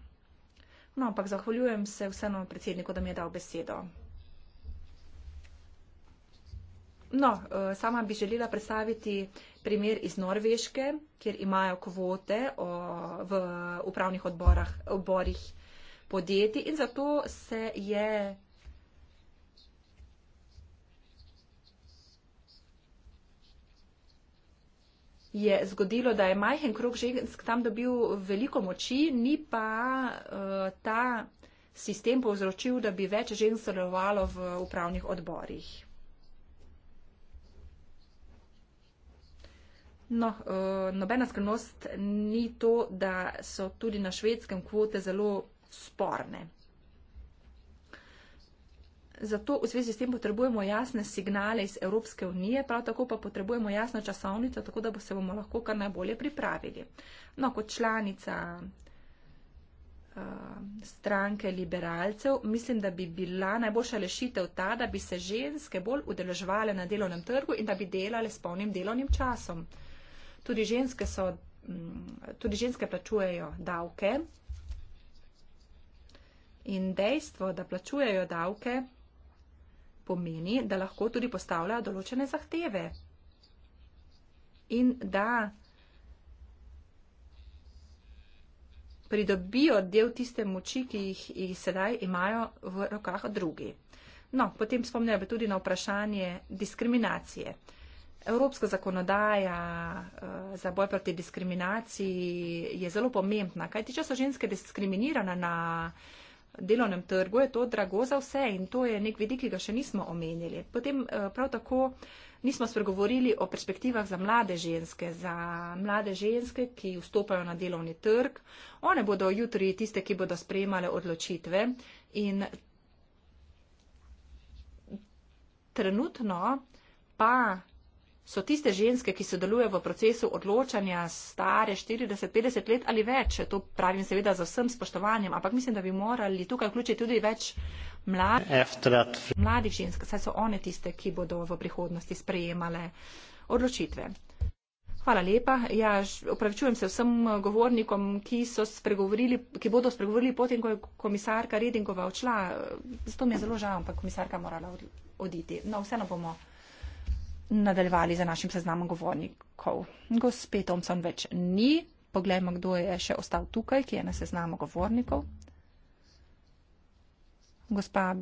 No, ampak zahvaljujem se vseeno predsedniku, da mi je dal besedo. No, eh, sama bi želela predstaviti primer iz Norveške, kjer imajo kvote o, v upravnih odborah, odborih podjetij in zato se je je zgodilo, da je majhen krok žensk tam dobil veliko moči, ni pa uh, ta sistem povzročil, da bi več žensk sodelovalo v upravnih odborih. No, uh, nobena skrnost ni to, da so tudi na švedskem kvote zelo sporne zato v zvezi s tem potrebujemo jasne signale iz Evropske unije, prav tako pa potrebujemo jasno časovnico, tako da se bomo lahko kar najbolje pripravili. No, kot članica uh, stranke liberalcev mislim, da bi bila najboljša rešitev ta, da bi se ženske bolj udeležvale na delovnem trgu in da bi delale s polnim delovnim časom. Tudi ženske, so, mm, tudi ženske plačujejo davke. In dejstvo, da plačujejo davke, pomeni, da lahko tudi postavljajo določene zahteve. In da pridobijo del tiste moči, ki jih, jih sedaj imajo v rokah drugi. No, potem spomnijo bi tudi na vprašanje diskriminacije. Evropska zakonodaja eh, za boj proti diskriminaciji je zelo pomembna. Kaj tiče so ženske diskriminirane na, delovnem trgu je to drago za vse in to je nek vidik, ki ga še nismo omenili. Potem eh, prav tako nismo spregovorili o perspektivah za mlade ženske, za mlade ženske, ki vstopajo na delovni trg. One bodo jutri tiste, ki bodo sprejemale odločitve in trenutno pa so tiste ženske, ki sodelujejo v procesu odločanja, stare 40-50 let ali več. To pravim seveda z vsem spoštovanjem, ampak mislim, da bi morali tukaj vključiti tudi več mladih žensk, saj so one tiste, ki bodo v prihodnosti sprejemale odločitve. Hvala lepa. Ja, opravičujem se vsem govornikom, ki, ki bodo spregovorili potem, ko je komisarka Redingova odšla. Zato mi je zelo žal, ampak komisarka morala oditi. No, vseeno bomo nadaljevali z našim seznamom govornikov. Gospe Tomson več ni. Poglejmo, kdo je še ostal tukaj, ki je na seznamu govornikov. Gospa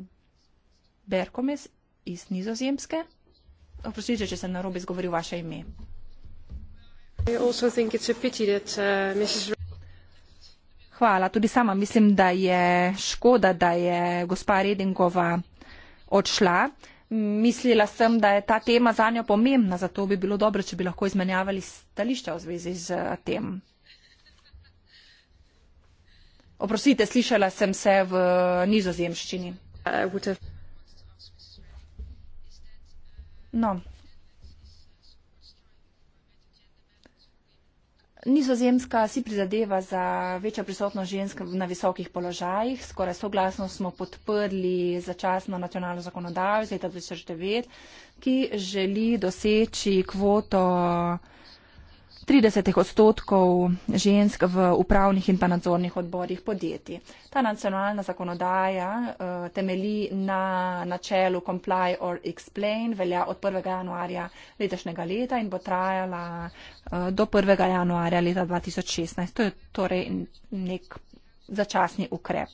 Berkomes iz Nizozemske. Oprostite, če sem narobe izgovoril vaše ime. Uh, Hvala. Tudi sama mislim, da je škoda, da je gospa Redingova odšla. Mislila sem, da je ta tema za njo pomembna, zato bi bilo dobro, če bi lahko izmenjavali stališča v zvezi z eh, tem. Oprostite, slišala sem se v eh, nizozemščini. No, Nizozemska si prizadeva za večjo prisotnost žensk na visokih položajih. Skoraj soglasno smo podprli začasno nacionalno zakonodajo iz leta 2009, ki želi doseči kvoto 30 odstotkov žensk v upravnih in pa nadzornih odborih podjetij. Ta nacionalna zakonodaja uh, eh, temeli na načelu comply or explain, velja od 1. januarja letošnjega leta in bo trajala uh, do 1. januarja leta 2016. To je torej nek začasni ukrep.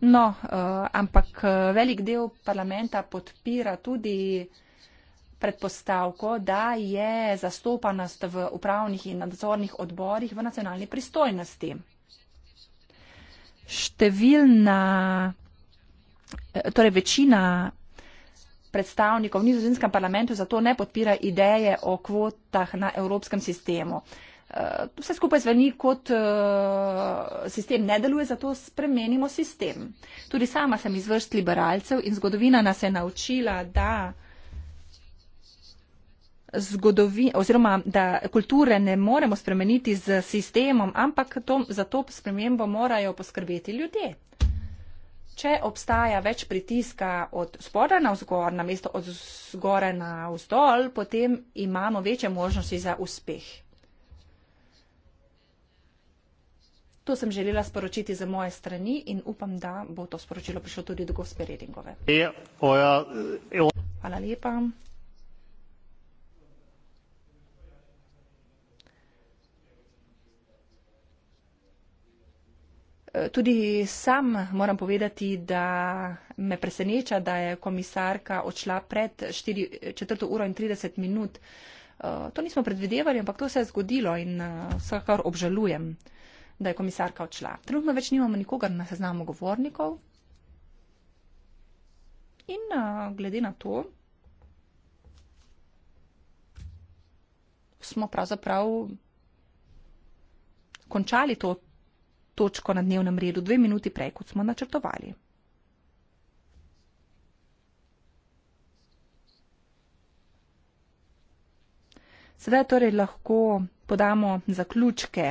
No, uh, ampak velik del parlamenta podpira tudi uh, predpostavko, da je zastopanost v upravnih in nadzornih odborih v nacionalni pristojnosti. Številna, eh, torej večina predstavnikov v nizozemskem parlamentu zato ne podpira ideje o kvotah na evropskem sistemu. Eh, vse skupaj zveni kot eh, sistem ne deluje, zato spremenimo sistem. Tudi sama sem iz vrst liberalcev in zgodovina nas je naučila, da zgodovino, oziroma da kulture ne moremo spremeniti z sistemom, ampak to, za to spremembo morajo poskrbeti ljudje. Če obstaja več pritiska od spora na vzgor, na mesto od zgore na vzdolj, potem imamo večje možnosti za uspeh. To sem želela sporočiti za moje strani in upam, da bo to sporočilo prišlo tudi do gospe Redingove. E, e, Hvala lepa. Tudi sam moram povedati, da me preseneča, da je komisarka odšla pred 4, 4 uro in 30 minut. Eh, to nismo predvidevali, ampak to se je zgodilo in eh, vsekakor obžalujem, da je komisarka odšla. Trenutno več nimamo nikogar na seznamu govornikov. In eh, glede na to smo pravzaprav končali to točko na dnevnem redu dve minuti prej, kot smo načrtovali. Sedaj torej lahko podamo zaključke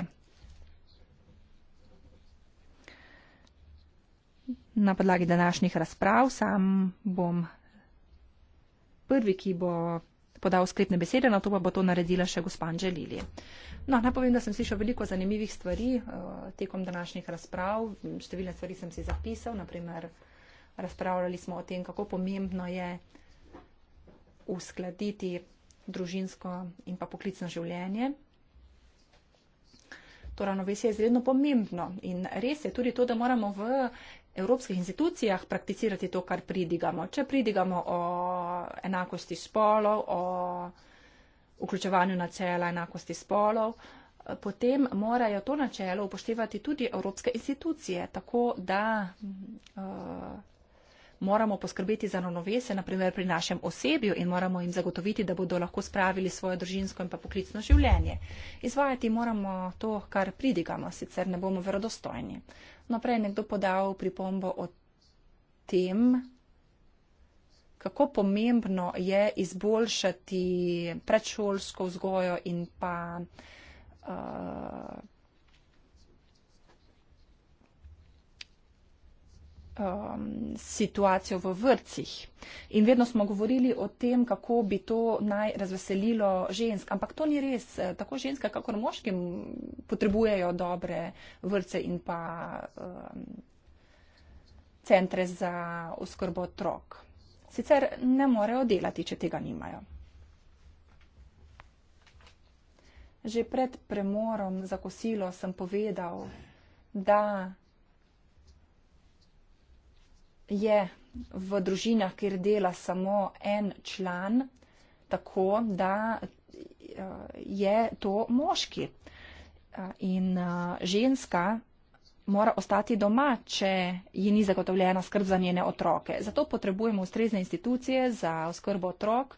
na podlagi današnjih razprav. Sam bom prvi, ki bo podal sklepne besede, na to pa bo to naredila še gospod Želili. No, naj povem, da sem slišal veliko zanimivih stvari eh, tekom današnjih razprav. Številne stvari sem si zapisal, naprimer razpravljali smo o tem, kako pomembno je uskladiti družinsko in pa poklicno življenje. To ravnovesje je izredno pomembno in res je tudi to, da moramo v evropskih institucijah prakticirati to, kar pridigamo. Če pridigamo o enakosti spolov, o vključevanju načela enakosti spolov, potem morajo to načelo upoštevati tudi evropske institucije, tako da eh, moramo poskrbeti za ravnovese, naprimer pri našem osebju in moramo jim zagotoviti, da bodo lahko spravili svoje družinsko in pa poklicno življenje. Izvajati moramo to, kar pridigamo, sicer ne bomo verodostojni. No, prej je nekdo podal pripombo o tem, kako pomembno je izboljšati predšolsko vzgojo in pa uh, um, situacijo v vrtcih. In vedno smo govorili o tem, kako bi to naj razveselilo žensk, ampak to ni res. Eh, tako ženske, kakor moški, potrebujejo dobre vrtce in pa eh, um, centre za oskrbo otrok sicer ne morejo delati, če tega nimajo. Že pred premorom za kosilo sem povedal, da je v družinah, kjer dela samo en član, tako da eh, je to moški. Eh, in eh, ženska mora ostati doma, če ji ni zagotovljena skrb za njene otroke. Zato potrebujemo ustrezne institucije za oskrbo otrok.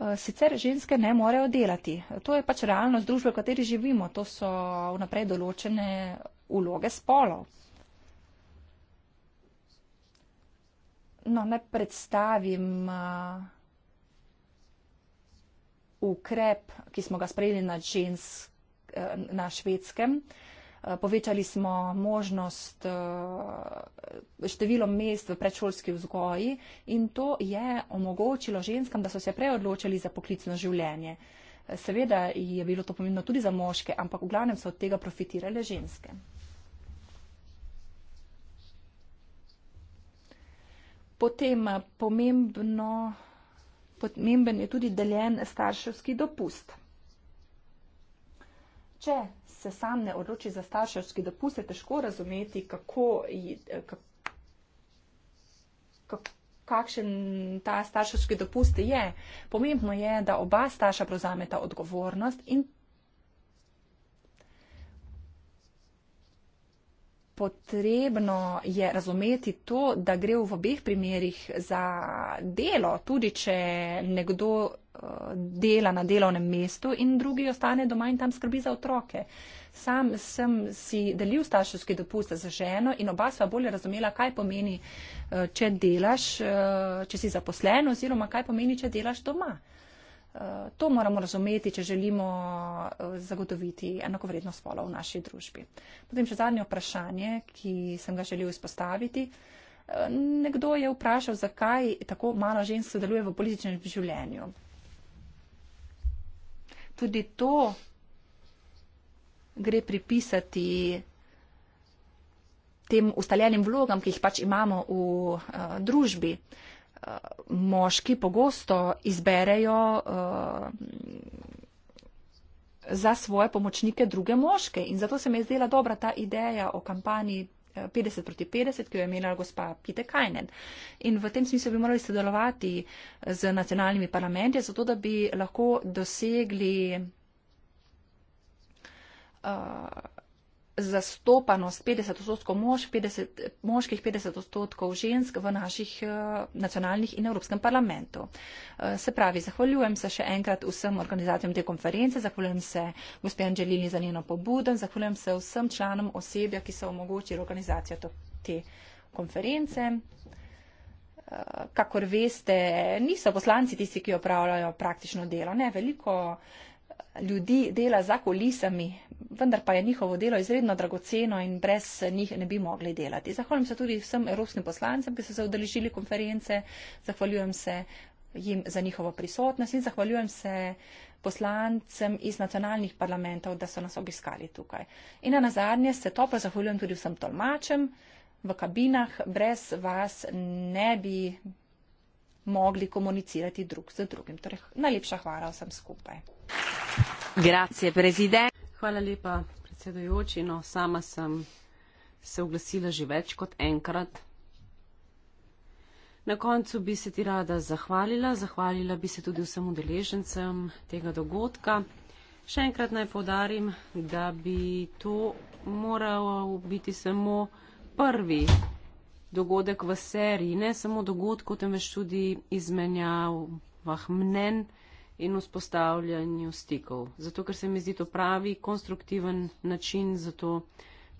Eh, sicer ženske ne morejo delati. To je pač realnost družbe, v kateri živimo. To so vnaprej določene uloge spolov. No, naj predstavim uh, ukrep, ki smo ga sprejeli na, žensk, uh, na švedskem. Uh, Eh, povečali smo možnost eh, število mest v predšolski vzgoji in to je omogočilo ženskam, da so se prej odločili za poklicno življenje. Eh, seveda je bilo to pomembno tudi za moške, ampak v glavnem so od tega profitirale ženske. Potem pomembno, pomemben je tudi deljen starševski dopust. Če se sam ne odloči za starševski dopust, je težko razumeti, kako, eh, kako, kakšen ta starševski dopust je. Pomembno je, da oba starša prevzameta odgovornost in potrebno je razumeti to, da gre v obeh primerih za delo, tudi če nekdo dela na delovnem mestu in drugi ostane doma in tam skrbi za otroke. Sam sem si delil starševski dopust za ženo in oba sva bolje razumela, kaj pomeni, eh, če delaš, eh, če si zaposlen oziroma kaj pomeni, če delaš doma. Eh, to moramo razumeti, če želimo zagotoviti enakovredno spolo v naši družbi. Potem še zadnje vprašanje, ki sem ga želel izpostaviti. Nekdo je vprašal, zakaj tako malo žensk sodeluje v političnem življenju tudi to gre pripisati tem ustaljenim vlogam, ki jih pač imamo v uh, družbi. Uh, moški pogosto izberejo uh, za svoje pomočnike druge moške in zato se mi je zdela dobra ta ideja o kampanji 50 proti 50, ki jo je imela gospa Pite Kajnen. In v tem smislu bi morali sodelovati z nacionalnimi parlamenti, zato da bi lahko dosegli. Uh, zastopanost 50 odstotkov mož, 50, moških, 50 odstotkov žensk v naših uh, nacionalnih in Evropskem parlamentu. Uh, se pravi, zahvaljujem se še enkrat vsem organizacijam te konference, zahvaljujem se gospe Angelini za njeno pobudo in zahvaljujem se vsem članom osebja, ki so omogočili organizacijo to, te konference. Eh, kakor veste, niso poslanci tisti, ki opravljajo praktično delo. Ne, veliko uh, ljudi dela za kulisami, vendar pa je njihovo delo izredno dragoceno in brez njih ne bi mogli delati. Zahvaljujem se tudi vsem evropskim poslancem, ki so se udeležili konference, zahvaljujem se jim za njihovo prisotnost in zahvaljujem se poslancem iz nacionalnih parlamentov, da so nas obiskali tukaj. In na nazadnje se toplo zahvaljujem tudi vsem tolmačem v kabinah, brez vas ne bi mogli komunicirati drug z drugim. Torej, najlepša hvala vsem skupaj. Grazie, hvala lepa, predsedujoči. No, sama sem se oglasila že več kot enkrat. Na koncu bi se ti rada zahvalila, zahvalila bi se tudi vsem udeležencem tega dogodka. Še enkrat naj povdarim, da bi to moral biti samo prvi dogodek v seriji, ne samo dogodku, temveč tudi izmenjav mnen in vzpostavljanju stikov. Zato, ker se mi zdi to pravi, konstruktiven način za to,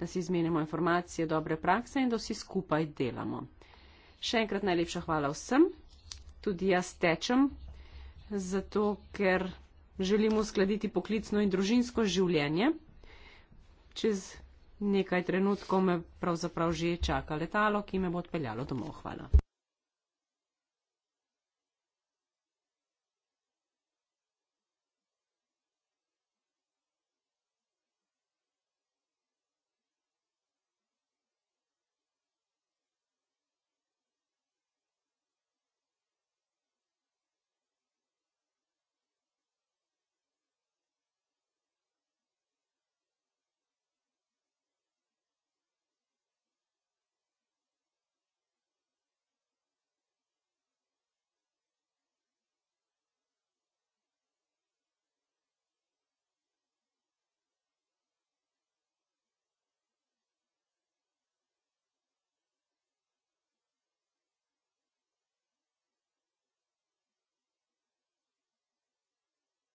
da si izmenjamo informacije, dobre prakse in da vsi skupaj delamo. Še enkrat najlepša hvala vsem, tudi jaz tečem, zato ker želimo uskladiti poklicno in družinsko življenje. Čez nekaj trenutkov me pravzaprav že čaka letalo, ki me bo odpeljalo domov. Hvala.